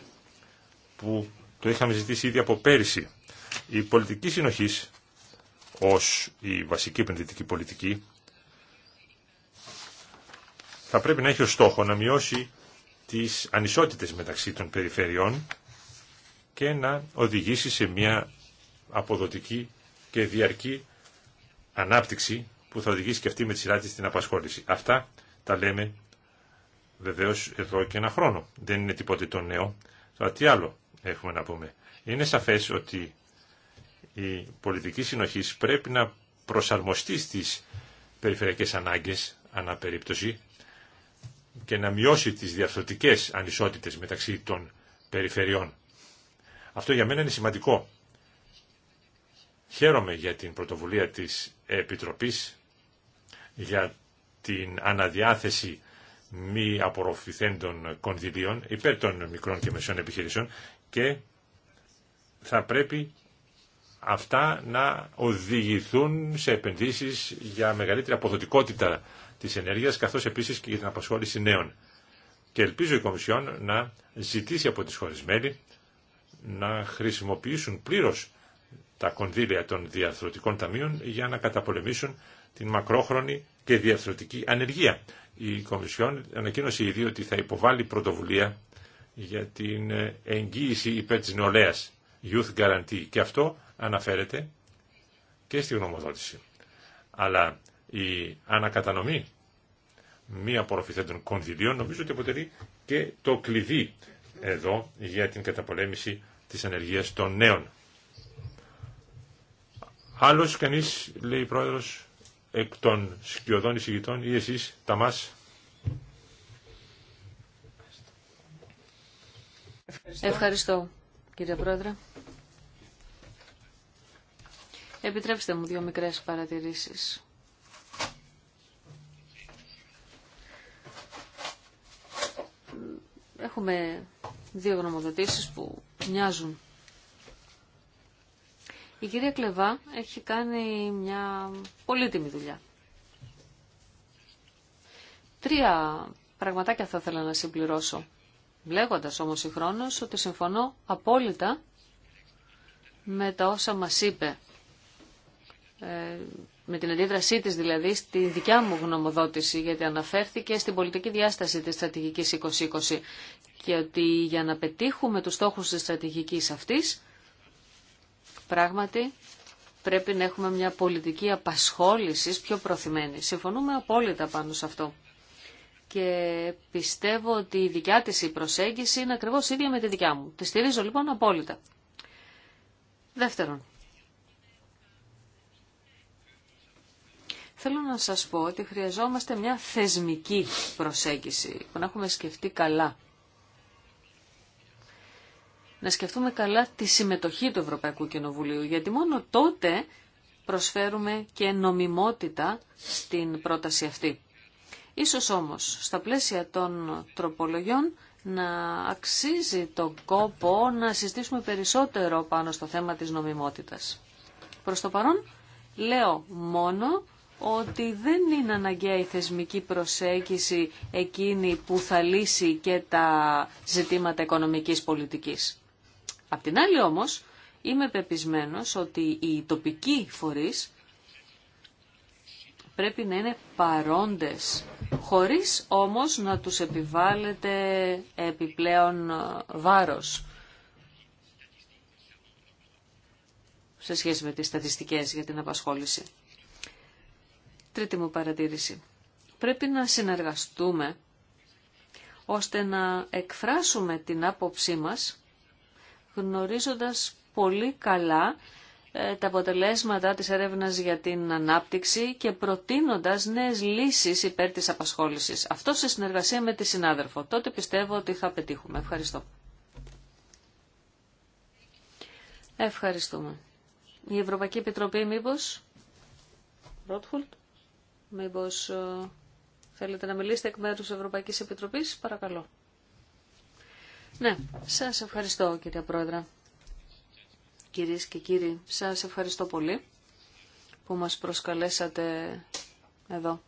που το είχαμε ζητήσει ήδη από πέρυσι. Η πολιτική συνοχής ως η βασική επενδυτική πολιτική θα πρέπει να έχει ως στόχο να μειώσει τις ανισότητες μεταξύ των περιφερειών και να οδηγήσει σε μια αποδοτική και διαρκή ανάπτυξη που θα οδηγήσει και αυτή με τη σειρά της στην απασχόληση. Αυτά τα λέμε βεβαίω εδώ και ένα χρόνο. Δεν είναι τίποτε το νέο. Τώρα τι άλλο έχουμε να πούμε. Είναι σαφέ ότι η πολιτική συνοχή πρέπει να προσαρμοστεί στις περιφερειακές ανάγκες ανά περίπτωση και να μειώσει τι διαφθορτικές ανισότητες μεταξύ των περιφερειών. Αυτό για μένα είναι σημαντικό. Χαίρομαι για την πρωτοβουλία της Επιτροπής για την αναδιάθεση μη απορροφηθέντων κονδυλίων υπέρ των μικρών και μεσών επιχειρήσεων και θα πρέπει αυτά να οδηγηθούν σε επενδύσεις για μεγαλύτερη αποδοτικότητα της ενέργειας καθώς επίσης και για την απασχόληση νέων. Και ελπίζω η Κομισιόν να ζητήσει από τις χώρες να χρησιμοποιήσουν πλήρως τα κονδύλια των διαθροτικών ταμείων για να καταπολεμήσουν την μακρόχρονη και διαρθρωτική ανεργία. Η Κομισιόν ανακοίνωσε ήδη ότι θα υποβάλει πρωτοβουλία για την εγγύηση υπέρ της νεολαίας, Youth Guarantee, και αυτό αναφέρεται και στη γνωμοδότηση. Αλλά η ανακατανομή μη απορροφηθέντων κονδυλίων νομίζω ότι αποτελεί και το κλειδί εδώ για την καταπολέμηση της ανεργίας των νέων. Άλλος κανείς, λέει η Πρόεδρος, εκ των σκιωδών εισηγητών ή εσείς τα μας. Ευχαριστώ, κύριε Πρόεδρε. Επιτρέψτε μου δύο μικρές παρατηρήσεις. Έχουμε δύο γνωμοδοτήσεις που μοιάζουν η κυρία Κλεβά έχει κάνει μια πολύτιμη δουλειά. Τρία πραγματάκια θα ήθελα να συμπληρώσω. όμω όμως χρόνο ότι συμφωνώ απόλυτα με τα όσα μας είπε. Ε, με την αντίδρασή της δηλαδή στη δικιά μου γνωμοδότηση, γιατί αναφέρθηκε στην πολιτική διάσταση της στρατηγικής 2020 και ότι για να πετύχουμε τους στόχους της στρατηγικής αυτής Πράγματι, πρέπει να έχουμε μια πολιτική απασχόλησης πιο προθυμένη. Συμφωνούμε απόλυτα πάνω σε αυτό. Και πιστεύω ότι η δικιά της η προσέγγιση είναι ακριβώς ίδια με τη δικιά μου. Τη στηρίζω λοιπόν απόλυτα. Δεύτερον, θέλω να σας πω ότι χρειαζόμαστε μια θεσμική προσέγγιση που να έχουμε σκεφτεί καλά να σκεφτούμε καλά τη συμμετοχή του Ευρωπαϊκού Κοινοβουλίου, γιατί μόνο τότε προσφέρουμε και νομιμότητα στην πρόταση αυτή. Ίσως όμως, στα πλαίσια των τροπολογιών, να αξίζει τον κόπο να συζητήσουμε περισσότερο πάνω στο θέμα της νομιμότητας. Προς το παρόν, λέω μόνο ότι δεν είναι αναγκαία η θεσμική προσέγγιση εκείνη που θα λύσει και τα ζητήματα οικονομικής πολιτικής. Απ' την άλλη όμως είμαι πεπισμένος ότι οι τοπικοί φορείς πρέπει να είναι παρόντες, χωρίς όμως να τους επιβάλλεται επιπλέον ε, βάρος σε σχέση με τις στατιστικές για την απασχόληση. Τρίτη μου παρατήρηση. Πρέπει να συνεργαστούμε ώστε να εκφράσουμε την άποψή μας γνωρίζοντας πολύ καλά ε, τα αποτελέσματα της έρευνας για την ανάπτυξη και προτείνοντας νέες λύσεις υπέρ της απασχόλησης. Αυτό σε συνεργασία με τη συνάδελφο. Τότε πιστεύω ότι θα πετύχουμε. Ευχαριστώ. Ευχαριστούμε. Η Ευρωπαϊκή Επιτροπή μήπως... Ρότχουλτ, μήπως ε, θέλετε να μιλήσετε εκ μέρους της Ευρωπαϊκής Επιτροπής. Παρακαλώ. Ναι, σας ευχαριστώ κυρία Πρόεδρε. Κυρίες και κύριοι, σας ευχαριστώ πολύ που μας προσκαλέσατε εδώ.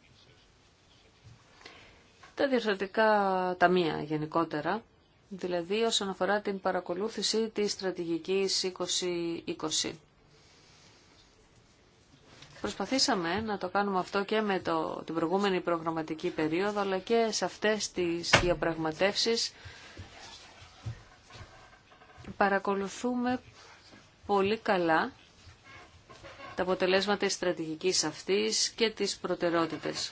Τα διευθυντικά ταμεία γενικότερα, δηλαδή όσον αφορά την παρακολούθηση της στρατηγικής 2020. Προσπαθήσαμε να το κάνουμε αυτό και με το, την προηγούμενη προγραμματική περίοδο, αλλά και σε αυτές τις διαπραγματεύσεις παρακολουθούμε πολύ καλά τα αποτελέσματα της στρατηγικής αυτής και τις προτεραιότητες.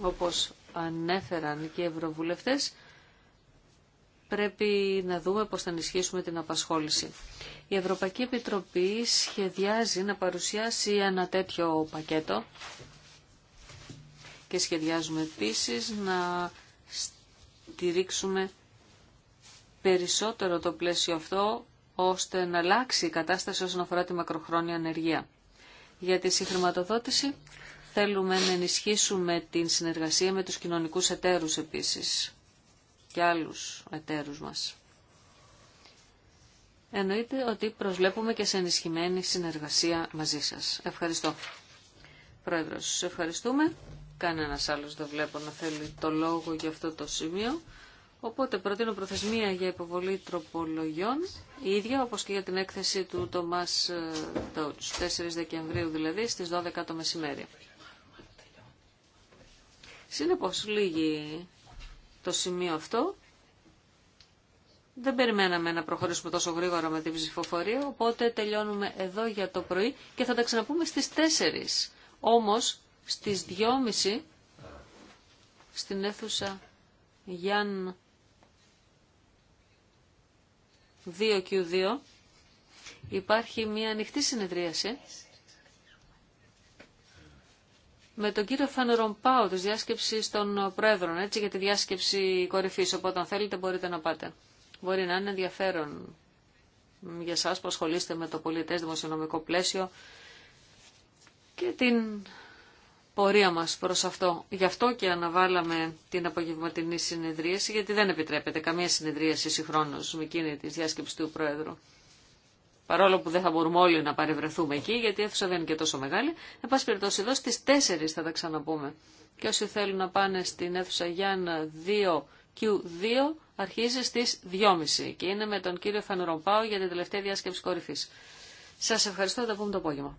Όπως ανέφεραν και οι ευρωβουλευτές, πρέπει να δούμε πώς θα ενισχύσουμε την απασχόληση. Η Ευρωπαϊκή Επιτροπή σχεδιάζει να παρουσιάσει ένα τέτοιο πακέτο και σχεδιάζουμε επίσης να στηρίξουμε περισσότερο το πλαίσιο αυτό ώστε να αλλάξει η κατάσταση όσον αφορά τη μακροχρόνια ανεργία. Για τη συγχρηματοδότηση θέλουμε να ενισχύσουμε την συνεργασία με τους κοινωνικούς εταίρους επίσης και άλλους εταίρους μας. Εννοείται ότι προσβλέπουμε και σε ενισχυμένη συνεργασία μαζί σας. Ευχαριστώ. Πρόεδρος, σας ευχαριστούμε. Κανένας άλλος δεν βλέπω να θέλει το λόγο για αυτό το σημείο. Οπότε προτείνω προθεσμία για υποβολή τροπολογιών, η ίδια όπως και για την έκθεση του Τομάς ε, Τότς, 4 Δεκεμβρίου δηλαδή, στις 12 το μεσημέρι. Συνεπώς λύγει το σημείο αυτό. Δεν περιμέναμε να προχωρήσουμε τόσο γρήγορα με την ψηφοφορία, οπότε τελειώνουμε εδώ για το πρωί και θα τα ξαναπούμε στις 4. Όμως στις 2.30 στην αίθουσα Γιάννη 2Q2 υπάρχει μια ανοιχτή συνεδρίαση με τον κύριο Φανερομπάου της διάσκεψης των Πρόεδρων, έτσι για τη διάσκεψη κορυφής, οπότε αν θέλετε μπορείτε να πάτε. Μπορεί να είναι ενδιαφέρον για εσάς που ασχολείστε με το πολιτές δημοσιονομικό πλαίσιο και την πορεία μας προς αυτό. Γι' αυτό και αναβάλαμε την απογευματινή συνεδρίαση, γιατί δεν επιτρέπεται καμία συνεδρίαση συγχρόνως με εκείνη τη διάσκεψη του Πρόεδρου. Παρόλο που δεν θα μπορούμε όλοι να παρευρεθούμε εκεί, γιατί η αίθουσα δεν είναι και τόσο μεγάλη. Εν πάση περιπτώσει, εδώ στις 4 θα τα ξαναπούμε. Και όσοι θέλουν να πάνε στην αίθουσα Γιάννα 2Q2, αρχίζει στις 2.30 και είναι με τον κύριο Φανουρομπάου για την τελευταία διάσκεψη κορυφής. Σας ευχαριστώ, θα τα πούμε το απόγευμα.